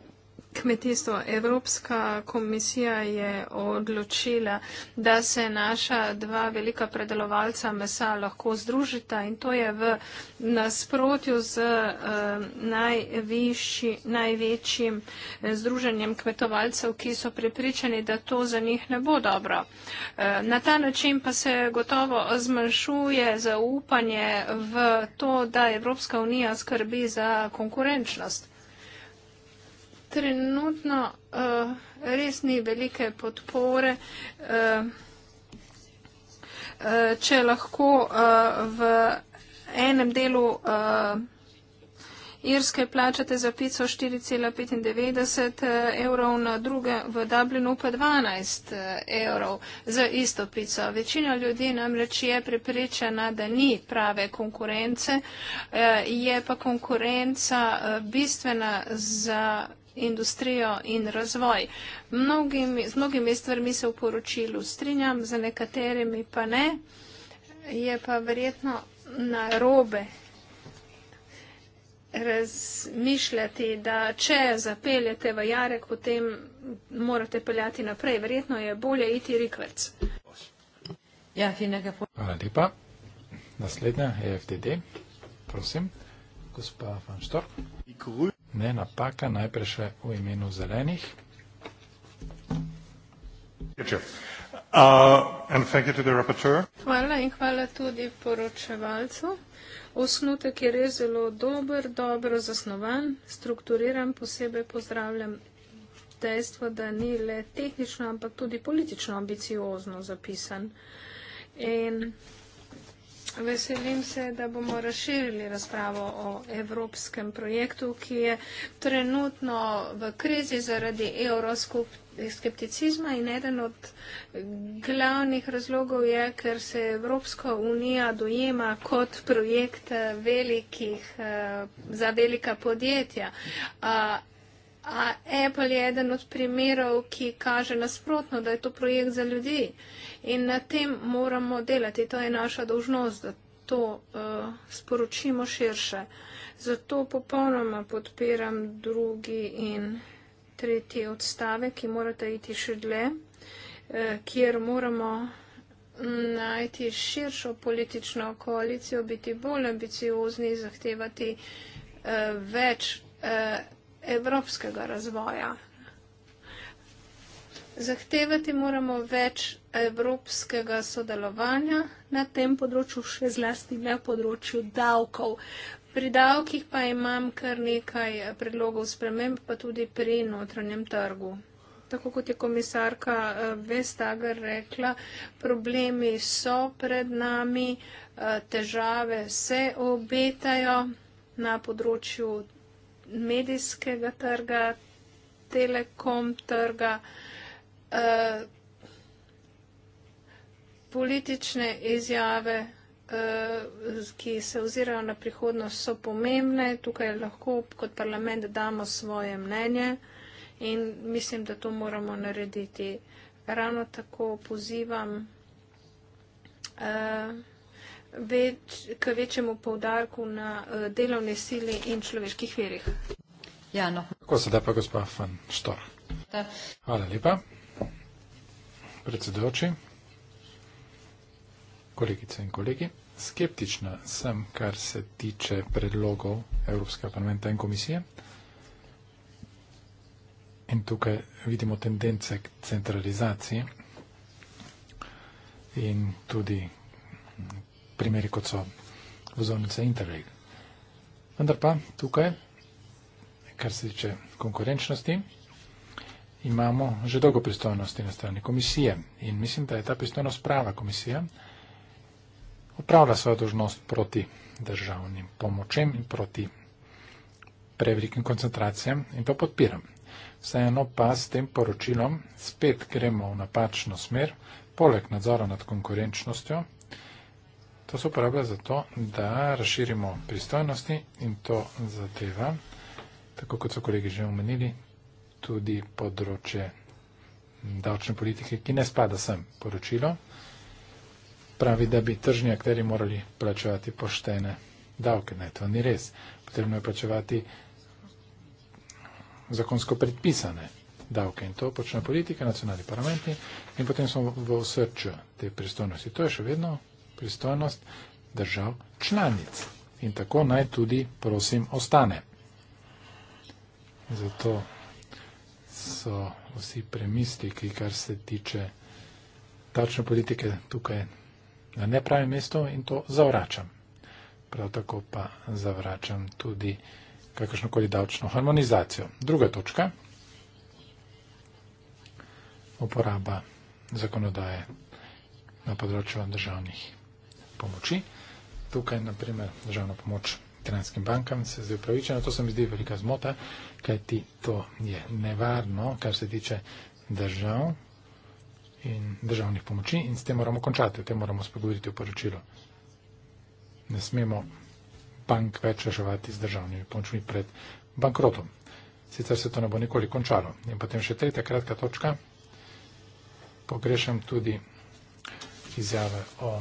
kmetijstvo. Evropska komisija je odločila, da se naša dva velika predelovalca mesa lahko združita in to je v nasprotju z uh, najvišji, največjim eh, združenjem kmetovalcev, ki so pripričani, da to za njih ne bo dobro. Uh, na ta način pa se gotovo zmanjšuje zaupanje v to, da Evropska unija skrbi za konkurenčnost trenutno uh, res ni velike podpore. Uh, uh, če lahko uh, v enem delu uh, Irske plačate za pico 4,95 evrov, na druge v Dublinu pa 12 evrov za isto pico. Večina ljudi namreč je prepričana, da ni prave konkurence, uh, je pa konkurenca uh, bistvena za industrijo in razvoj. Mnogimi, z mnogimi stvarmi se v poročilu strinjam, z nekaterimi pa ne. Je pa verjetno na robe razmišljati, da če zapeljete v Jarek, potem morate peljati naprej. Verjetno je bolje iti rikverc. Ja, finega pojma. Hvala lepa. Naslednja je FDD. Prosim, gospa Van Štork ne napaka, najprej še v imenu zelenih. Uh, and thank you to the rapporteur. Hvala in hvala tudi poročevalcu. Osnutek je res zelo dober, dobro zasnovan, strukturiran, posebej pozdravljam dejstvo, da ni le tehnično, ampak tudi politično ambiciozno zapisan. In Veselim se, da bomo razširili razpravo o evropskem projektu, ki je trenutno v krizi zaradi euroskepticizma in eden od glavnih razlogov je, ker se Evropska unija dojema kot projekt eh, velikih, eh, za velika podjetja. A Apple je eden od primerov, ki kaže nasprotno, da je to projekt za ljudi. In na tem moramo delati, to je naša dožnost, da to uh, sporočimo širše. Zato popolnoma podpiram drugi in tretji odstavek, ki morate iti še dlje, eh, kjer moramo najti širšo politično koalicijo, biti bolj ambiciozni, zahtevati eh, več eh, evropskega razvoja, Zahtevati moramo več evropskega sodelovanja na tem področju, še zlasti na področju davkov. Pri davkih pa imam kar nekaj predlogov sprememb, pa tudi pri notranjem trgu. Tako kot je komisarka eh, Vestager rekla, problemi so pred nami, eh, težave se obetajo na področju medijskega trga, telekom trga politične izjave, eh, ki se ozirajo na prihodnost, so pomembne. Tukaj lahko kot parlament damo svoje mnenje in mislim, da to moramo narediti. Ravno tako pozivam eh, več, k večjemu povdarku na eh, delovne sili in človeških verih. Jano. Tako se da pa gospa Fan Štor. Hvala lepa predsedoči, kolegice in kolegi. Skeptična sem, kar se tiče predlogov Evropskega parlamenta in komisije. In tukaj vidimo tendence k centralizaciji in tudi primeri, kot so vozovnice Interreg. Vendar pa tukaj, kar se tiče konkurenčnosti, imamo že dolgo pristojnosti na strani komisije in mislim, da je ta pristojnost prava komisija. Upravlja svojo dožnost proti državnim pomočem in proti prevelikim koncentracijam in to podpiram. Vseeno pa s tem poročilom spet gremo v napačno smer, poleg nadzora nad konkurenčnostjo. To se uporablja zato, da razširimo pristojnosti in to zadeva, tako kot so kolegi že omenili, tudi področje davčne politike, ki ne spada sem poročilo. Pravi, da bi tržni akteri morali plačevati poštene davke. Ne, to ni res. Potrebno je plačevati zakonsko predpisane davke in to počne politika, nacionalni parlamenti in potem smo v osrčju te pristojnosti. To je še vedno pristojnost držav članic in tako naj tudi, prosim, ostane. Zato so vsi premisliki, kar se tiče tačne politike tukaj na nepravem mestu in to zavračam. Prav tako pa zavračam tudi kakršnokoli davčno harmonizacijo. Druga točka. Uporaba zakonodaje na področju državnih pomoči. Tukaj, naprimer, državna pomoč italijanskim bankam, se zdaj upravičeno. To se mi zdi velika zmota, kajti to je nevarno, kar se tiče držav in državnih pomoči in s tem moramo končati, o tem moramo spogovoriti v poročilu. Ne smemo bank več reševati z državnimi pomočmi pred bankrotom. Sicer se to ne bo nikoli končalo. In potem še tretja kratka točka. Pogrešam tudi izjave o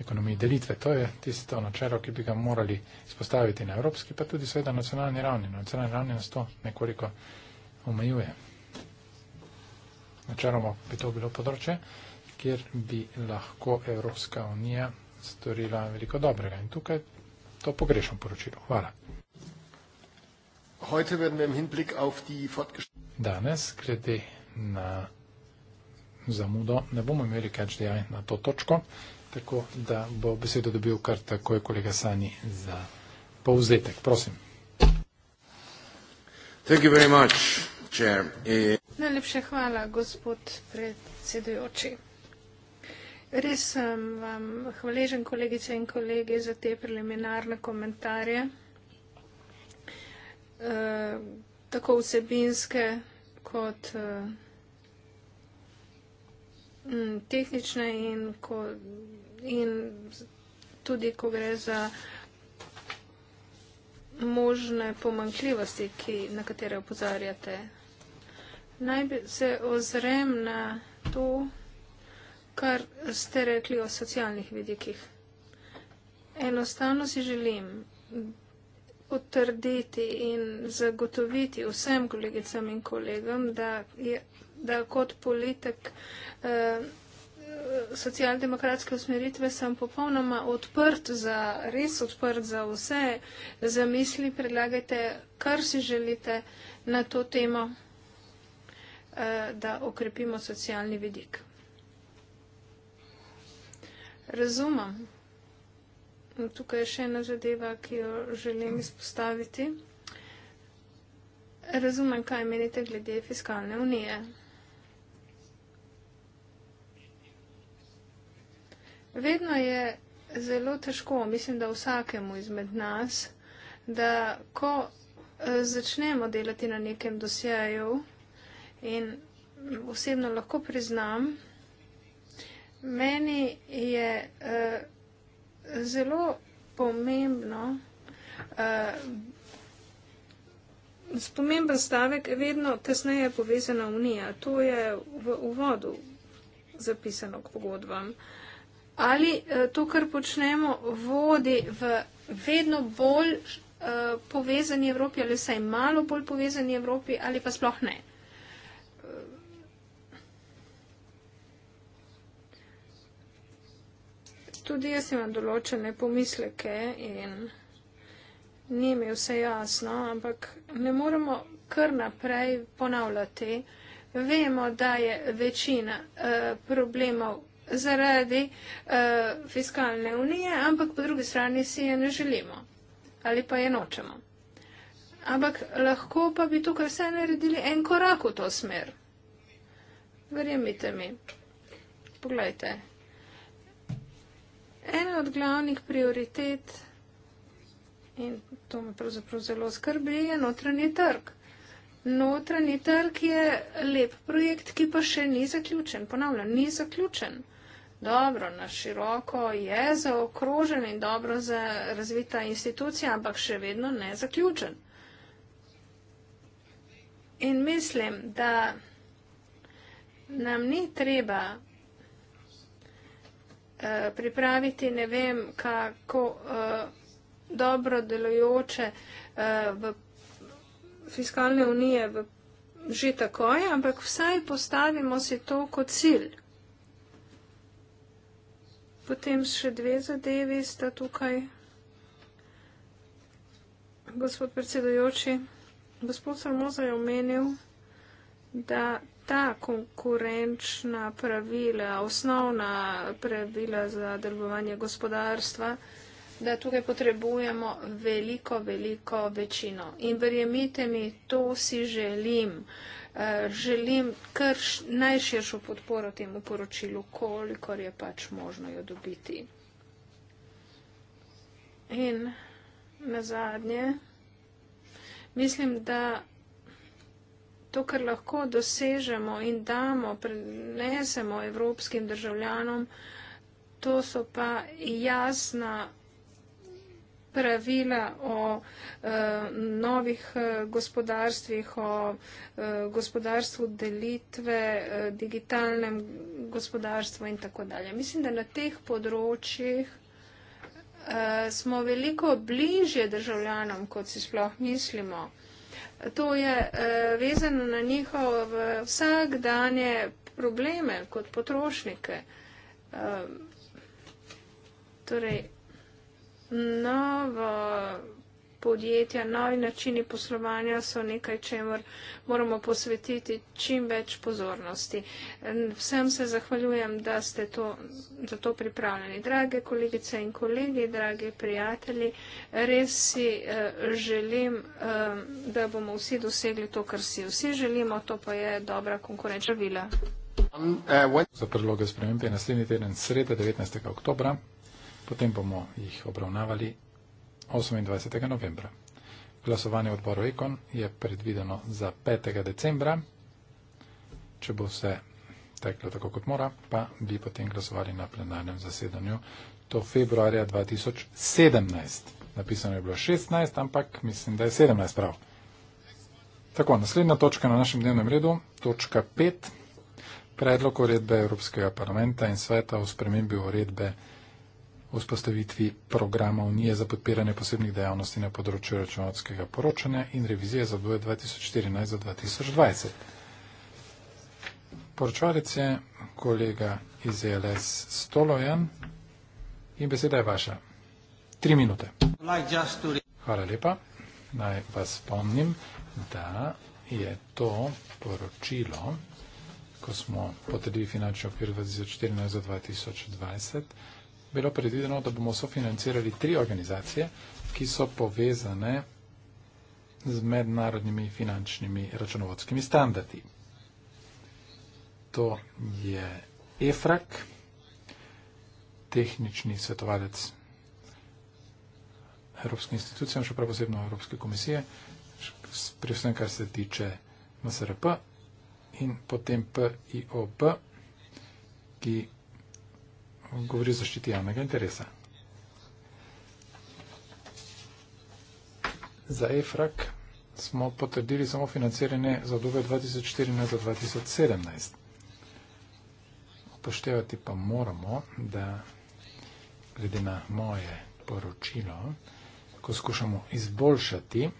ekonomiji delitve. To je tisto načelo, ki bi ga morali izpostaviti na evropski, pa tudi seveda na nacionalni ravni. Na nacionalni ravni nas to nekoliko omejuje. Načeloma bi to bilo področje, kjer bi lahko Evropska unija storila veliko dobrega. In tukaj to pogrešam poročilo. Hvala. Danes, glede na zamudo, ne bomo imeli kaj dejati na to točko tako da bo besedo dobil kar takoj kolega Sani za povzetek. Prosim. Thank you very much, chair. E, Najlepše hvala, gospod predsedujoči. Res sem vam hvaležen, kolegice in kolege, za te preliminarne komentarje, e, tako vsebinske kot e, m, mm, tehnične in, ko, in tudi, ko gre za možne pomankljivosti, ki, na katere upozarjate. Naj se ozrem na to, kar ste rekli o socialnih vidikih. Enostavno si želim potrditi in zagotoviti vsem kolegicam in kolegom, da je da kot politik eh, socialdemokratske usmeritve sem popolnoma odprt za, res odprt za vse zamisli, predlagajte, kar si želite na to temo, eh, da okrepimo socialni vidik. Razumem. Tukaj je še ena zadeva, ki jo želim izpostaviti. Razumem, kaj menite glede fiskalne unije. vedno je zelo težko, mislim, da vsakemu izmed nas, da ko eh, začnemo delati na nekem dosjeju in osebno lahko priznam, meni je uh, zelo pomembno, uh, pomemben stavek je vedno tesneje povezana unija. To je v uvodu zapisano k pogodbam. Uh, ali eh, to, kar počnemo, vodi v vedno bolj uh, povezani Evropi ali vsaj malo bolj povezani Evropi ali pa sploh ne. Eh, tudi jaz imam določene pomisleke in ni mi vse jasno, ampak ne moramo kar naprej ponavljati. Vemo, da je večina uh, problemov zaradi uh, fiskalne unije, ampak po drugi strani si je ne želimo ali pa je nočemo. Ampak lahko pa bi tukaj vse naredili en korak v to smer. Verjemite mi. Poglejte. Ena od glavnih prioritet, in to me pravzaprav zelo skrbi, je notranji trg. Notranji trg je lep projekt, ki pa še ni zaključen. Ponavljam, ni zaključen dobro, na široko je zaokrožen in dobro za razvita institucija, ampak še vedno ne zaključen. In mislim, da nam ni treba eh, pripraviti ne vem, kako eh, dobro delojoče eh, v fiskalne unije v že takoj, ampak vsaj postavimo si to kot cilj. Potem še dve zadevi sta tukaj. Gospod predsedujoči, gospod Sarmoza je omenil, da ta konkurenčna pravila, osnovna pravila za delovanje gospodarstva, da tukaj potrebujemo veliko, veliko večino. In verjemite mi, to si želim. Uh, Eh, želim kar najširšo podporo temu poročilu, kolikor je pač možno jo dobiti. In na zadnje, mislim, da to, kar lahko dosežemo in damo, prenesemo evropskim državljanom, to so pa jasna pravila o eh, novih eh, gospodarstvih, o eh, gospodarstvu delitve, eh, digitalnem gospodarstvu in tako dalje. Mislim, da na teh področjih eh, smo veliko bližje državljanom, kot si sploh mislimo. To je eh, vezano na njihov eh, vsakdanje probleme kot potrošnike. Eh, torej, novo podjetja, novi načini poslovanja so nekaj, čemer moramo posvetiti čim več pozornosti. Vsem se zahvaljujem, da ste to, za to pripravljeni. Drage kolegice in kolegi, dragi prijatelji, res si eh, želim, eh, da bomo vsi dosegli to, kar si vsi želimo, to pa je dobra konkurenčna vila. Um, uh, za predloge spremembe je naslednji teden, sreda 19. oktobra potem bomo jih obravnavali 28. novembra. Glasovanje odboru Ekon je predvideno za 5. decembra, če bo vse teklo tako, kot mora, pa bi potem glasovali na plenarnem zasedanju. To februarja 2017. Napisano je bilo 16, ampak mislim, da je 17 prav. Tako, naslednja točka na našem dnevnem redu, točka 5, predlog uredbe Evropskega parlamenta in sveta o spremembi uredbe vzpostavitvi programa Unije za podpiranje posebnih dejavnosti na področju računovodskega poročanja in revizije za obdobje 2014 do 2020. Poročevalec je kolega iz ELS Stolojan in beseda je vaša. Tri minute. Hvala lepa. Naj vas spomnim, da je to poročilo, ko smo potrdili finančni okvir 2014 do 2020, bilo predvideno, da bomo sofinancirali tri organizacije, ki so povezane z mednarodnimi finančnimi računovodskimi standardi. To je EFRAK, tehnični svetovalec Evropskim institucijam, še prav posebno Evropske komisije, pri vsem, kar se tiče MSRP in potem PIOP, ki govori o zaščiti javnega interesa. Za EFRAK smo potrdili samo financiranje za dobe 2014 do 2017. Upoštevati pa moramo, da glede na moje poročilo, ko skušamo izboljšati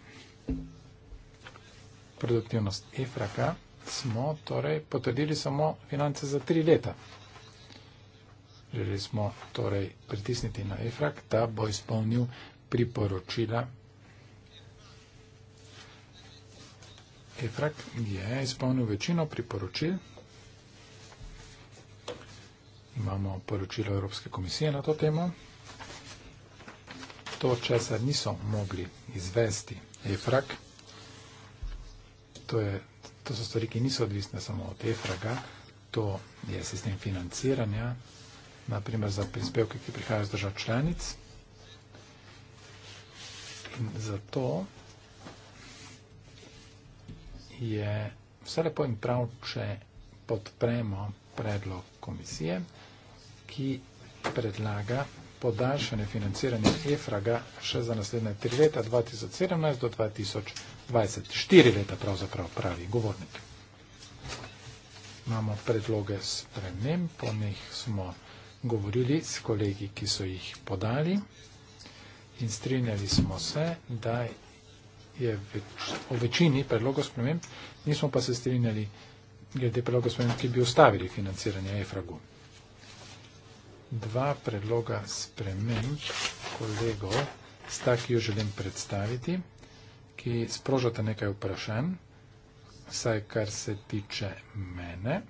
produktivnost EFRAK-a, smo torej potrdili samo finance za tri leta želeli smo torej pritisniti na EFRAK, da bo izpolnil priporočila. EFRAK je izpolnil večino priporočil. Imamo poročilo Evropske komisije na to temo. To, česar niso mogli izvesti EFRAK, to, je, to so stvari, ki niso odvisne samo od EFRAK-a, to je sistem financiranja, naprimer za prispevke, ki prihajajo z držav članic. In zato je vse lepo in prav, če podpremo predlog komisije, ki predlaga podaljšanje financiranja EFRAGA še za naslednje tri leta, 2017 do 2020. Štiri leta pravzaprav pravi govornik. Imamo predloge sprememb, po njih smo govorili s kolegi, ki so jih podali in strinjali smo se, da je več, o večini predlogov sprememb, nismo pa se strinjali glede predlogov sprememb, ki bi ustavili financiranje EFRAGU. Dva predloga sprememb kolegov sta, ki jo želim predstaviti, ki sprožata nekaj vprašanj, saj kar se tiče mene,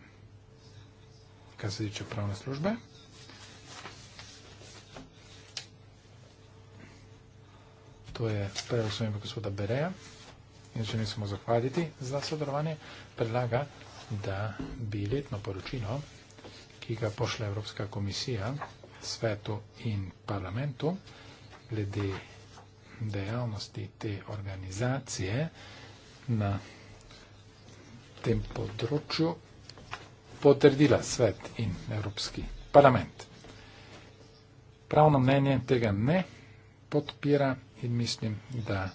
kar se tiče pravne službe. to je predvsem ime gospoda Bereja in želim samo zahvaliti za sodelovanje, predlaga, da bi letno poročilo, ki ga pošle Evropska komisija svetu in parlamentu glede dejavnosti te organizacije na tem področju, potrdila svet in Evropski parlament. Pravno mnenje tega ne podpira in mislim, da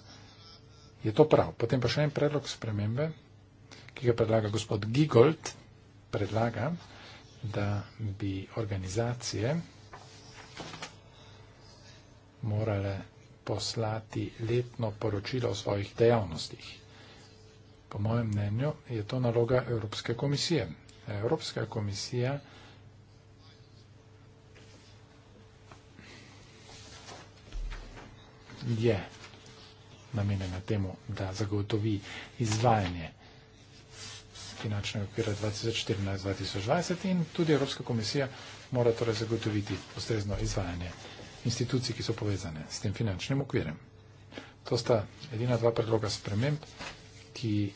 je to prav. Potem pa še en predlog spremembe, ki ga predlaga gospod Gigold, predlaga, da bi organizacije morale poslati letno poročilo o svojih dejavnostih. Po mojem mnenju je to naloga Evropske komisije. Evropska komisija je namenjena temu, da zagotovi izvajanje finančnega okvira 2014-2020 in tudi Evropska komisija mora torej zagotoviti ustrezno izvajanje institucij, ki so povezane s tem finančnim okvirem. To sta edina dva predloga sprememb, ki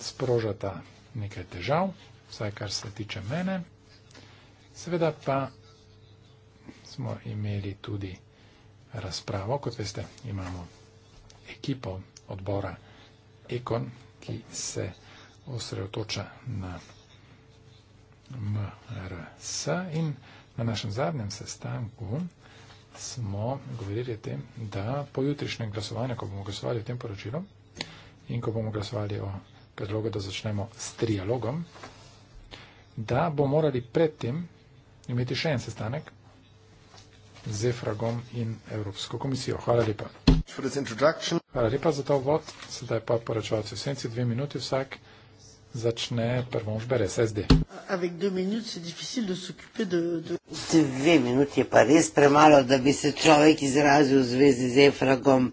sprožata nekaj težav, vsaj kar se tiče mene. Seveda pa smo imeli tudi razpravo. Kot veste, imamo ekipo odbora Ekon, ki se osredotoča na MRS in na našem zadnjem sestanku smo govorili o tem, da po jutrišnjem glasovanju, ko bomo glasovali o tem poročilu in ko bomo glasovali o predlogu, da začnemo s trialogom, da bomo morali predtem imeti še en sestanek z EFRAGOM in Evropsko komisijo. Hvala lepa. Hvala lepa za ta uvod. Sedaj pa poračovalci v senci, dve minuti vsak. Začne prvo žber SSD. Dve minuti je pa res premalo, da bi se človek izrazil v zvezi z EFRAGOM.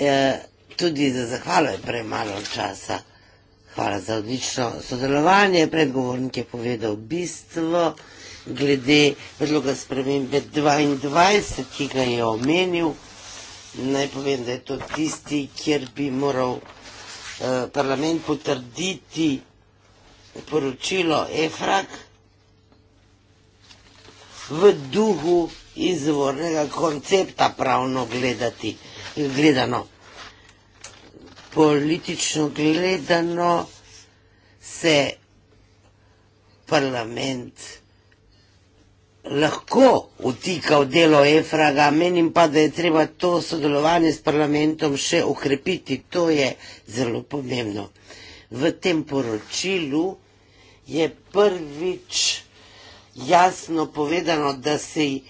E, tudi za zahvalo je premalo časa. Hvala za odlično sodelovanje. Predgovornik je povedal bistvo glede predloga spremembe 22, ki ga je omenil. Naj povem, da je to tisti, kjer bi moral eh, parlament potrditi poročilo EFRAK v duhu izvornega koncepta pravno gledati, gledano. Politično gledano se parlament lahko vtika v delo Efraga, menim pa, da je treba to sodelovanje s parlamentom še ukrepiti. To je zelo pomembno. V tem poročilu je prvič jasno povedano, da se je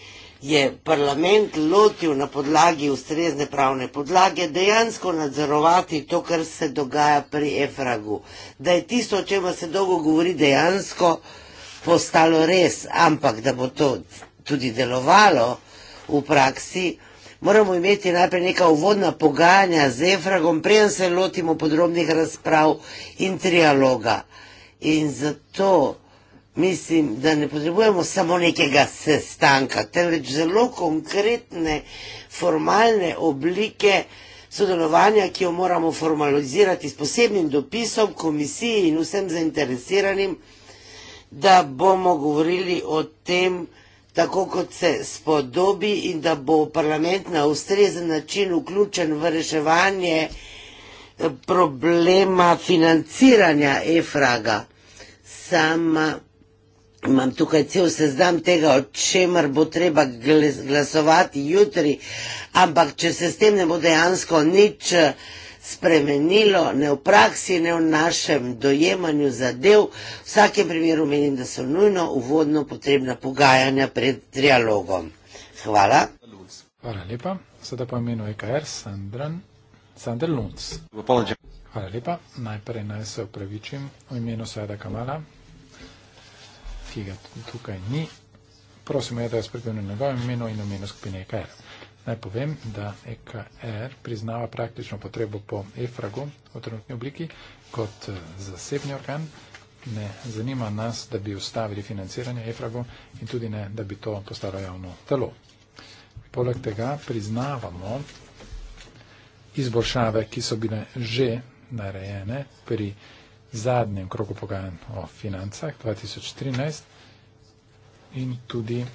je parlament lotil na podlagi ustrezne pravne podlage dejansko nadzorovati to, kar se dogaja pri Efragu. Da je tisto, o čem se dolgo govori, dejansko postalo res, ampak da bo to tudi delovalo v praksi, moramo imeti najprej neka uvodna pogajanja z Efragom, preden se lotimo podrobnih razprav in trialoga. In zato mislim, da ne potrebujemo samo nekega sestanka, temveč zelo konkretne formalne oblike sodelovanja, ki jo moramo formalizirati s posebnim dopisom komisiji in vsem zainteresiranim, da bomo govorili o tem tako, kot se spodobi in da bo parlament na ustrezen način vključen v reševanje eh, problema financiranja EFRAGA. Sama imam tukaj cel seznam tega, o čemer bo treba glasovati jutri, ampak če se s tem ne bo dejansko nič eh, spremenilo, ne v praksi, ne v našem dojemanju zadev, v vsakem primeru menim, da so nujno uvodno potrebna pogajanja pred trialogom. Hvala. Hvala lepa. Sedaj pa imenu EKR Sandran. Sander Lunc. Hvala lepa. Najprej naj se opravičim v imenu Sajda Kamala, ki ga tukaj ni. Prosim, da jaz pridem na njegovem imenu in imenu skupine EKR. Naj povem, da EKR priznava praktično potrebo po EFRAGu v trenutni obliki kot eh, zasebni organ. Ne zanima nas, da bi ustavili financiranje EFRAGu in tudi ne, da bi to postalo javno telo. Poleg tega priznavamo izboljšave, ki so bile že narejene pri EFRAGu zadnjem krogu pogajanj o financah 2013 in tudi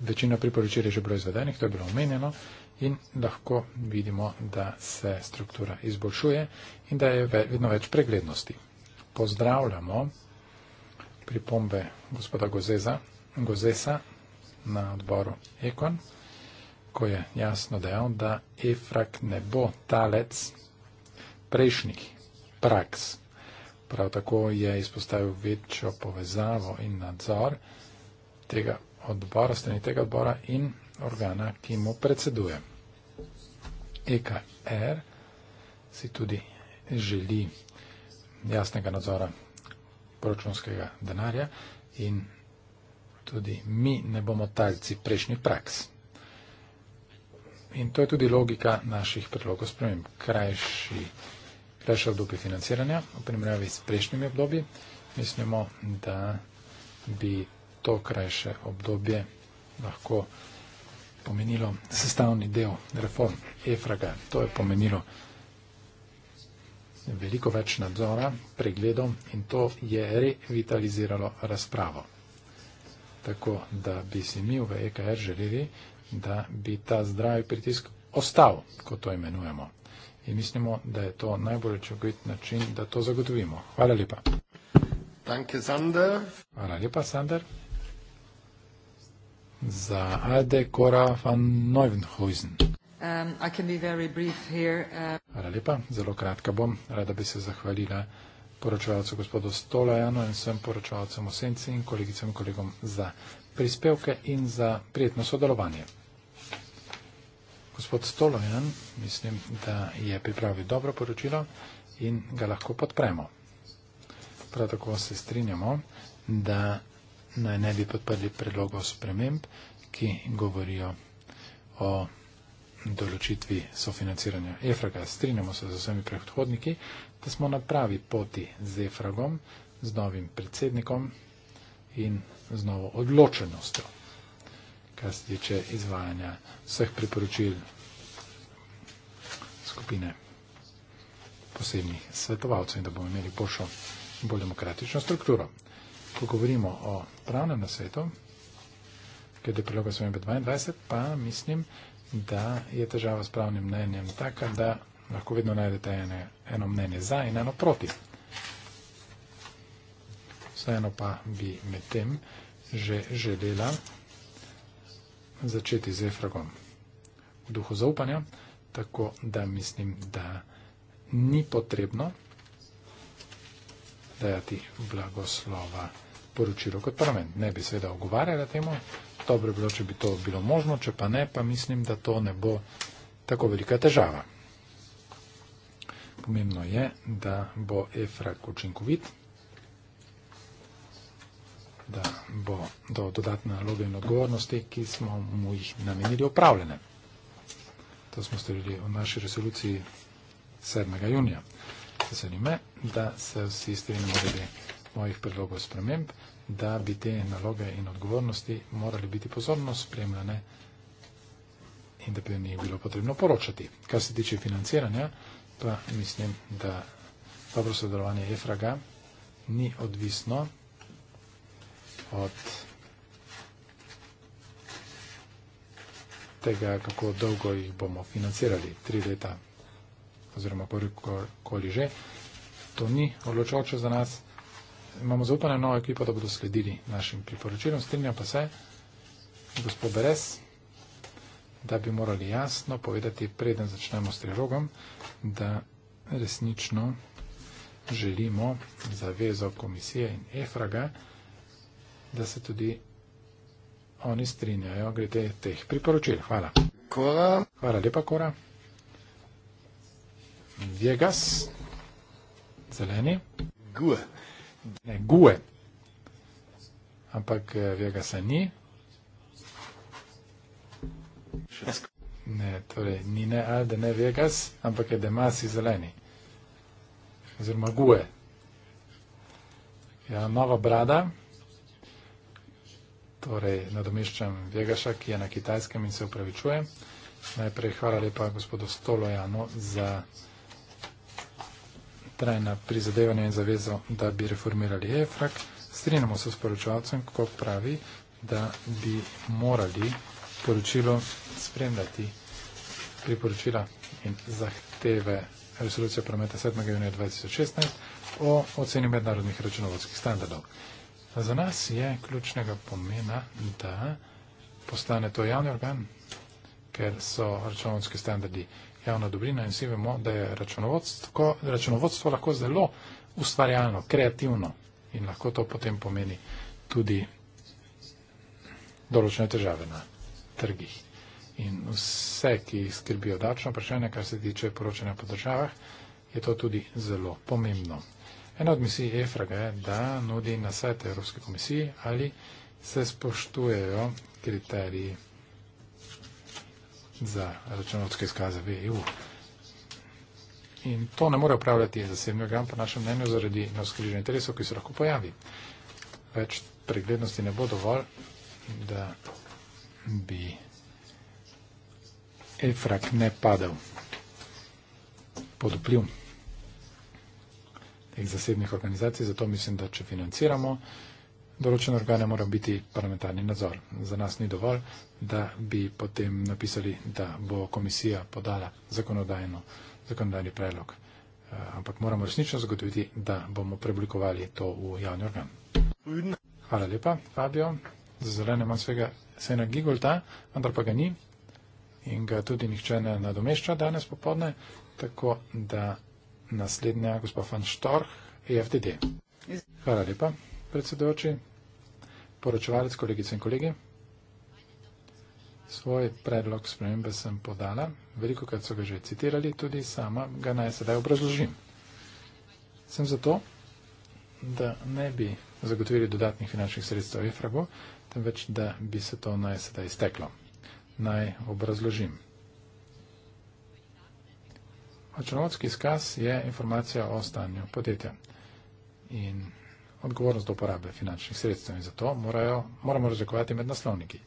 večina priporočil je že bilo izvedenih, to je bilo omenjeno in lahko vidimo, da se struktura izboljšuje in da je vedno več preglednosti. Pozdravljamo pripombe gospoda Gozeza, Gozesa na odboru Ekon, ko je jasno dejal, da EFRAK ne bo talec prejšnjih praks. Prav tako je izpostavil večjo povezavo in nadzor tega odbora, strani tega odbora in organa, ki mu predseduje. EKR si tudi želi jasnega nadzora proračunskega denarja in tudi mi ne bomo talci prejšnji praks. In to je tudi logika naših predlogov sprememb. Krajši prešel do prefinanciranja v primerjavi s prejšnjimi obdobji. Mislimo, da bi to krajše obdobje lahko pomenilo sestavni del reform EFRAG-a. To je pomenilo veliko več nadzora, pregledov in to je revitaliziralo razpravo. Tako da bi si mi v EKR želeli, da bi ta zdravi pritisk ostal, kot to imenujemo in mislimo, da je to najbolj učinkovit način, da to zagotovimo. Hvala lepa. Danke, Sander. Hvala lepa, Sander. Za Ade Kora van Neuvenhuizen. Um, uh... Hvala lepa, zelo kratka bom. Rada bi se zahvalila poročevalcu gospodu Stolajanu in vsem poročevalcem v Senci in kolegicam in kolegom za prispevke in za prijetno sodelovanje. Gospod Stolojan, mislim, da je pripravil dobro poročilo in ga lahko podpremo. Prav tako se strinjamo, da naj ne bi podprli predlogov sprememb, ki govorijo o določitvi sofinanciranja EFRAG-a. Strinjamo se z vsemi predhodniki, da smo na pravi poti z EFRAG-om, z novim predsednikom in z novo odločenostjo kar se tiče izvajanja vseh priporočil skupine posebnih svetovalcev in da bomo imeli boljšo in bolj demokratično strukturo. Ko govorimo o pravnem nasvetu, ki je do priloga svojega 22, pa mislim, da je težava s pravnim mnenjem taka, da lahko vedno najdete ene, eno mnenje za in eno proti. Vseeno pa bi med tem že želela začeti z efragom v duhu zaupanja, tako da mislim, da ni potrebno dajati blagoslova poročilo kot parlament. Ne bi seveda ogovarjala temu, dobro bi bilo, če bi to bilo možno, če pa ne, pa mislim, da to ne bo tako velika težava. Pomembno je, da bo efrag učinkovit da bo do dodatne naloge in odgovornosti, ki smo mu jih namenili, opravljene. To smo storili v naši resoluciji 7. junija. Zanime, da se vsi strinjamo glede mojih predlogov sprememb, da bi te naloge in odgovornosti morali biti pozorno spremljene in da bi jih bilo potrebno poročati. Kar se tiče financiranja, pa mislim, da dobro sodelovanje EFRAG-a ni odvisno od tega, kako dolgo jih bomo financirali, tri leta oziroma kolikor že. To ni odločoče za nas. Imamo zaupanje v novo ekipo, da bodo sledili našim priporočilom. Strinjam pa se, gospod Beres, da bi morali jasno povedati, preden začnemo s trirogom, da resnično želimo zavezo komisije in EFRAGA, da se tudi oni strinjajo glede teh priporočil. Hvala. Kora. Hvala lepa, Kora. Vegas, zeleni. Gue. Ne, gue. Ampak eh, Vegasa ni. Ne, torej ni ne Alde, ne Vegas, ampak je Demasi zeleni. Oziroma Gue. Ja, nova brada torej nadomeščam Vegaša, ki je na kitajskem in se upravičuje. Najprej hvala lepa gospodu Stolojano za trajna prizadevanja in zavezo, da bi reformirali EFRAK. Strinjamo se s poročevalcem, ko pravi, da bi morali poročilo spremljati priporočila in zahteve resolucije prometa 7. junija 2016 o oceni mednarodnih računovodskih standardov. Za nas je ključnega pomena, da postane to javni organ, ker so računovodski standardi javna dobrina in vsi vemo, da je računovodstvo, računovodstvo lahko zelo ustvarjalno, kreativno in lahko to potem pomeni tudi določene težave na trgih. In vse, ki skrbijo davčno vprašanje, kar se tiče poročanja po državah, je to tudi zelo pomembno. Ena od misij EFRAG je, da nudi na svet Evropske komisije, ali se spoštujejo kriteriji za računovodske izkaze v EU. In to ne more upravljati zasebni organ, po našem mnenju, zaradi navskriženih interesov, ki se lahko pojavi. Več preglednosti ne bo dovolj, da bi EFRAG ne padel pod vpliv in zasebnih organizacij, zato mislim, da če financiramo določene organe, mora biti parlamentarni nadzor. Za nas ni dovolj, da bi potem napisali, da bo komisija podala zakonodajni predlog, eh, ampak moramo resnično zagotoviti, da bomo preoblikovali to v javni organ. Hvala lepa, Fabio. Za zelene imam svega sena Gigolta, vendar pa ga ni in ga tudi nihče ne nadomešča danes popodne, tako da naslednja gospa van Štorh, EFDD. Hvala lepa, predsedoči, poročevalec, kolegice in kolegi. Svoj predlog spremembe sem podala, veliko krat so ga že citirali, tudi sama ga naj sedaj obrazložim. Sem zato, da ne bi zagotovili dodatnih finančnih sredstev EFRAGO, temveč da bi se to naj sedaj izteklo. Naj obrazložim. Računovodski izkaz je informacija o stanju podjetja in odgovornost do uporabe finančnih sredstev in zato morajo, moramo razlikovati med naslovniki.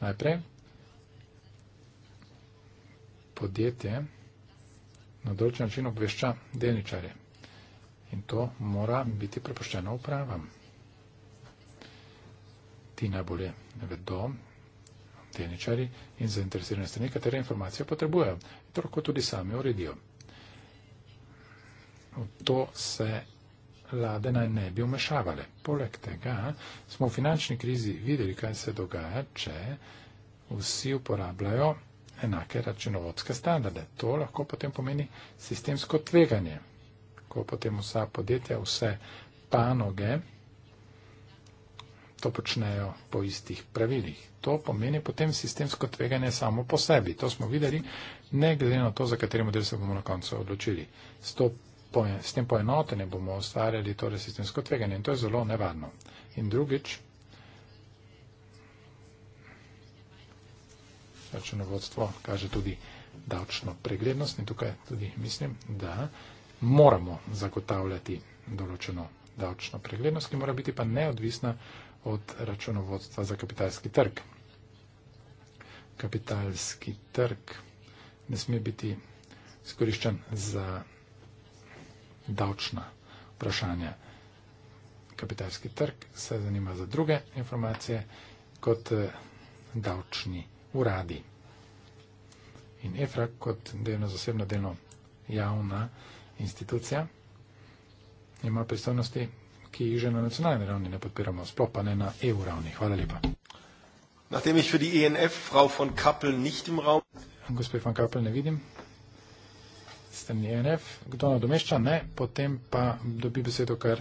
Najprej podjetje na določen način obvešča delničarje in to mora biti prepuščeno upravam. Ti najbolje vedo, delničarji in zainteresirane strani, katere informacije potrebujejo. In to lahko tudi sami uredijo v to se vlade naj ne bi umešavale. Poleg tega smo v finančni krizi videli, kaj se dogaja, če vsi uporabljajo enake računovodske standarde. To lahko potem pomeni sistemsko tveganje, ko potem vsa podjetja, vse panoge to počnejo po istih pravilih. To pomeni potem sistemsko tveganje samo po sebi. To smo videli, ne glede na to, za katerim model se bomo na koncu odločili. 100 s tem poenotenjem bomo ustvarjali torej sistemsko tveganje in to je zelo nevarno. In drugič, računovodstvo kaže tudi davčno preglednost in tukaj tudi mislim, da moramo zagotavljati določeno davčno preglednost, ki mora biti pa neodvisna od računovodstva za kapitalski trg. Kapitalski trg ne sme biti skoriščen za davčna vprašanja. Kapitalski trg se zanima za druge informacije kot eh, davčni uradi. In EFRA kot delno zasebna, delno javna institucija ima pristojnosti, ki jih že na nacionalni ravni ne podpiramo, sploh pa ne na EU ravni. Hvala lepa. Nachdem ich für die ENF Frau von Kappel nicht im Raum. Gospe von Kappel ne vidim strani NF, kdo nadomešča, ne, potem pa dobi besedo kar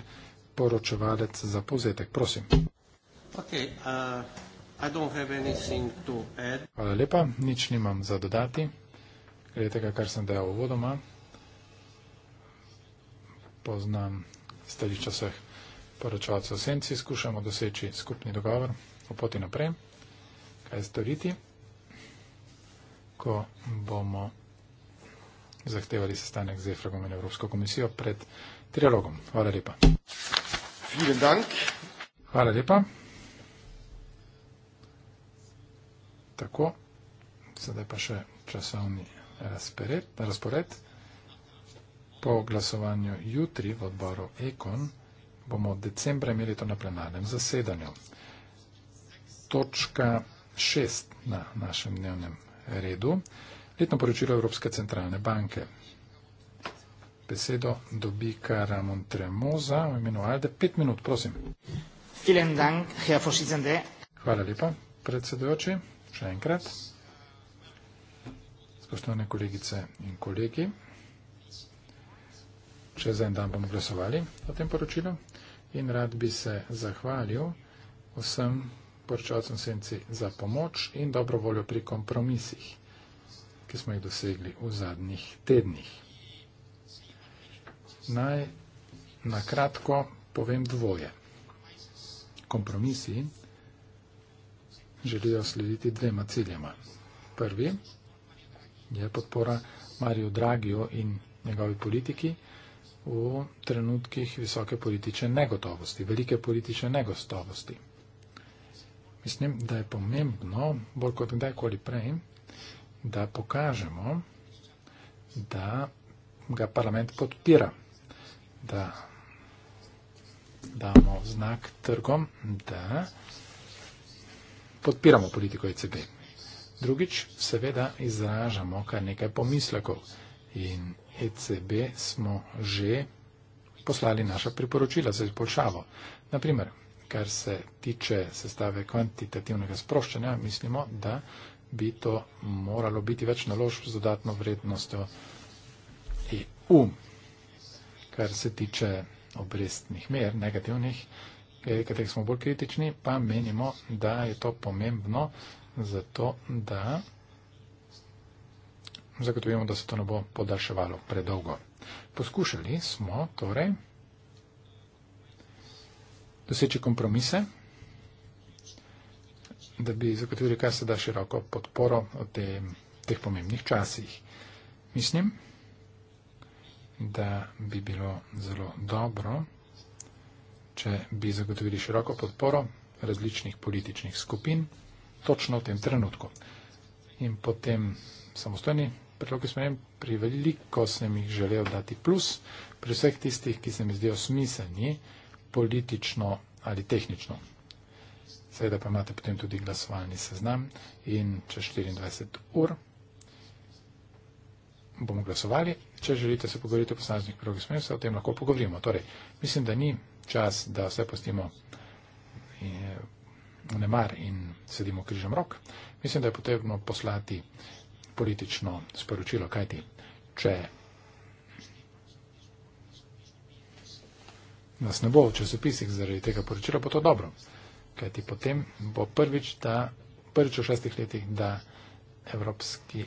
poročevalec za povzetek. Prosim. Okay, uh, Hvala lepa, nič nimam za dodati. Glede tega, kar sem dejal uvodoma, poznam stališča vseh poročevalcev senci, skušamo doseči skupni dogovor o poti naprej, kaj storiti, ko bomo zahtevali sestanek z EFRAGOM in Evropsko komisijo pred trialogom. Hvala lepa. Hvala lepa. Tako, sedaj pa še časovni razpored. razpored. Po glasovanju jutri v odboru Ekon bomo od decembra imeli to na plenarnem zasedanju. Točka šest na našem dnevnem redu. Letno poročilo Evropske centralne banke. Besedo dobi Karamon Tremoza v imenu Alde. Pet minut, prosim. Hvala lepa, predsedujoči, še enkrat. Spoštovane kolegice in kolegi, če za en dan bomo glasovali o tem poročilu in rad bi se zahvalil vsem poročalcem senci za pomoč in dobro voljo pri kompromisih ki smo jih dosegli v zadnjih tednih. Naj na kratko povem dvoje. Kompromisi želijo slediti dvema ciljema. Prvi je podpora Mariju Dragiju in njegovi politiki v trenutkih visoke politične negotovosti, velike politične negotovosti. Mislim, da je pomembno, bolj kot kdajkoli prej, da pokažemo, da ga parlament podpira, da damo znak trgom, da podpiramo politiko ECB. Drugič, seveda izražamo kar nekaj pomislekov in ECB smo že poslali naša priporočila za izboljšavo. Naprimer, kar se tiče sestave kvantitativnega sproščanja, mislimo, da bi to moralo biti več naložb z dodatno vrednostjo EU, kar se tiče obrestnih mer, negativnih, eh, katerih smo bolj kritični, pa menimo, da je to pomembno zato, da zagotovimo, da se to ne bo podaljševalo predolgo. Poskušali smo torej doseči kompromise da bi zagotovili kar se da široko podporo v tem, teh pomembnih časih. Mislim, da bi bilo zelo dobro, če bi zagotovili široko podporo različnih političnih skupin točno v tem trenutku. In potem samostojni predlogi smo jim pri veliko sem jih želel dati plus, pri vseh tistih, ki se mi zdijo smiselni politično ali tehnično. Seveda pa imate potem tudi glasovalni seznam in čez 24 ur bomo glasovali. Če želite se pogovoriti o posameznih prvih smer, se o tem lahko pogovorimo. Torej, mislim, da ni čas, da vse postimo eh, v nemar in sedimo križem rok. Mislim, da je potrebno poslati politično sporočilo, kajti, če nas ne bo v časopisih zaradi tega poročila, bo to dobro kajti potem bo prvič, da, prvič v šestih letih, da Evropski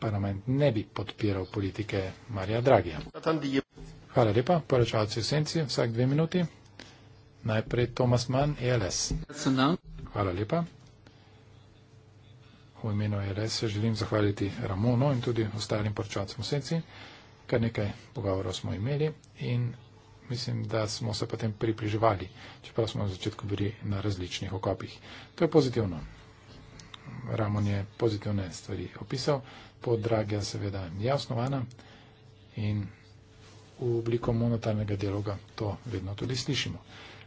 parlament ne bi podpiral politike Marija Dragija. Hvala lepa, poročalci v senci, vsak dve minuti. Najprej Tomas Mann, ELS. Hvala lepa. V imenu ELS se želim zahvaliti Ramono in tudi ostalim poročalcem v senci. Kar nekaj pogovorov smo imeli in mislim, da smo se potem približevali, čeprav smo na začetku bili na različnih okopih. To je pozitivno. Ramon je pozitivne stvari opisal, podragja seveda je osnovana in v obliko monetarnega dialoga to vedno tudi slišimo.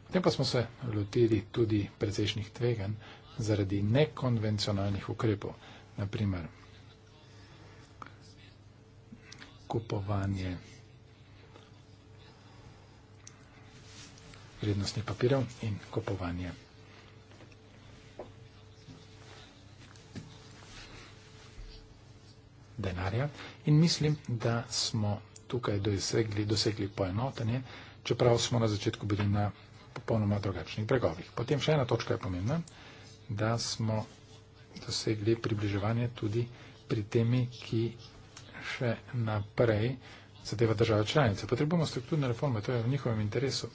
Potem pa smo se lotili tudi precejšnjih tveganj zaradi nekonvencionalnih ukrepov, naprimer kupovanje vrednostnih papirjev in kupovanje. Denarja. In mislim, da smo tukaj dosegli, dosegli poenotenje, čeprav smo na začetku bili na popolnoma drugačnih bregovih. Potem še ena točka je pomembna, da smo dosegli približevanje tudi pri temi, ki še naprej zadeva države članice. Potrebujemo strukturne reforme, to je v njihovem interesu.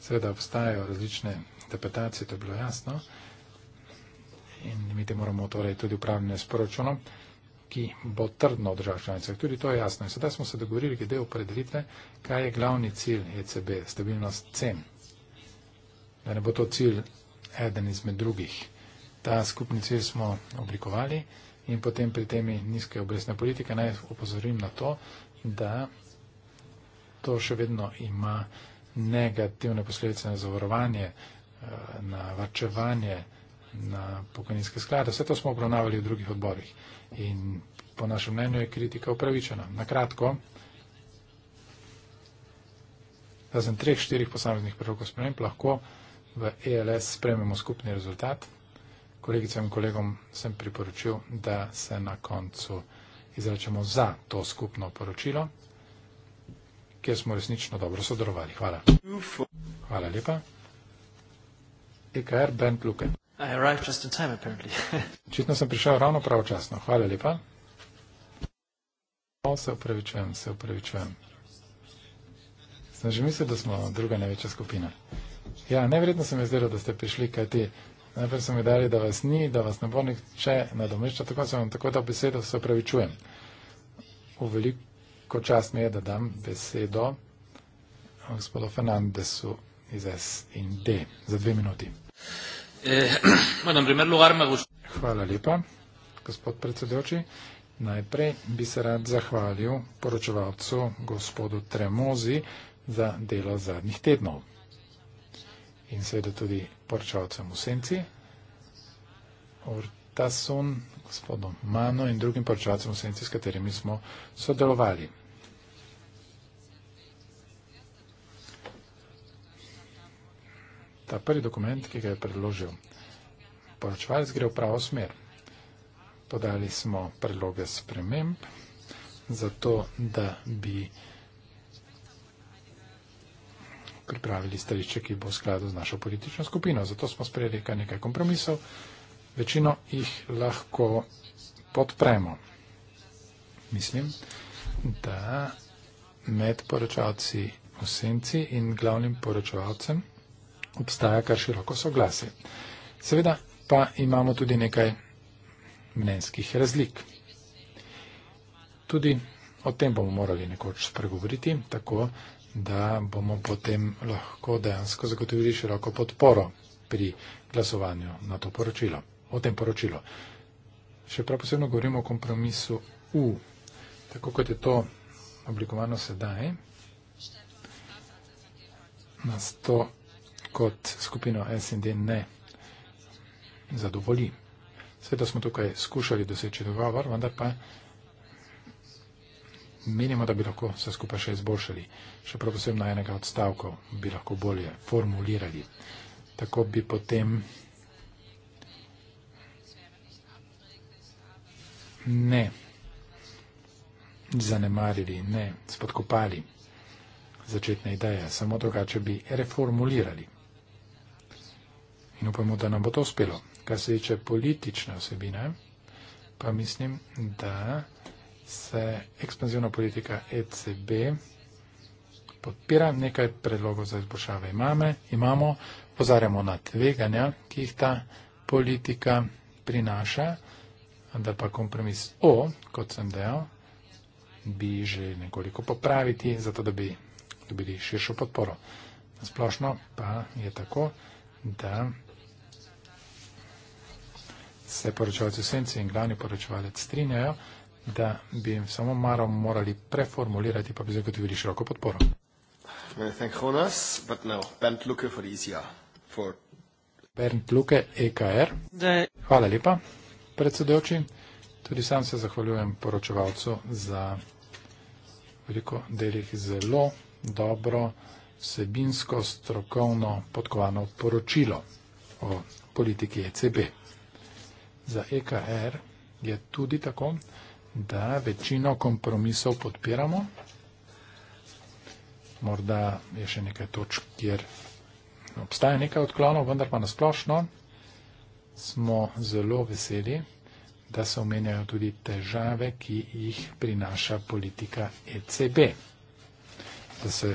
Seveda obstajajo različne interpretacije, to je bilo jasno. In mi te moramo torej tudi upravljanje s proračunom, ki bo trdno održal članice. Tudi to je jasno. In sedaj smo se dogovorili glede opredelitve, kaj je glavni cilj ECB, stabilnost cen. Da ne bo to cilj eden izmed drugih. Ta skupni cilj smo oblikovali in potem pri temi nizke obrestne politike naj opozorim na to, da to še vedno ima negativne posledice na zavarovanje, eh, na varčevanje, na pokojninske sklade. Vse to smo obravnavali v drugih odborih in po našem mnenju je kritika upravičena. Na kratko, razen treh, štirih posameznih prerokov sprememb lahko v ELS sprememo skupni rezultat. Kolegicam in kolegom sem priporočil, da se na koncu izračamo za to skupno poročilo kjer smo resnično dobro sodelovali. Hvala. Hvala lepa. EKR Bernd Luke. Očitno sem prišel ravno pravočasno. Hvala lepa. O, se upravičujem, se upravičujem. Sem že mislil, da smo druga največja skupina. Ja, nevredno sem izdelal, da ste prišli, kaj ti. Najprej so mi dali, da vas ni, da vas ne bo nihče nadomešča, tako sem vam tako dal besedo, se upravičujem. V veliko ko čas mi je, da dam besedo gospodu Fernandesu iz S in D za dve minuti. Eh, Hvala lepa, gospod predsedoči. Najprej bi se rad zahvalil poročevalcu gospodu Tremozi za delo zadnjih tednov in seveda tudi poročevalcem v senci, ta son, gospodom Mano in drugim poročevalcem v senci, s katerimi smo sodelovali. Ta prvi dokument, ki ga je predložil poročevalec, gre v pravo smer. Podali smo predloge sprememb za to, da bi pripravili stališče, ki bo v skladu z našo politično skupino. Zato smo sprejeli kar nekaj kompromisov večino jih lahko podpremo. Mislim, da med poročavci v senci in glavnim poročavcem obstaja kar široko soglasje. Seveda pa imamo tudi nekaj mnenjskih razlik. Tudi o tem bomo morali nekoč spregovoriti, tako da bomo potem lahko dejansko zagotovili široko podporo pri glasovanju na to poročilo o tem poročilu. Še prav posebno govorimo o kompromisu U, tako kot je to oblikovano sedaj. Nas to kot skupino SND ne zadovolji. Sveto smo tukaj skušali doseči dogovor, vendar pa menimo, da bi lahko se skupaj še izboljšali. Še prav posebno enega odstavkov bi lahko bolje formulirali. Tako bi potem ne zanemarili, ne spodkopali začetne ideje, samo drugače bi reformulirali. In upamo, da nam bo to uspelo. Kar se tiče politične osebine, pa mislim, da se ekspanzivna politika ECB podpira, nekaj predlogov za izboljšave imame, imamo, pozarjamo na tveganja, ki jih ta politika prinaša da pa kompromis O, kot sem dejal, bi želeli nekoliko popraviti, zato da bi dobili širšo podporo. Splošno pa je tako, da se poročevalci v senci in glavni poročevalec strinjajo, da bi jim samo maro morali preformulirati, pa bi zagotovili široko podporo. Bernd Luke, e EKR. Hvala lepa predsedoči. Tudi sam se zahvaljujem poročevalcu za veliko delih zelo dobro vsebinsko strokovno podkovano poročilo o politiki ECB. Za EKR je tudi tako, da večino kompromisov podpiramo. Morda je še nekaj točk, kjer obstaja nekaj odklonov, vendar pa nasplošno smo zelo veseli, da se omenjajo tudi težave, ki jih prinaša politika ECB. Da se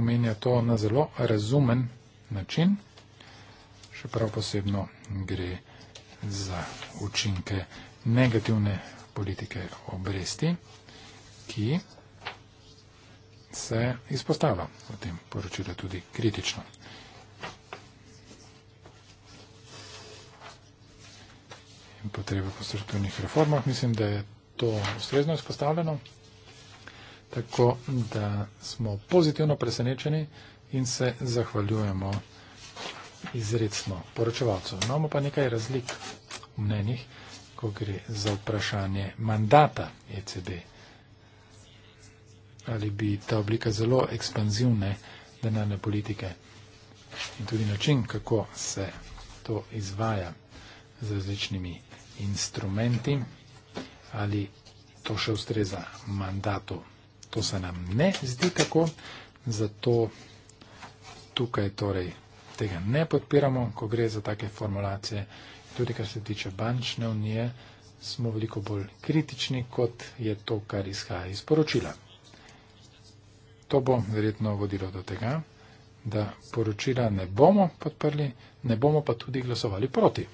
omenja to na zelo razumen način, še prav posebno gre za učinke negativne politike obresti, ki se izpostavlja v tem poročilu tudi kritično. in potrebe po strukturnih reformah. Mislim, da je to ustrezno izpostavljeno. Tako da smo pozitivno presenečeni in se zahvaljujemo izredno poročevalcu. No, imamo pa nekaj razlik v mnenjih, ko gre za vprašanje mandata ECB. Ali bi ta oblika zelo ekspanzivne denarne politike in tudi način, kako se to izvaja z različnimi instrumenti, ali to še ustreza mandatu. To se nam ne zdi tako, zato tukaj torej tega ne podpiramo, ko gre za take formulacije. Tudi kar se tiče bančne unije, smo veliko bolj kritični, kot je to, kar izhaja iz poročila. To bo verjetno vodilo do tega, da poročila ne bomo podprli, ne bomo pa tudi glasovali proti.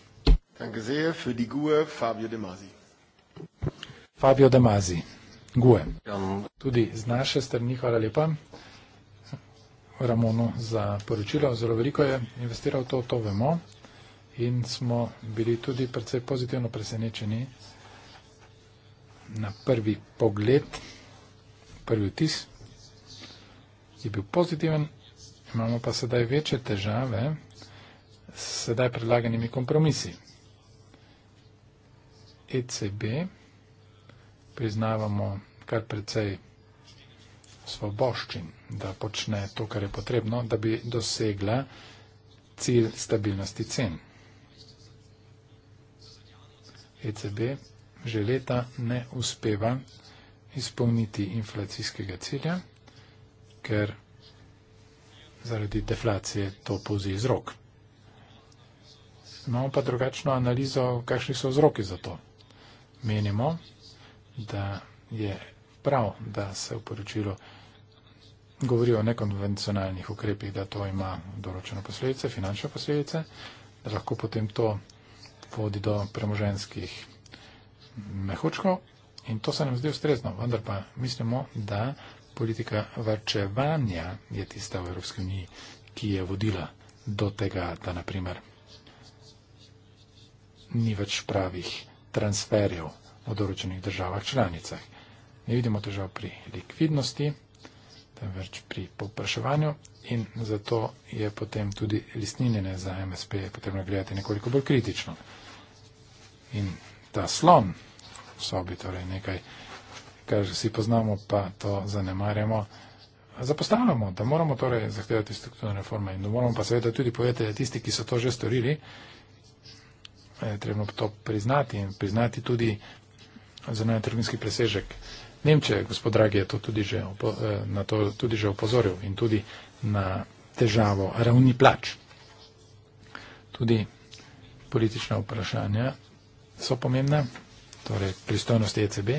Danke sehr. Für die GUE Fabio De Masi. Fabio De Masi, GUE. Tudi z naše strani hvala lepa Ramonu za poročilo. Zelo veliko je investiral to, to vemo. In smo bili tudi precej pozitivno presenečeni na prvi pogled, prvi vtis je bil pozitiven, imamo pa sedaj večje težave s sedaj predlaganimi kompromisi. ECB priznavamo kar precej svoboščin, da počne to, kar je potrebno, da bi dosegla cilj stabilnosti cen. ECB že leta ne uspeva izpolniti inflacijskega cilja, ker zaradi deflacije to pozi iz rok. Imamo pa drugačno analizo, kakšni so vzroki za to menimo, da je prav, da se v poročilu govori o nekonvencionalnih ukrepih, da to ima določene posledice, finančne posledice, da lahko potem to vodi do premoženskih mehučkov in to se nam zdi ustrezno, vendar pa mislimo, da politika varčevanja je tista v Evropski uniji, ki je vodila do tega, da naprimer ni več pravih transferjev v določenih državah članicah. Ne vidimo težav pri likvidnosti, temveč pri popraševanju in zato je potem tudi listninjene za MSP potrebno gledati nekoliko bolj kritično. In ta slon v sobi, torej nekaj, kar vsi poznamo, pa to zanemarjamo, zapostavljamo, da moramo torej zahtevati strukturne reforme in da moramo pa seveda tudi povedati, da tisti, ki so to že storili, je treba to priznati in priznati tudi zunanje trgovinski presežek. Nemče, gospod Dragi, je to tudi že, eh, na to tudi že upozoril in tudi na težavo ravni plač. Tudi politična vprašanja so pomembna, torej pristojnosti ECB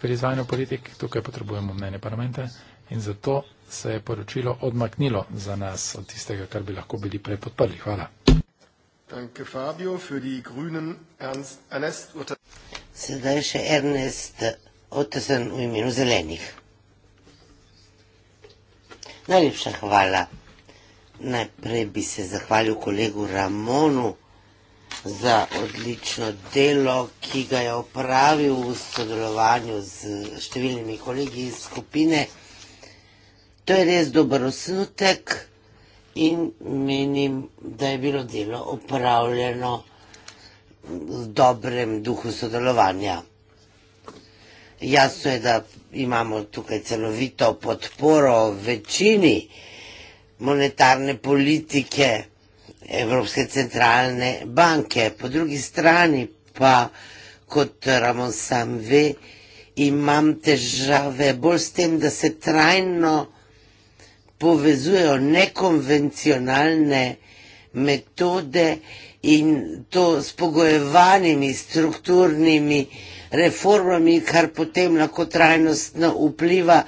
pri izvajanju politik, tukaj potrebujemo mnenje parlamenta in zato se je poročilo odmaknilo za nas od tistega, kar bi lahko bili prej podprli. Hvala. Danke, Fabio. Für die Grünen Ernst, Ernest Ottesen. Sedaj še Ernest Ottesen v imenu Zelenih. Najlepša hvala. Najprej bi se zahvalil kolegu Ramonu za odlično delo, ki ga je opravil v sodelovanju z številnimi kolegi iz skupine. To je res dober osnutek in menim, da je bilo delo opravljeno v dobrem duhu sodelovanja. Jasno je, da imamo tukaj celovito podporo večini monetarne politike Evropske centralne banke, po drugi strani pa, kot Ramon sam ve, imam težave bolj s tem, da se trajno povezujejo nekonvencionalne metode in to s pogojevanimi strukturnimi reformami, kar potem lahko trajnostno vpliva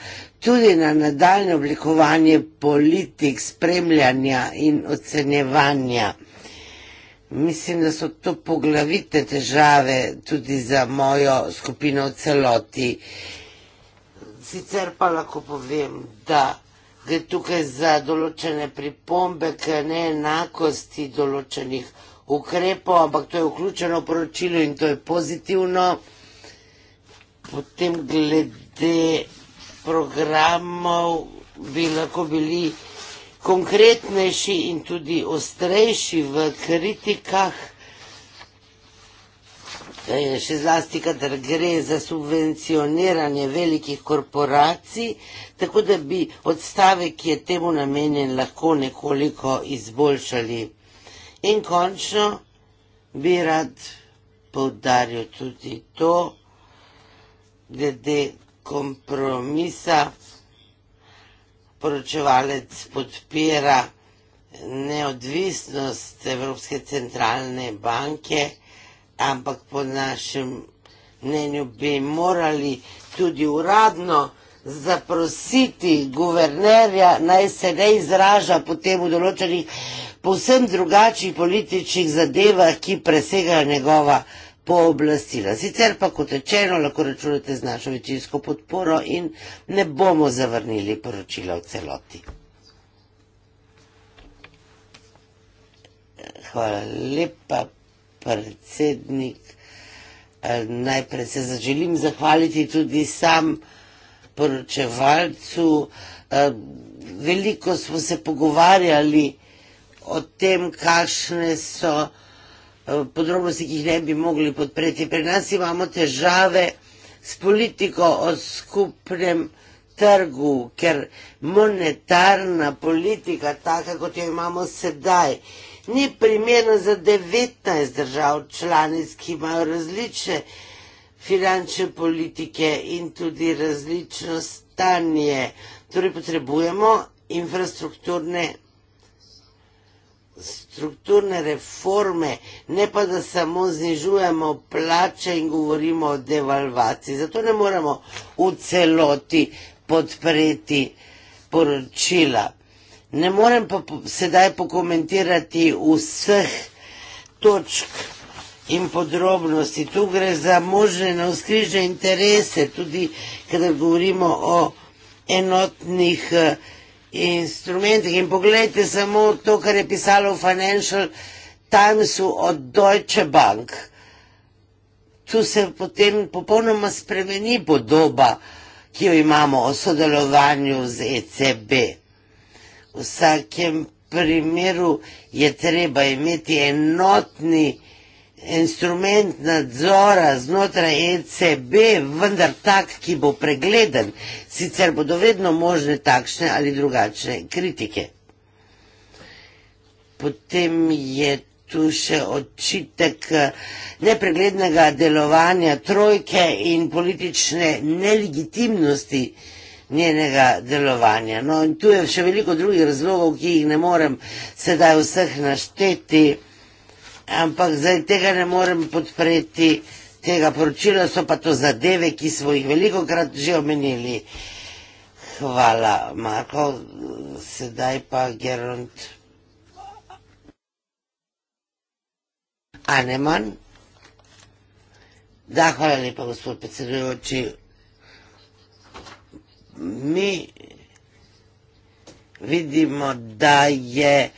tudi na nadaljne oblikovanje politik, spremljanja in ocenjevanja. Mislim, da so to poglavite težave tudi za mojo skupino celoti. Sicer pa lahko povem, da gre tukaj za določene pripombe k neenakosti določenih ukrepov, ampak to je vključeno v poročilo in to je pozitivno. Potem glede programov bi lahko bili konkretnejši in tudi ostrejši v kritikah. Eh, še zlasti, kadar gre za subvencioniranje velikih korporacij, tako da bi odstavek, ki je temu namenjen, lahko nekoliko izboljšali. In končno bi rad povdaril tudi to, glede kompromisa, poročevalec podpira neodvisnost Evropske centralne banke, ampak po našem mnenju bi morali tudi uradno zaprositi guvernerja, naj se ne izraža potem v določenih povsem drugačnih političnih zadevah, ki presegajo njegova pooblastila. Sicer pa kot rečeno lahko računate z našo večinsko podporo in ne bomo zavrnili poročila v celoti. Hvala lepa predsednik. Eh, najprej se želim zahvaliti tudi sam poročevalcu. Eh, veliko smo se pogovarjali o tem, kakšne so eh, podrobnosti, ki jih ne bi mogli podpreti. Pri nas imamo težave s politiko o skupnem trgu, ker monetarna politika, taka kot jo imamo sedaj, ni primerna za 19 držav članic, ki imajo različne finančne politike in tudi različno stanje. Torej potrebujemo infrastrukturne strukturne reforme, ne pa da samo znižujemo plače in govorimo o devalvaciji. Zato ne moremo v celoti podpreti poročila. Ne morem pa sedaj pokomentirati vseh točk in podrobnosti. Tu gre za možne navskrižne interese, tudi kada govorimo o enotnih eh, instrumentih. In pogledajte samo to, kar je pisalo v Financial Timesu od Deutsche Bank. Tu se potem popolnoma spremeni podoba, ki jo imamo o sodelovanju z ECB vsakem primeru je treba imeti enotni instrument nadzora znotraj ECB, vendar tak, ki bo pregleden, sicer bodo vedno možne takšne ali drugačne kritike. Potem je tu še očitek eh, nepreglednega delovanja trojke in politične nelegitimnosti njenega delovanja. No, in tu je še veliko drugih razlogov, ki jih ne morem sedaj vseh našteti, ampak zdaj tega ne morem podpreti, tega poročila so pa to zadeve, ki smo jih veliko krat že omenili. Hvala, Marko, sedaj pa Gerond. Aneman? Da, hvala lepa, gospod predsedujoči mi vidimo, da je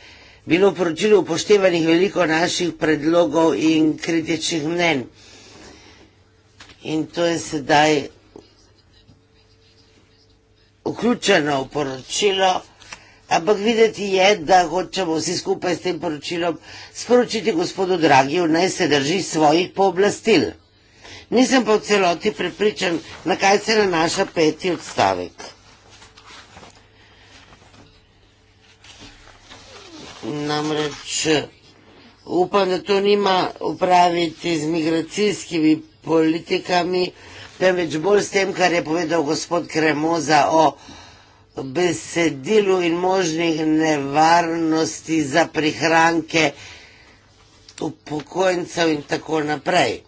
bilo v poročilu upoštevanih veliko naših predlogov in kritičnih mnen. In to je sedaj vključeno v poročilo, ampak videti je, da hočemo vsi skupaj s tem poročilom sporočiti gospodu Dragiju, naj se drži svojih pooblastil nisem pa v celoti prepričan, na kaj se nanaša peti odstavek. Namreč upam, da to nima upraviti z migracijskimi politikami, temveč bolj s tem, kar je povedal gospod Kremoza o besedilu in možnih nevarnosti za prihranke upokojencev in tako naprej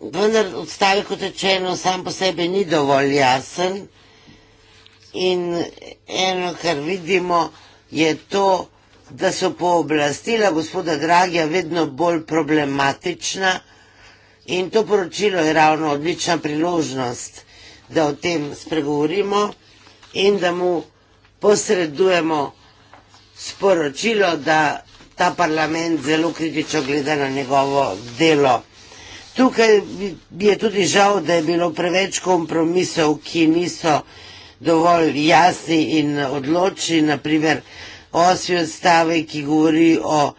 vendar odstavek, kot rečeno, sam po sebi ni dovolj jasen in eno, kar vidimo, je to, da so pooblastila gospoda Dragija vedno bolj problematična in to poročilo je ravno odlična priložnost, da o tem spregovorimo in da mu posredujemo sporočilo, da ta parlament zelo kritično gleda na njegovo delo. Tukaj mi je tudi žal, da je bilo preveč kompromisov, ki niso dovolj jasni in odločni, naprimer osmi odstave, ki govori o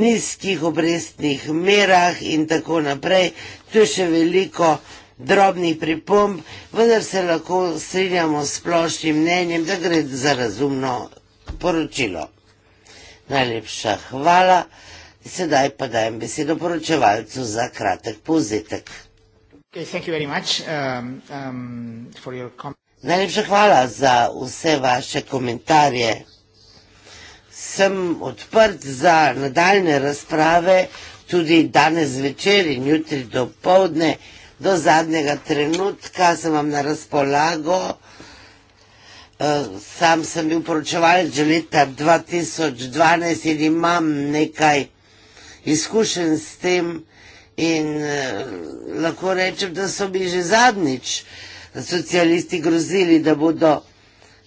nizkih obrestnih merah in tako naprej. Tu je še veliko drobnih pripomb, vendar se lahko strinjamo s splošnim mnenjem, da gre za razumno poročilo. Najlepša hvala. Sedaj pa dajem besedo poročevalcu za kratek povzetek. Um, um, Najlepša hvala za vse vaše komentarje. Sem odprt za nadaljne razprave tudi danes večer in jutri do povdne, do zadnjega trenutka sem vam na razpolago. Eh, sam sem bil poročevalec že leta 2012 in imam nekaj izkušen s tem in eh, lahko rečem, da so mi že zadnjič socialisti grozili, da bodo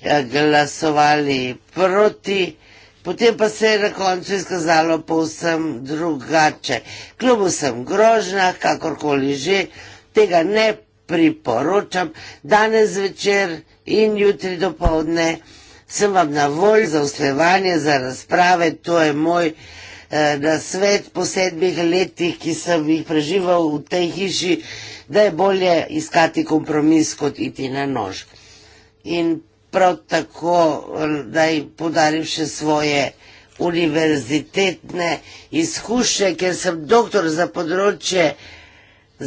ja, glasovali proti, potem pa se je na koncu izkazalo povsem drugače. Kljub vsem grožnjah, kakorkoli že, tega ne priporočam. Danes večer in jutri dopoledne sem vam na volj za uslevanje, za razprave, to je moj. Eh, na svet po sedmih letih, ki sem jih preživel v tej hiši, da je bolje iskati kompromis, kot iti na nož. In prav tako, eh, da jih podarim še svoje univerzitetne izkušnje, ker sem doktor za področje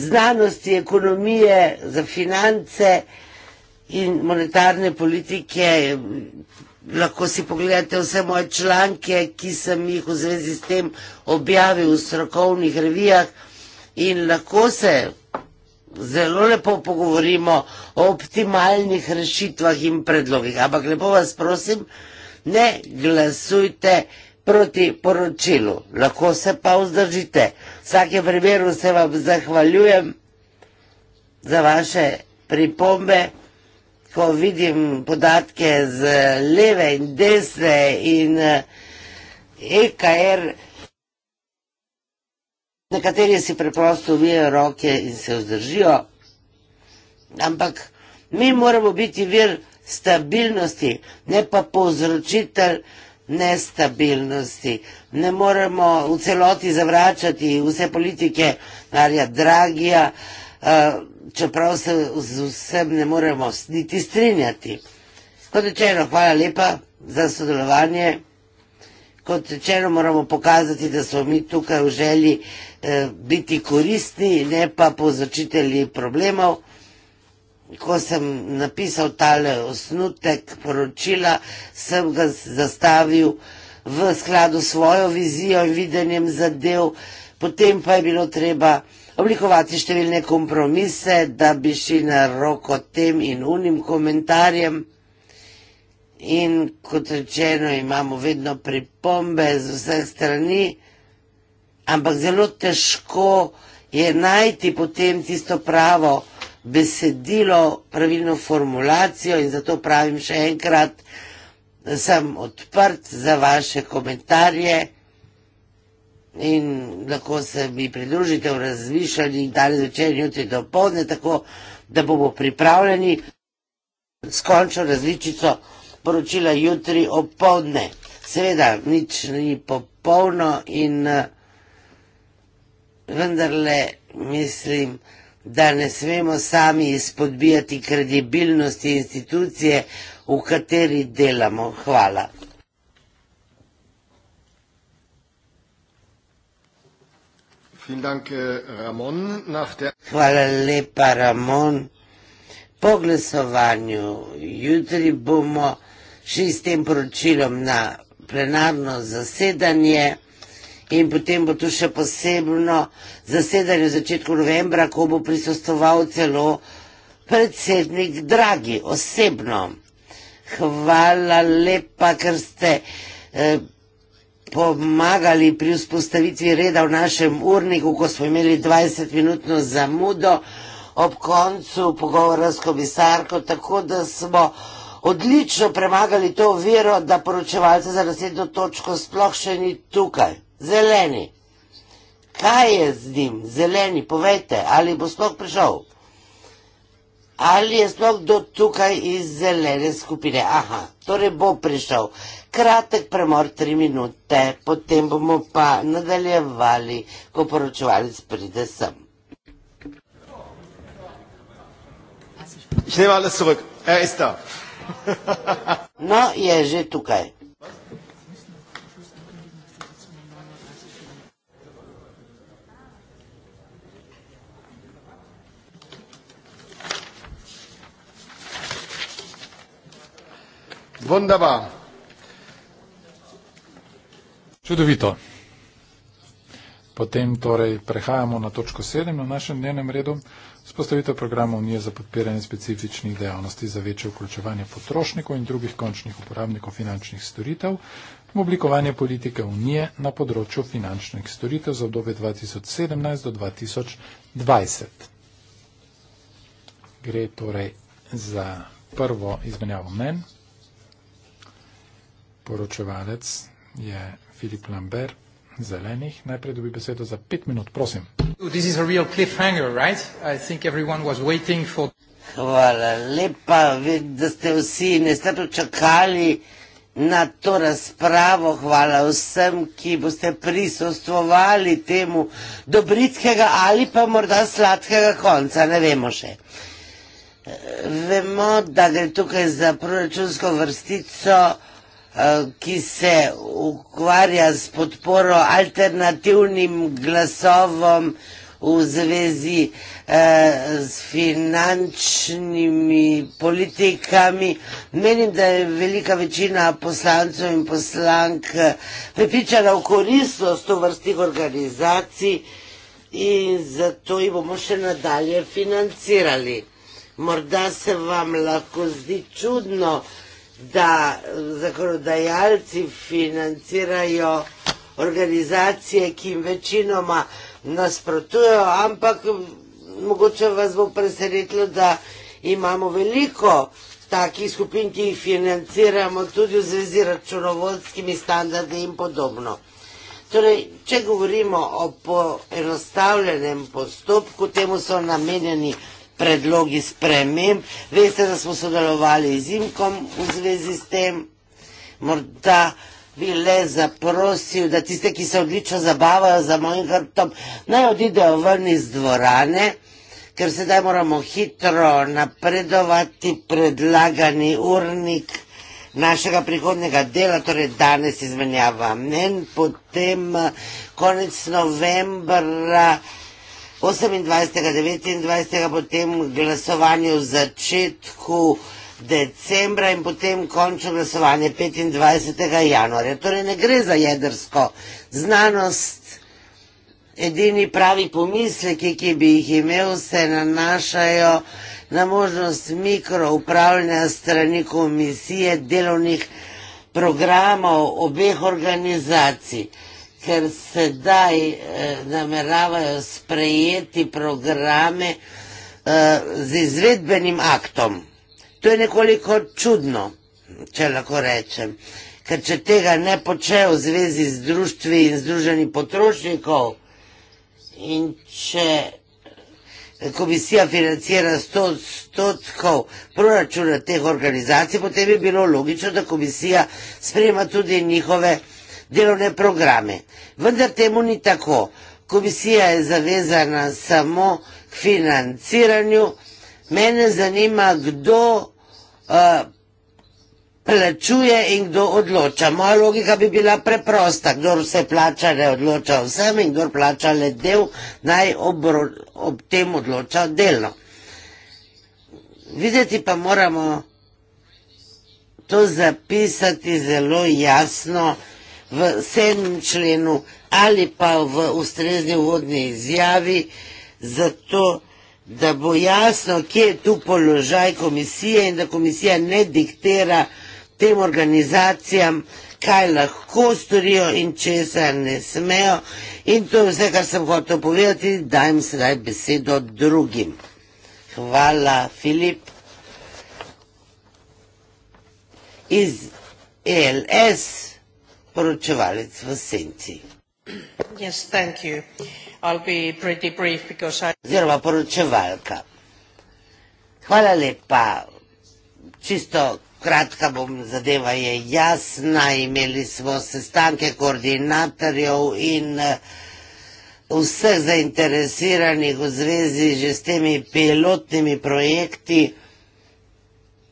znanosti, ekonomije, za finance in monetarne politike, lahko si pogledate vse moje članke, ki sem jih v zvezi s tem objavil v strokovnih revijah in lahko se zelo lepo pogovorimo o optimalnih rešitvah in predlogih. Ampak lepo vas prosim, ne glasujte proti poročilu, lahko se pa vzdržite. V vsakem primeru se vam zahvaljujem za vaše pripombe ko vidim podatke z leve in desne in EKR, eh, e nekateri si preprosto vijajo roke in se vzdržijo, ampak mi moramo biti vir stabilnosti, ne pa povzročitelj nestabilnosti. Ne moramo v celoti zavračati vse politike Marija Dragija, uh, čeprav se z vsem ne moremo niti strinjati. Kot rečeno, hvala lepa za sodelovanje. Kot rečeno, moramo pokazati, da smo mi tukaj v želji eh, biti koristni, ne pa povzročitelji problemov. Ko sem napisal tale osnutek poročila, sem ga zastavil v skladu s svojo vizijo in videnjem zadev, potem pa je bilo treba oblikovati številne kompromise, da bi šli na roko tem in unim komentarjem. In kot rečeno, imamo vedno pripombe z vse strani, ampak zelo težko je najti potem tisto pravo besedilo, pravilno formulacijo in zato pravim še enkrat, sem odprt za vaše komentarje in lahko se mi pridružite v razmišljanju in dalje večer, jutri do povdne, tako da bomo pripravljeni s končno različico poročila jutri ob povdne. Seveda, nič ni popolno in eh, vendarle mislim, da ne smemo sami izpodbijati kredibilnosti institucije, v kateri delamo. Hvala. Äh, Hvala lepa, Ramon. Po glasovanju jutri bomo šli s tem poročilom na plenarno zasedanje in potem bo tu še posebno zasedanje v začetku novembra, ko bo prisostoval celo predsednik Dragi osebno. Hvala lepa, ker ste. Eh, pomagali pri vzpostavitvi reda v našem urniku, ko smo imeli 20-minutno zamudo ob koncu pogovora s komisarko, tako da smo odlično premagali to vero, da poročevalce za naslednjo točko sploh še ni tukaj. Zeleni, kaj je z njim, zeleni, povejte, ali bo sploh prišel? ali je sploh do tukaj iz zelene skupine. Aha, torej bo prišel kratek premor, tri minute, potem bomo pa nadaljevali, ko poročevalec pride sem. Ich nehme alles zurück. Er ist da. no, je že tukaj. Wunderbar. Čudovito. Potem torej prehajamo na točko 7 na našem dnevnem redu. Spostavitev programov Unije za podpiranje specifičnih dejavnosti za večje vključevanje potrošnikov in drugih končnih uporabnikov finančnih storitev, oblikovanje politike Unije na področju finančnih storitev za obdobje 2017 do 2020. Gre torej za prvo izmenjavo mnen poročevalec je Filip Lambert zelenih. Najprej dobi besedo za pet minut, prosim. Right? For... Hvala lepa, da ste vsi nestrpno čakali na to razpravo. Hvala vsem, ki boste prisostvovali temu dobritkega ali pa morda sladkega konca, ne vemo še. Vemo, da gre tukaj za proračunsko vrstico ki se ukvarja s podporo alternativnim glasovom v zvezi z eh, finančnimi politikami. Menim, da je velika večina poslancov in poslank eh, prepričala v koristnost to vrstih organizacij in zato jih bomo še nadalje financirali. Morda se vam lahko zdi čudno, da zakonodajalci financirajo organizacije, ki jim večinoma nasprotujejo, ampak mogoče vas bo presenetilo, da imamo veliko takih skupin, ki jih financiramo tudi v zvezi računovodskimi standardi in podobno. Torej, če govorimo o poenostavljenem postopku, temu so namenjeni predlogi sprememb. Veste, da smo sodelovali z Imkom v zvezi s tem. Morda bi le zaprosil, da tiste, ki se odlično zabavajo za mojim hrbtom, naj odidejo ven iz dvorane, ker sedaj moramo hitro napredovati predlagani urnik našega prihodnega dela, torej danes izmenjava mnen, potem eh, konec novembra 28. 29. potem glasovanje v začetku decembra in potem končno glasovanje 25. januarja. Torej ne gre za jedrsko znanost. Edini pravi pomisleki, ki bi jih imel, se nanašajo na možnost mikroupravljanja strani komisije delovnih programov obeh organizacij ker sedaj eh, nameravajo sprejeti programe eh, z izvedbenim aktom. To je nekoliko čudno, če lahko rečem, ker če tega ne počejo v zvezi z društvi in združeni potrošnikov in če eh, komisija financira 100 odstotkov proračuna teh organizacij, potem bi bilo logično, da komisija sprejema tudi njihove delovne programe. Vendar temu ni tako. Komisija je zavezana samo k financiranju. Mene zanima, kdo uh, plačuje in kdo odloča. Moja logika bi bila preprosta. Kdor vse plača, ne odloča vsem in kdor plača le del, naj ob, ob tem odloča delno. Videti pa moramo to zapisati zelo jasno v sedmem členu ali pa v ustrezni vodni izjavi, zato da bo jasno, kje je tu položaj komisije in da komisija ne diktira tem organizacijam, kaj lahko storijo in česa ne smejo. In to je vse, kar sem hotel povedati, dajem sedaj besedo drugim. Hvala, Filip. Iz e LS poročevalec v senci. Yes, thank you. I'll be pretty brief because I... Oziroma poročevalka. Hvala lepa. Čisto kratka bom, zadeva je jasna. Imeli smo sestanke koordinatorjev in eh, vseh zainteresiranih v zvezi že s temi pilotnimi projekti.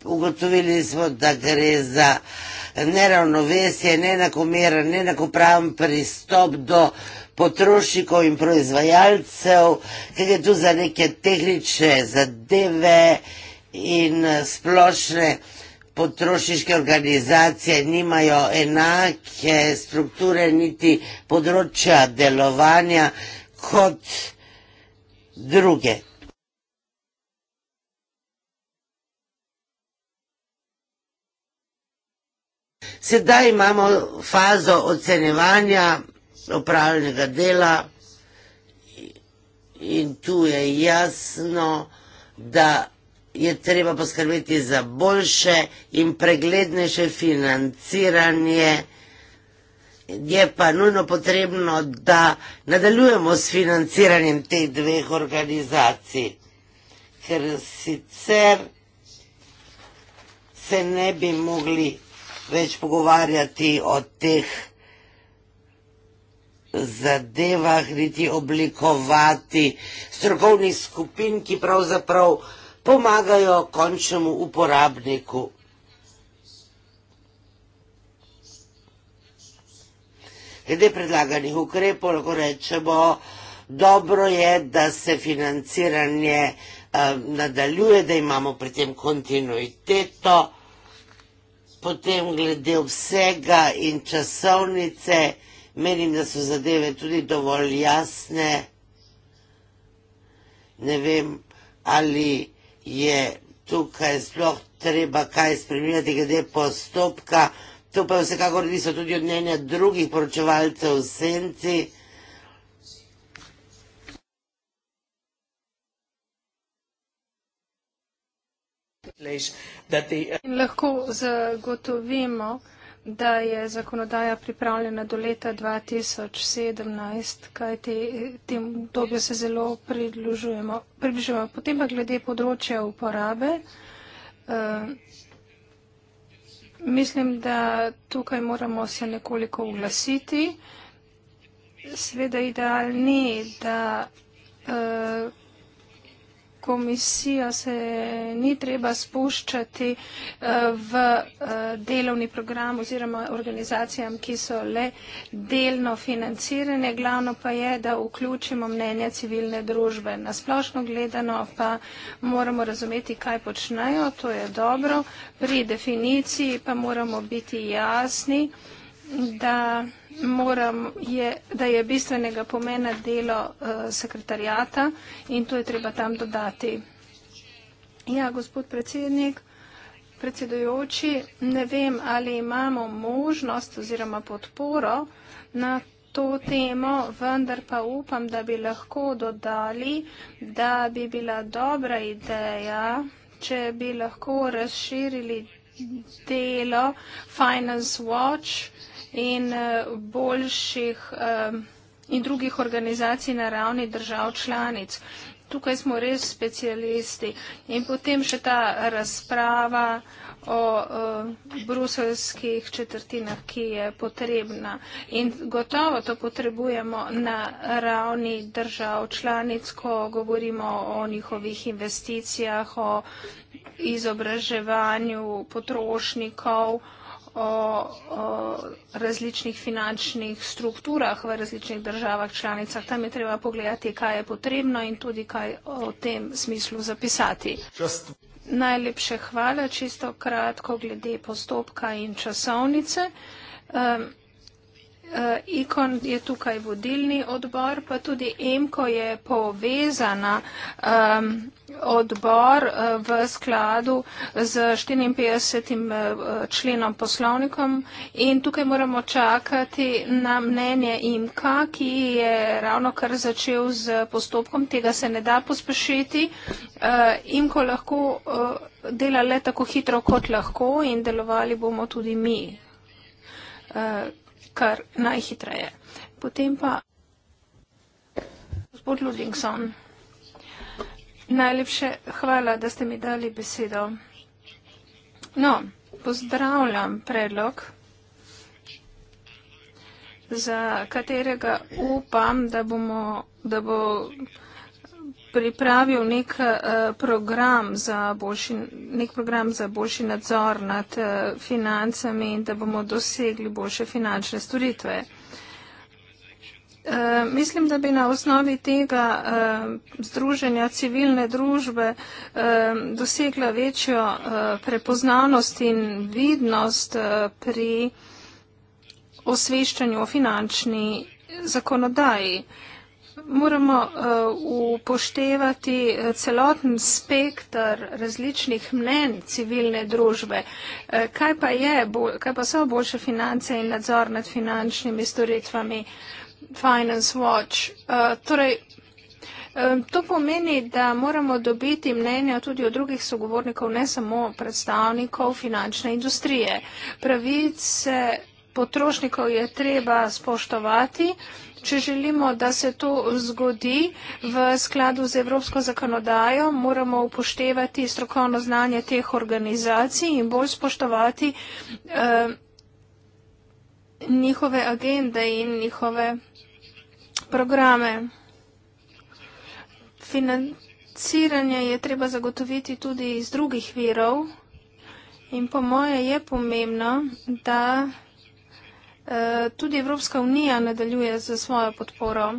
Ugotovili smo, da gre za neravnovesje, neenakomeren, neenakopraven pristop do potrošnikov in proizvajalcev, kaj je tu za neke tehnične zadeve in eh, splošne potrošniške organizacije nimajo enake strukture niti področja delovanja kot druge. Sedaj imamo fazo ocenevanja opravljenega dela in tu je jasno, da je treba poskrbeti za boljše in preglednejše financiranje. Je pa nujno potrebno, da nadaljujemo s financiranjem teh dveh organizacij, ker sicer se ne bi mogli več pogovarjati o teh zadevah, niti oblikovati strokovnih skupin, ki pravzaprav pomagajo končnemu uporabniku. Glede predlaganih ukrepov lahko rečemo, dobro je, da se financiranje eh, nadaljuje, da imamo pri tem kontinuiteto potem glede obsega in časovnice, menim, da so zadeve tudi dovolj jasne. Ne vem, ali je tukaj sploh treba kaj spremljati, glede postopka, to pa vsekakor niso tudi od njenja drugih poročevalcev v senci, Uh, In lahko zagotovimo, da je zakonodaja pripravljena do leta 2017, kajti tem dobju se zelo približujemo. Potem pa glede področja uporabe, eh, mislim, da tukaj moramo se nekoliko uglasiti. Sveda ideal ni, da eh, komisija se ni treba spuščati eh, v eh, delovni program oziroma organizacijam, ki so le delno financirane. Glavno pa je, da vključimo mnenja civilne družbe. Na splošno gledano pa moramo razumeti, kaj počnejo, to je dobro. Pri definiciji pa moramo biti jasni, da moram, je, da je bistvenega pomena delo uh, eh, sekretarjata in to je treba tam dodati. Ja, gospod predsednik, predsedujoči, ne vem, ali imamo možnost oziroma podporo na to temo, vendar pa upam, da bi lahko dodali, da bi bila dobra ideja, če bi lahko razširili delo Finance Watch in eh, boljših eh, in drugih organizacij na ravni držav članic. Tukaj smo res specialisti. In potem še ta razprava o eh, bruselskih četrtinah, ki je potrebna. In gotovo to potrebujemo na ravni držav članic, ko govorimo o njihovih investicijah, o izobraževanju potrošnikov, o, o različnih finančnih strukturah v različnih državah članicah. Tam je treba pogledati, kaj je potrebno in tudi, kaj o tem smislu zapisati. Just... Najlepše hvala, čisto kratko glede postopka in časovnice. Um, uh, ikon je tukaj vodilni odbor, pa tudi emko je povezana um, odbor uh, v skladu z 54. Eh, členom poslovnikom in tukaj moramo čakati na mnenje imka, ki je ravno kar začel z postopkom, tega se ne da pospešiti. Uh, imko lahko uh, dela le tako hitro, kot lahko in delovali bomo tudi mi. Uh, kar najhitreje. Potem pa gospod Ludingson. Najlepše hvala, da ste mi dali besedo. No, pozdravljam predlog, za katerega upam, da, bomo, da bo pripravil nek uh, program za boljši, nek program za boljši nadzor nad uh, financami in da bomo dosegli boljše finančne storitve. Uh, mislim, da bi na osnovi tega uh, združenja civilne družbe uh, dosegla večjo uh, prepoznavnost in vidnost uh, pri osveščanju o finančni zakonodaji. Uh, moramo eh, upoštevati celoten spektr različnih mnen civilne družbe. Eh, kaj pa, je, kaj pa so boljše finance in nadzor nad finančnimi storitvami Finance Watch? Eh, torej, To pomeni, da moramo dobiti mnenja tudi od drugih sogovornikov, ne samo predstavnikov finančne industrije. Pravice potrošnikov je treba spoštovati. Če želimo, da se to zgodi v skladu z evropsko zakonodajo, moramo upoštevati strokovno znanje teh organizacij in bolj spoštovati eh, njihove agende in njihove programe. Financiranje je treba zagotoviti tudi iz drugih virov in po moje je pomembno, da Tudi Evropska unija nadaljuje z svojo podporo.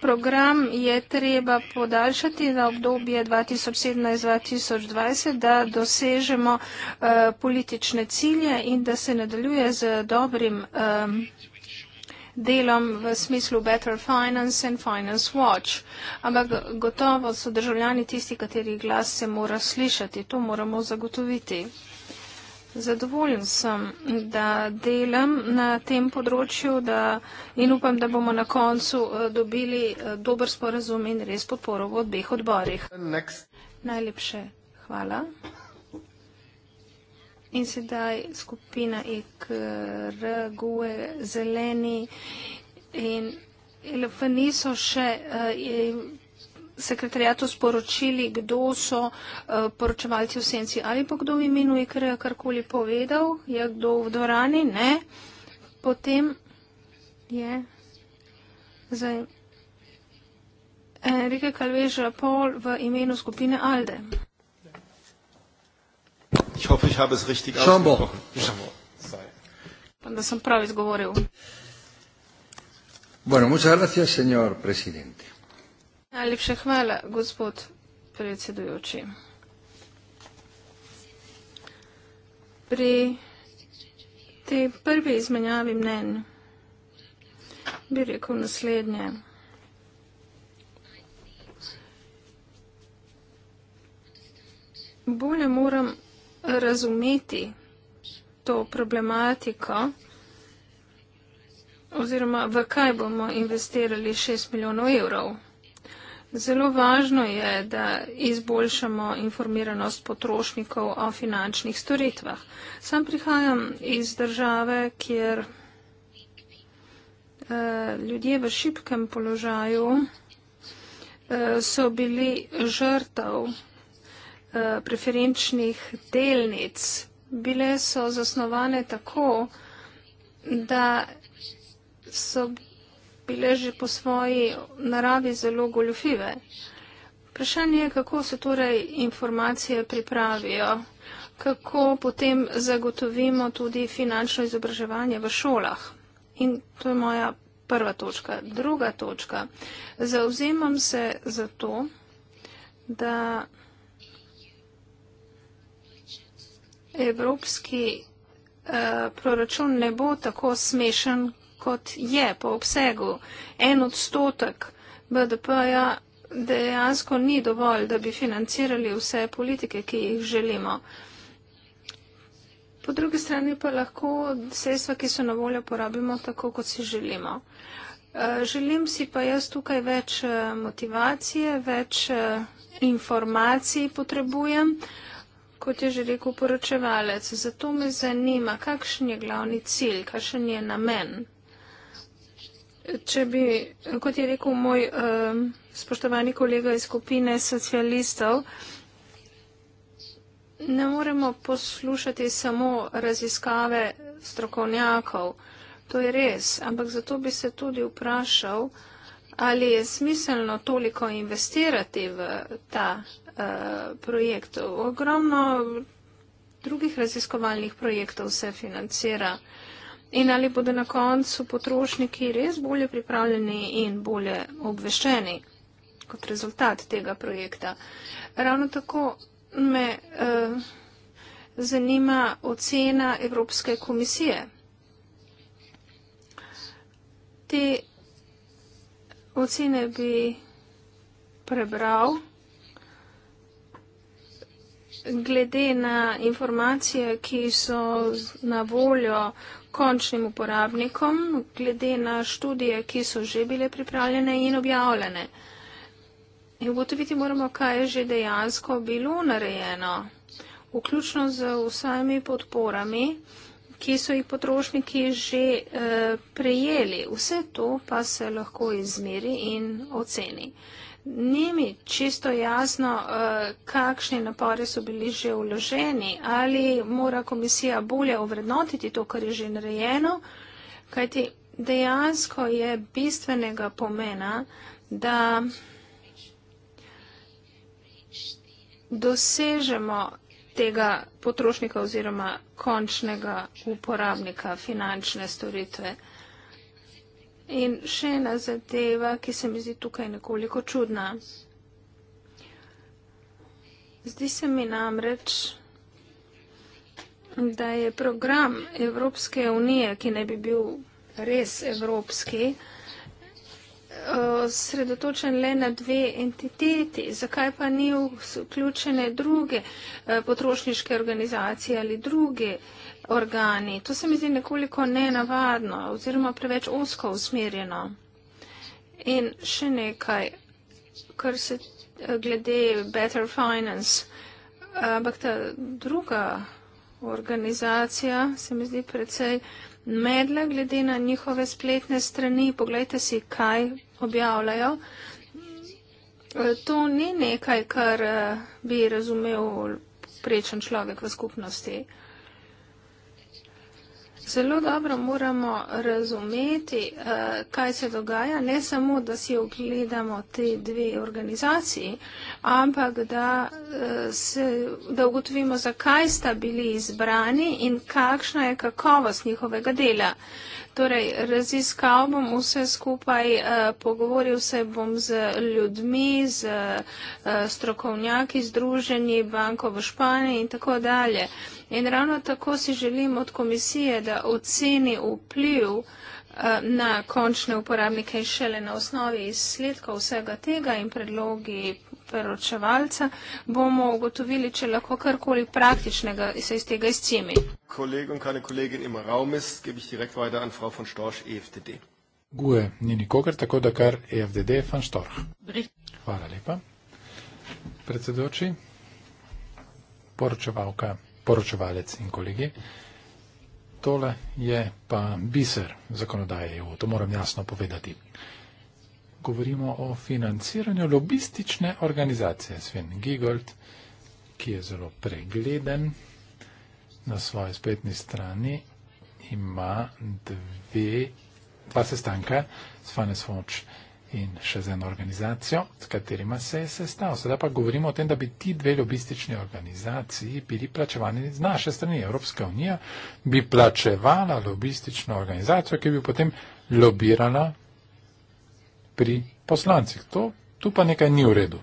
Program je treba podaljšati na obdobje 2017-2020, da dosežemo eh, politične cilje in da se nadaljuje z dobrim delom v smislu Better Finance and Finance Watch. Ampak gotovo so državljani tisti, katerih glas se mora slišati. To moramo zagotoviti. Zadovoljen sem, da delam na tem področju da, in upam, da bomo na koncu eh, dobili eh, dober sporazum in res podporo v obeh odborih. Next. Najlepše hvala. In sedaj skupina IKR, e GUE, zeleni in elefani so še. Uh, sekretarijatu sporočili, kdo so eh, poročevalci v senci ali pa kdo v imenu IKR je karkoli povedal, je kdo v dvorani, ne. Potem je zdaj Enrique Calveža Pol v imenu skupine Alde. Ich hoffe, ich habe es richtig ausgesprochen. Da sem prav izgovoril. Bueno, muchas gracias, señor presidente. Najlepša hvala, gospod predsedujoči. Pri tej prvi izmenjavi mnenj bi rekel naslednje. Bolje moram razumeti to problematiko oziroma v kaj bomo investirali 6 milijonov evrov. Zelo važno je, da izboljšamo informiranost potrošnikov o finančnih storitvah. Sam prihajam iz države, kjer eh, ljudje v šipkem položaju eh, so bili žrtav eh, preferenčnih delnic. Bile so zasnovane tako, da so bili bile že po svoji naravi zelo goljufive. Vprašanje je, kako se torej informacije pripravijo, kako potem zagotovimo tudi finančno izobraževanje v šolah. In to je moja prva točka. Druga točka. Zauzemam se za to, da evropski uh, proračun ne bo tako smešen, kot je po obsegu en odstotek BDP-ja dejansko ni dovolj, da bi financirali vse politike, ki jih želimo. Po drugi strani pa lahko sredstva, ki so na voljo, porabimo tako, kot si želimo. Eh, želim si pa jaz tukaj več eh, motivacije, več eh, informacij potrebujem, kot je že rekel poročevalec. Zato me zanima, kakšen je glavni cilj, kakšen je namen. Če bi, kot je rekel moj um, spoštovani kolega iz skupine socialistov, ne moremo poslušati samo raziskave strokovnjakov. To je res, ampak zato bi se tudi vprašal, ali je smiselno toliko investirati v ta uh, projekt. Ogromno drugih raziskovalnih projektov se financira in ali bodo na koncu potrošniki res bolje pripravljeni in bolje obveščeni kot rezultat tega projekta. Ravno tako me uh, zanima ocena Evropske komisije. Te ocene bi prebral. Glede na informacije, ki so na voljo končnim uporabnikom, glede na študije, ki so že bile pripravljene in objavljene. In ugotoviti moramo, kaj je že dejansko bilo narejeno, vključno z vsemi podporami, ki so jih potrošniki že eh, prejeli. Vse to pa se lahko izmeri in oceni. Ni mi čisto jasno, eh, kakšni napori so bili že vloženi, ali mora komisija bolje ovrednotiti to, kar je že narejeno, kajti dejansko je bistvenega pomena, da dosežemo tega potrošnika oziroma končnega uporabnika finančne storitve. In še ena zadeva, ki se mi zdi tukaj nekoliko čudna. Zdi se mi namreč, da je program Evropske unije, ki ne bi bil res evropski, eh, sredotočen le na dve entiteti. Zakaj pa ni vključene druge eh, potrošniške organizacije ali druge? organi. To se mi zdi nekoliko nenavadno oziroma preveč osko usmerjeno. In še nekaj, kar se eh, glede Better Finance, ampak ta druga organizacija se mi zdi precej medla glede na njihove spletne strani. Poglejte si, kaj objavljajo. To ni nekaj, kar eh, bi razumel prečen človek v skupnosti. Zelo dobro moramo razumeti, eh, kaj se dogaja, ne samo, da si ogledamo te dve organizaciji, ampak da, eh, se, da ugotovimo, zakaj sta bili izbrani in kakšna je kakovost njihovega dela. Torej, raziskal bom vse skupaj, eh, pogovoril se bom z ljudmi, z eh, strokovnjaki, združenji, banko v Španiji in tako dalje. In ravno tako si želim od komisije, da oceni vpliv eh, na končne uporabnike in šele na osnovi izsledkov vsega tega in predlogi preročevalca, bomo ugotovili, če lahko karkoli praktičnega se iz tega izcimi. Kolegom, kane kolegin, ima raum, gebi jih direkt vajda an frau von Storch, EFDD. Gue, ni nikogar, tako da kar EFDD von Storch. Hvala lepa. Predsedoči, poročevalka, poročevalec in kolegi. Tole je pa biser zakonodaje EU, to moram jasno povedati govorimo o financiranju lobistične organizacije. Sven Gigold, ki je zelo pregleden na svoji spletni strani, ima dve, dva sestanka s Fanes Foč in še z eno organizacijo, s katerima se je sestal. Sedaj pa govorimo o tem, da bi ti dve lobistični organizaciji bili plačevani z naše strani. Evropska unija bi plačevala lobistično organizacijo, ki bi potem lobirala pri poslancih. To, tu pa nekaj ni v redu.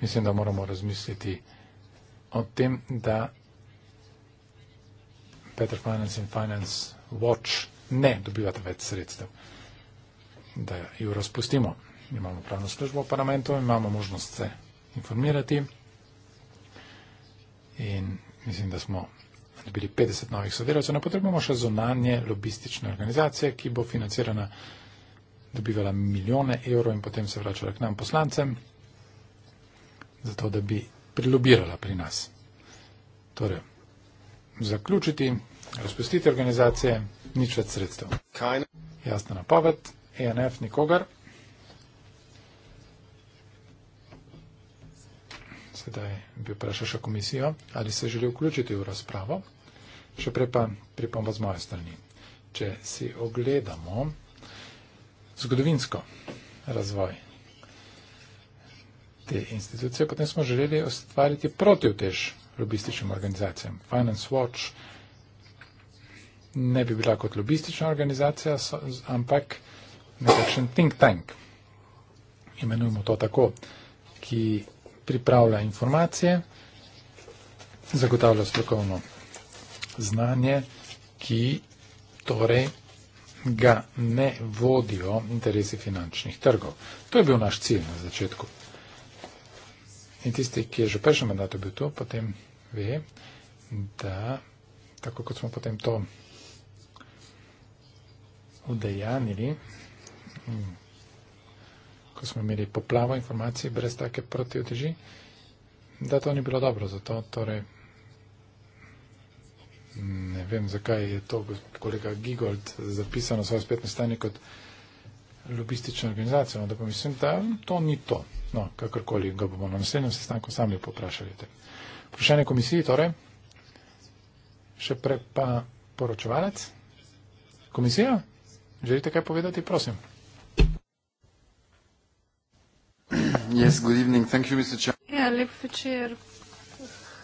Mislim, da moramo razmisliti o tem, da Petro Finance in Finance Watch ne dobivata več sredstev, da jo razpustimo. Imamo pravno službo v parlamentu, imamo možnost se informirati in mislim, da smo dobili 50 novih sodelavcev. Ne no, potrebujemo še zunanje lobistične organizacije, ki bo financirana dobivala milijone evrov in potem se vračala k nam poslancem, zato da bi prilobirala pri nas. Torej, zaključiti, razpustiti organizacije, nič več sredstev. Kaj? Jasna napoved, ENF nikogar. Sedaj bi vprašal še komisijo, ali se želi vključiti v razpravo. Še prej pa pripomba z moje strani. Če si ogledamo zgodovinsko razvoj te institucije. Potem smo želeli ustvariti protivtež lobističnim organizacijam. Finance Watch ne bi bila kot lobistična organizacija, ampak nekakšen think tank, imenujemo to tako, ki pripravlja informacije, zagotavlja strokovno znanje, ki torej ga ne vodijo interesi finančnih trgov. To je bil naš cilj na začetku. In tisti, ki je že prejšnjem mandatu bil to, potem ve, da tako kot smo potem to udejanili, mm, ko smo imeli poplavo informacij brez take protioteži, da to ni bilo dobro. Zato torej ne vem, zakaj je to kolega Gigold zapisano svoje spletno stanje kot lobistično organizacijo. No, da pa mislim, da to ni to. No, kakorkoli ga bomo na naslednjem sestanku sami poprašali. Vprašanje komisiji torej. Še prej pa poročevalec. Komisija, želite kaj povedati, prosim. Yes, good evening. Thank you, Mr. Chairman. Ja, lep večer.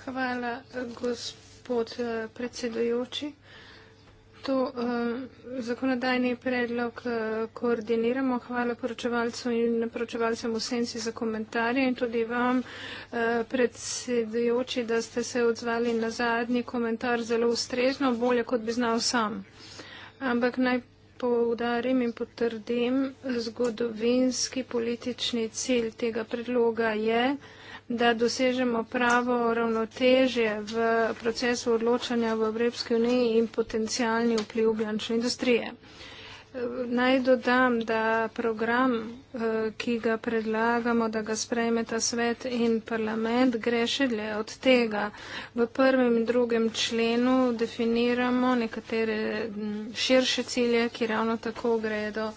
Hvala, gospod gospod eh, predsedujoči. To uh, zakonodajni predlog uh, koordiniramo. Hvala poročevalcu in poročevalcem vsemci za komentarje in tudi vam, uh, predsedujoči, da ste se odzvali na zadnji komentar zelo ustrezno, bolje kot bi znal sam. Ampak naj poudarim in potrdim, zgodovinski politični cilj tega predloga je, da dosežemo pravo ravnotežje v procesu odločanja v Evropski uniji in potencijalni vpliv bilančne industrije. Naj dodam, da program, eh, ki ga predlagamo, da ga sprejme ta svet in parlament, gre še dlje od tega. V prvem in drugem členu definiramo nekatere mm, širše cilje, ki ravno tako gredo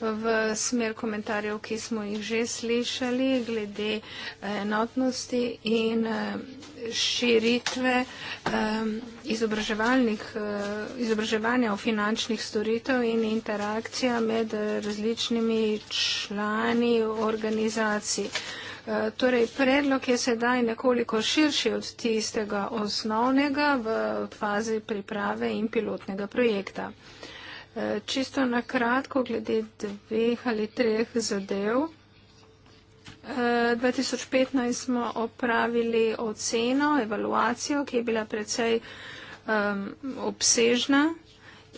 v smer komentarjev, ki smo jih že slišali glede eh, enotnosti in eh, širitve eh, izobraževanja o finančnih storitev in interakcija med različnimi člani organizacij. Torej, predlog je sedaj nekoliko širši od tistega osnovnega v fazi priprave in pilotnega projekta. Eh, čisto na kratko, glede dveh ali treh zadev. 2015 eh, smo opravili oceno, evaluacijo, ki je bila precej um, obsežna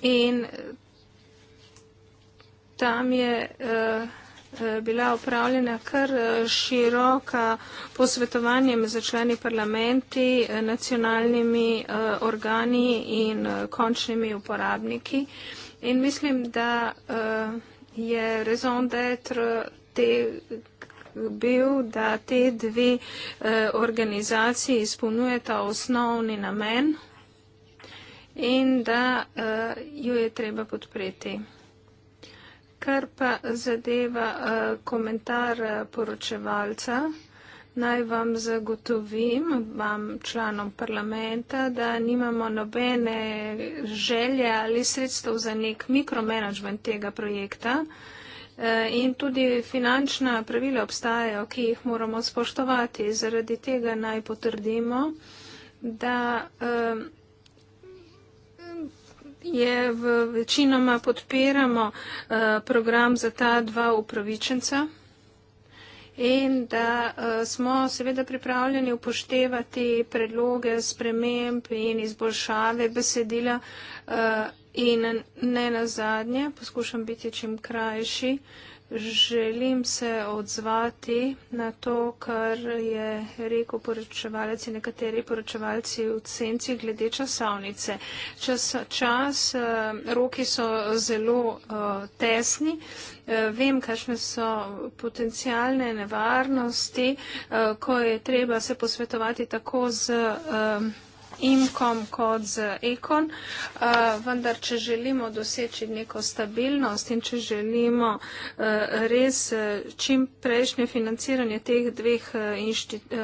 in tam je uh, bila opravljena kar široka posvetovanje med začlani parlamenti, nacionalnimi uh, organi in uh, končnimi uporabniki. Uh, In mislim, da uh, je raison d'être te bil, da te dve uh, eh, organizacije izpolnjujeta osnovni namen in da uh, ju je treba podpreti. Kar pa zadeva uh, komentar uh, poročevalca, Naj vam zagotovim, vam članom parlamenta, da nimamo nobene želje ali sredstev za nek mikromanagement tega projekta eh, in tudi finančna pravila obstajajo, ki jih moramo spoštovati. Zaradi tega naj potrdimo, da eh, je v večinoma podpiramo eh, program za ta dva upravičenca in da eh, smo seveda pripravljeni upoštevati predloge, sprememb in izboljšave besedila eh, in ne na zadnje, poskušam biti čim krajši. Želim se odzvati na to, kar je rekel poročevalec in nekateri poročevalci v senci glede časovnice. Čas, čas eh, roki so zelo uh, tesni Eh, vem, kakšne so potencijalne nevarnosti, eh, ko je treba se posvetovati tako z. Um, IMKOM kot z EKON, eh, vendar če želimo doseči neko stabilnost in če želimo eh, res eh, čim prejšnje financiranje teh dveh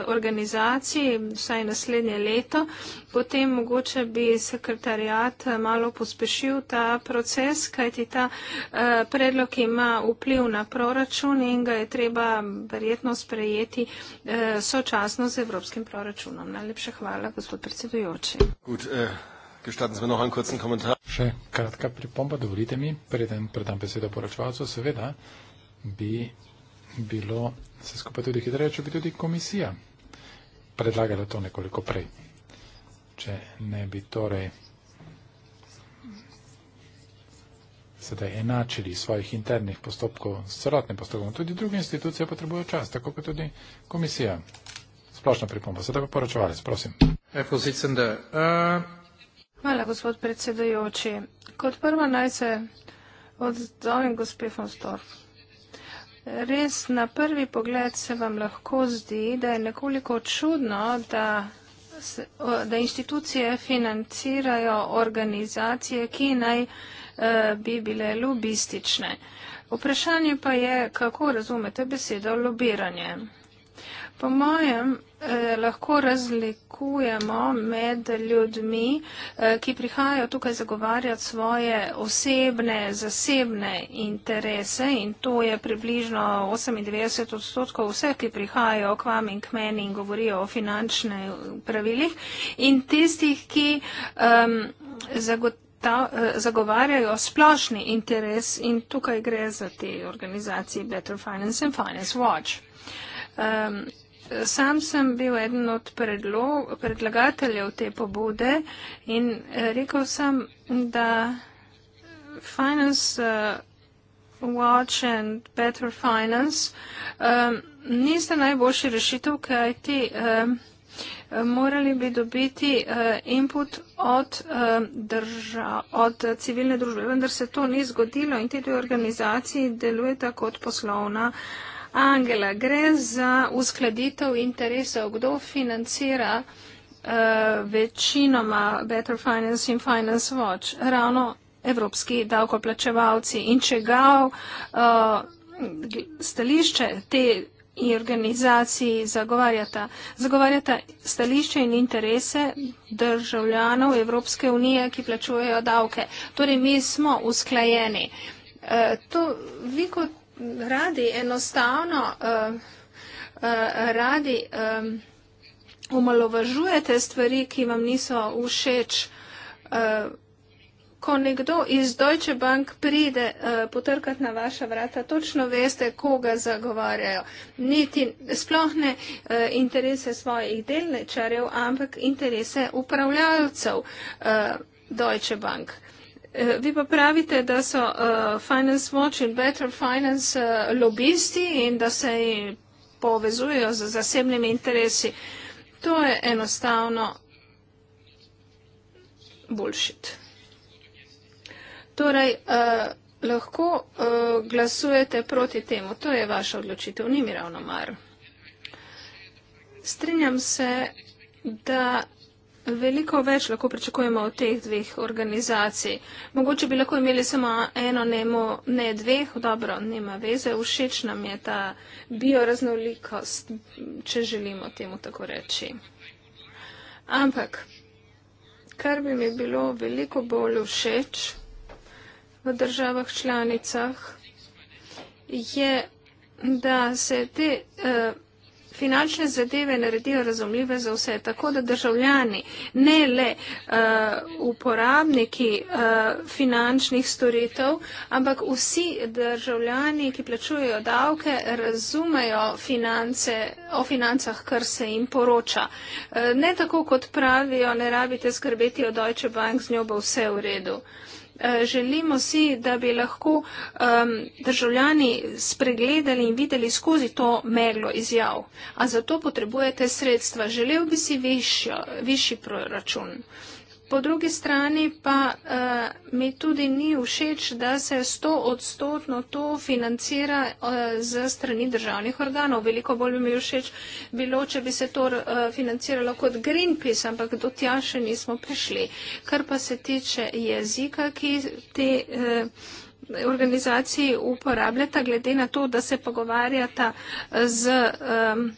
organizacij, vsaj naslednje leto, potem mogoče bi sekretarijat malo pospešil ta proces, kajti ta predlog ima vpliv na proračun in ga je treba verjetno sprejeti sočasno z evropskim proračunom. Najlepša hvala, gospod predsedujoč predsedujoči. Gut, eh. Še kratka pripomba, dovolite mi, preden predam besedo poročevalcu, seveda bi bilo se skupaj tudi hitreje, če bi tudi komisija predlagala to nekoliko prej. Če ne bi torej sedaj enačili svojih internih postopkov s celotnim postopkom, tudi druge institucije potrebujejo čas, tako kot tudi komisija. Splošna pripomba, sedaj pa poročevalec, prosim. Äh, Hvala, gospod predsedujoči. Kot prvo naj se odzovem gospe Fonstorf. Res na prvi pogled se vam lahko zdi, da je nekoliko čudno, da, da inštitucije financirajo organizacije, ki naj e, bi bile lobistične. Vprašanje pa je, kako razumete besedo lobiranje. Po mojem eh, lahko razlikujemo med ljudmi, eh, ki prihajajo tukaj zagovarjati svoje osebne, zasebne interese in to je približno 98 odstotkov vseh, ki prihajajo k vam in k meni in govorijo o finančnih pravilih in tistih, ki eh, zagotovijo. Ta, zagovarjajo splošni interes in tukaj gre za te organizacije Better Finance and Finance Watch. Um, Sam sem bil eden od predlog, predlagateljev te pobude in eh, rekel sem, da Finance eh, Watch and Better Finance eh, niste najboljši rešitev, kaj ti morali bi dobiti input od, drža, od civilne družbe, vendar se to ni zgodilo in te dve organizacije delujeta kot poslovna. Angela, gre za uskladitev interesov, kdo financira uh, večinoma Better Finance in Finance Watch, ravno evropski davkoplačevalci. In če ga uh, stališče te organizaciji zagovarjata, zagovarjata stališče in interese državljanov Evropske unije, ki plačujejo davke. Torej, mi smo usklajeni. Uh, to vi kot radi enostavno uh, uh, radi um, omalovažujete stvari, ki vam niso všeč. Uh, ko nekdo iz Deutsche Bank pride uh, potrkati na vaša vrata, točno veste, koga zagovarjajo. Niti sploh ne uh, interese svojih delničarjev, ampak interese upravljalcev uh, Deutsche Bank. Uh, Eh, vi pa pravite, da so uh, Finance Watch in Better Finance uh, lobisti in da se povezujejo z zasebnimi interesi. To je enostavno bullshit. Torej, uh, lahko uh, glasujete proti temu. To je vaša odločitev. Ni mi ravno mar. Strinjam se, da Veliko več lahko pričakujemo od teh dveh organizacij. Mogoče bi lahko imeli samo eno nemo, ne dveh, dobro, nema veze, všeč nam je ta bioraznolikost, če želimo temu tako reči. Ampak, kar bi mi bilo veliko bolj všeč v državah članicah, je, da se te. Uh, finančne zadeve naredijo razumljive za vse, tako da državljani, ne le uh, uporabniki uh, finančnih storitev, ampak vsi državljani, ki plačujejo davke, razumejo finance, o financah, kar se jim poroča. Uh, ne tako, kot pravijo, ne rabite skrbeti o Deutsche Bank, z njo bo vse v redu. Uh, Eh, želimo si, da bi lahko um, državljani spregledali in videli skozi to meglo izjav. A za to potrebujete sredstva. Želel bi si višjo, višji proračun. Uh, Po drugi strani pa uh, mi tudi ni všeč, da se sto odstotno to financira uh, z strani državnih organov. Veliko bolj bi mi všeč bilo, če bi se to uh, financiralo kot Greenpeace, ampak do tja še nismo prišli. Kar pa se tiče jezika, ki te uh, organizaciji uporabljata, glede na to, da se pogovarjata z. Um,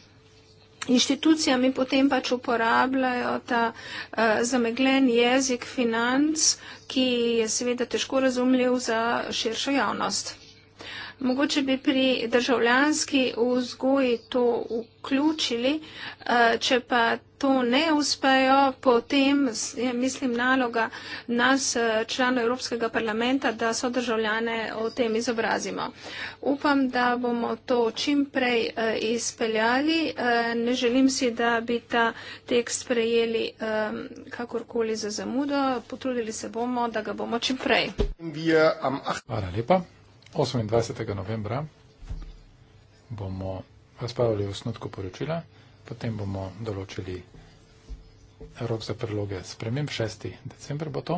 inštitucijami potem pač uporabljajo ta uh, eh, zamegljen jezik financ, ki je seveda težko razumljiv za širšo javnost. Mogoče bi pri državljanski vzgoji to vključili, eh, če pa to ne uspejo, potem je, mislim, naloga nas, eh, članov Evropskega parlamenta, da so državljane o tem izobrazimo. Upam, da bomo to čim prej eh, izpeljali. Ne želim si, da bi ta tekst prejeli ehm, kakorkoli za zamudo. Potrudili se bomo, da ga bomo čim prej. Hvala lepa. 28. novembra bomo razpravljali v snutku poročila, potem bomo določili rok za predloge sprememb, 6. december bo to,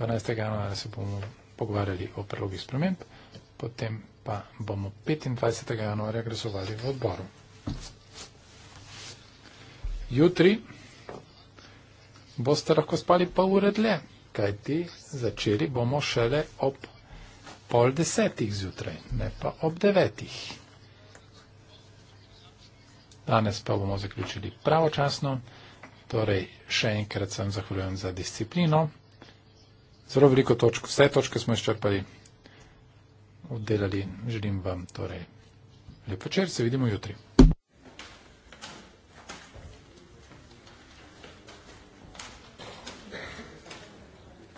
12. januarja se bomo pogovarjali o predlogih sprememb, potem pa bomo 25. januarja glasovali v odboru. Jutri boste lahko spali pol ure dlje, kajti začeli bomo šele ob pol desetih zjutraj, ne pa ob devetih. Danes pa bomo zaključili pravočasno, torej še enkrat sem zahvaljujem za disciplino. Zelo veliko točk, vse točke smo izčrpali, oddelali. Želim vam torej lep večer, se vidimo jutri.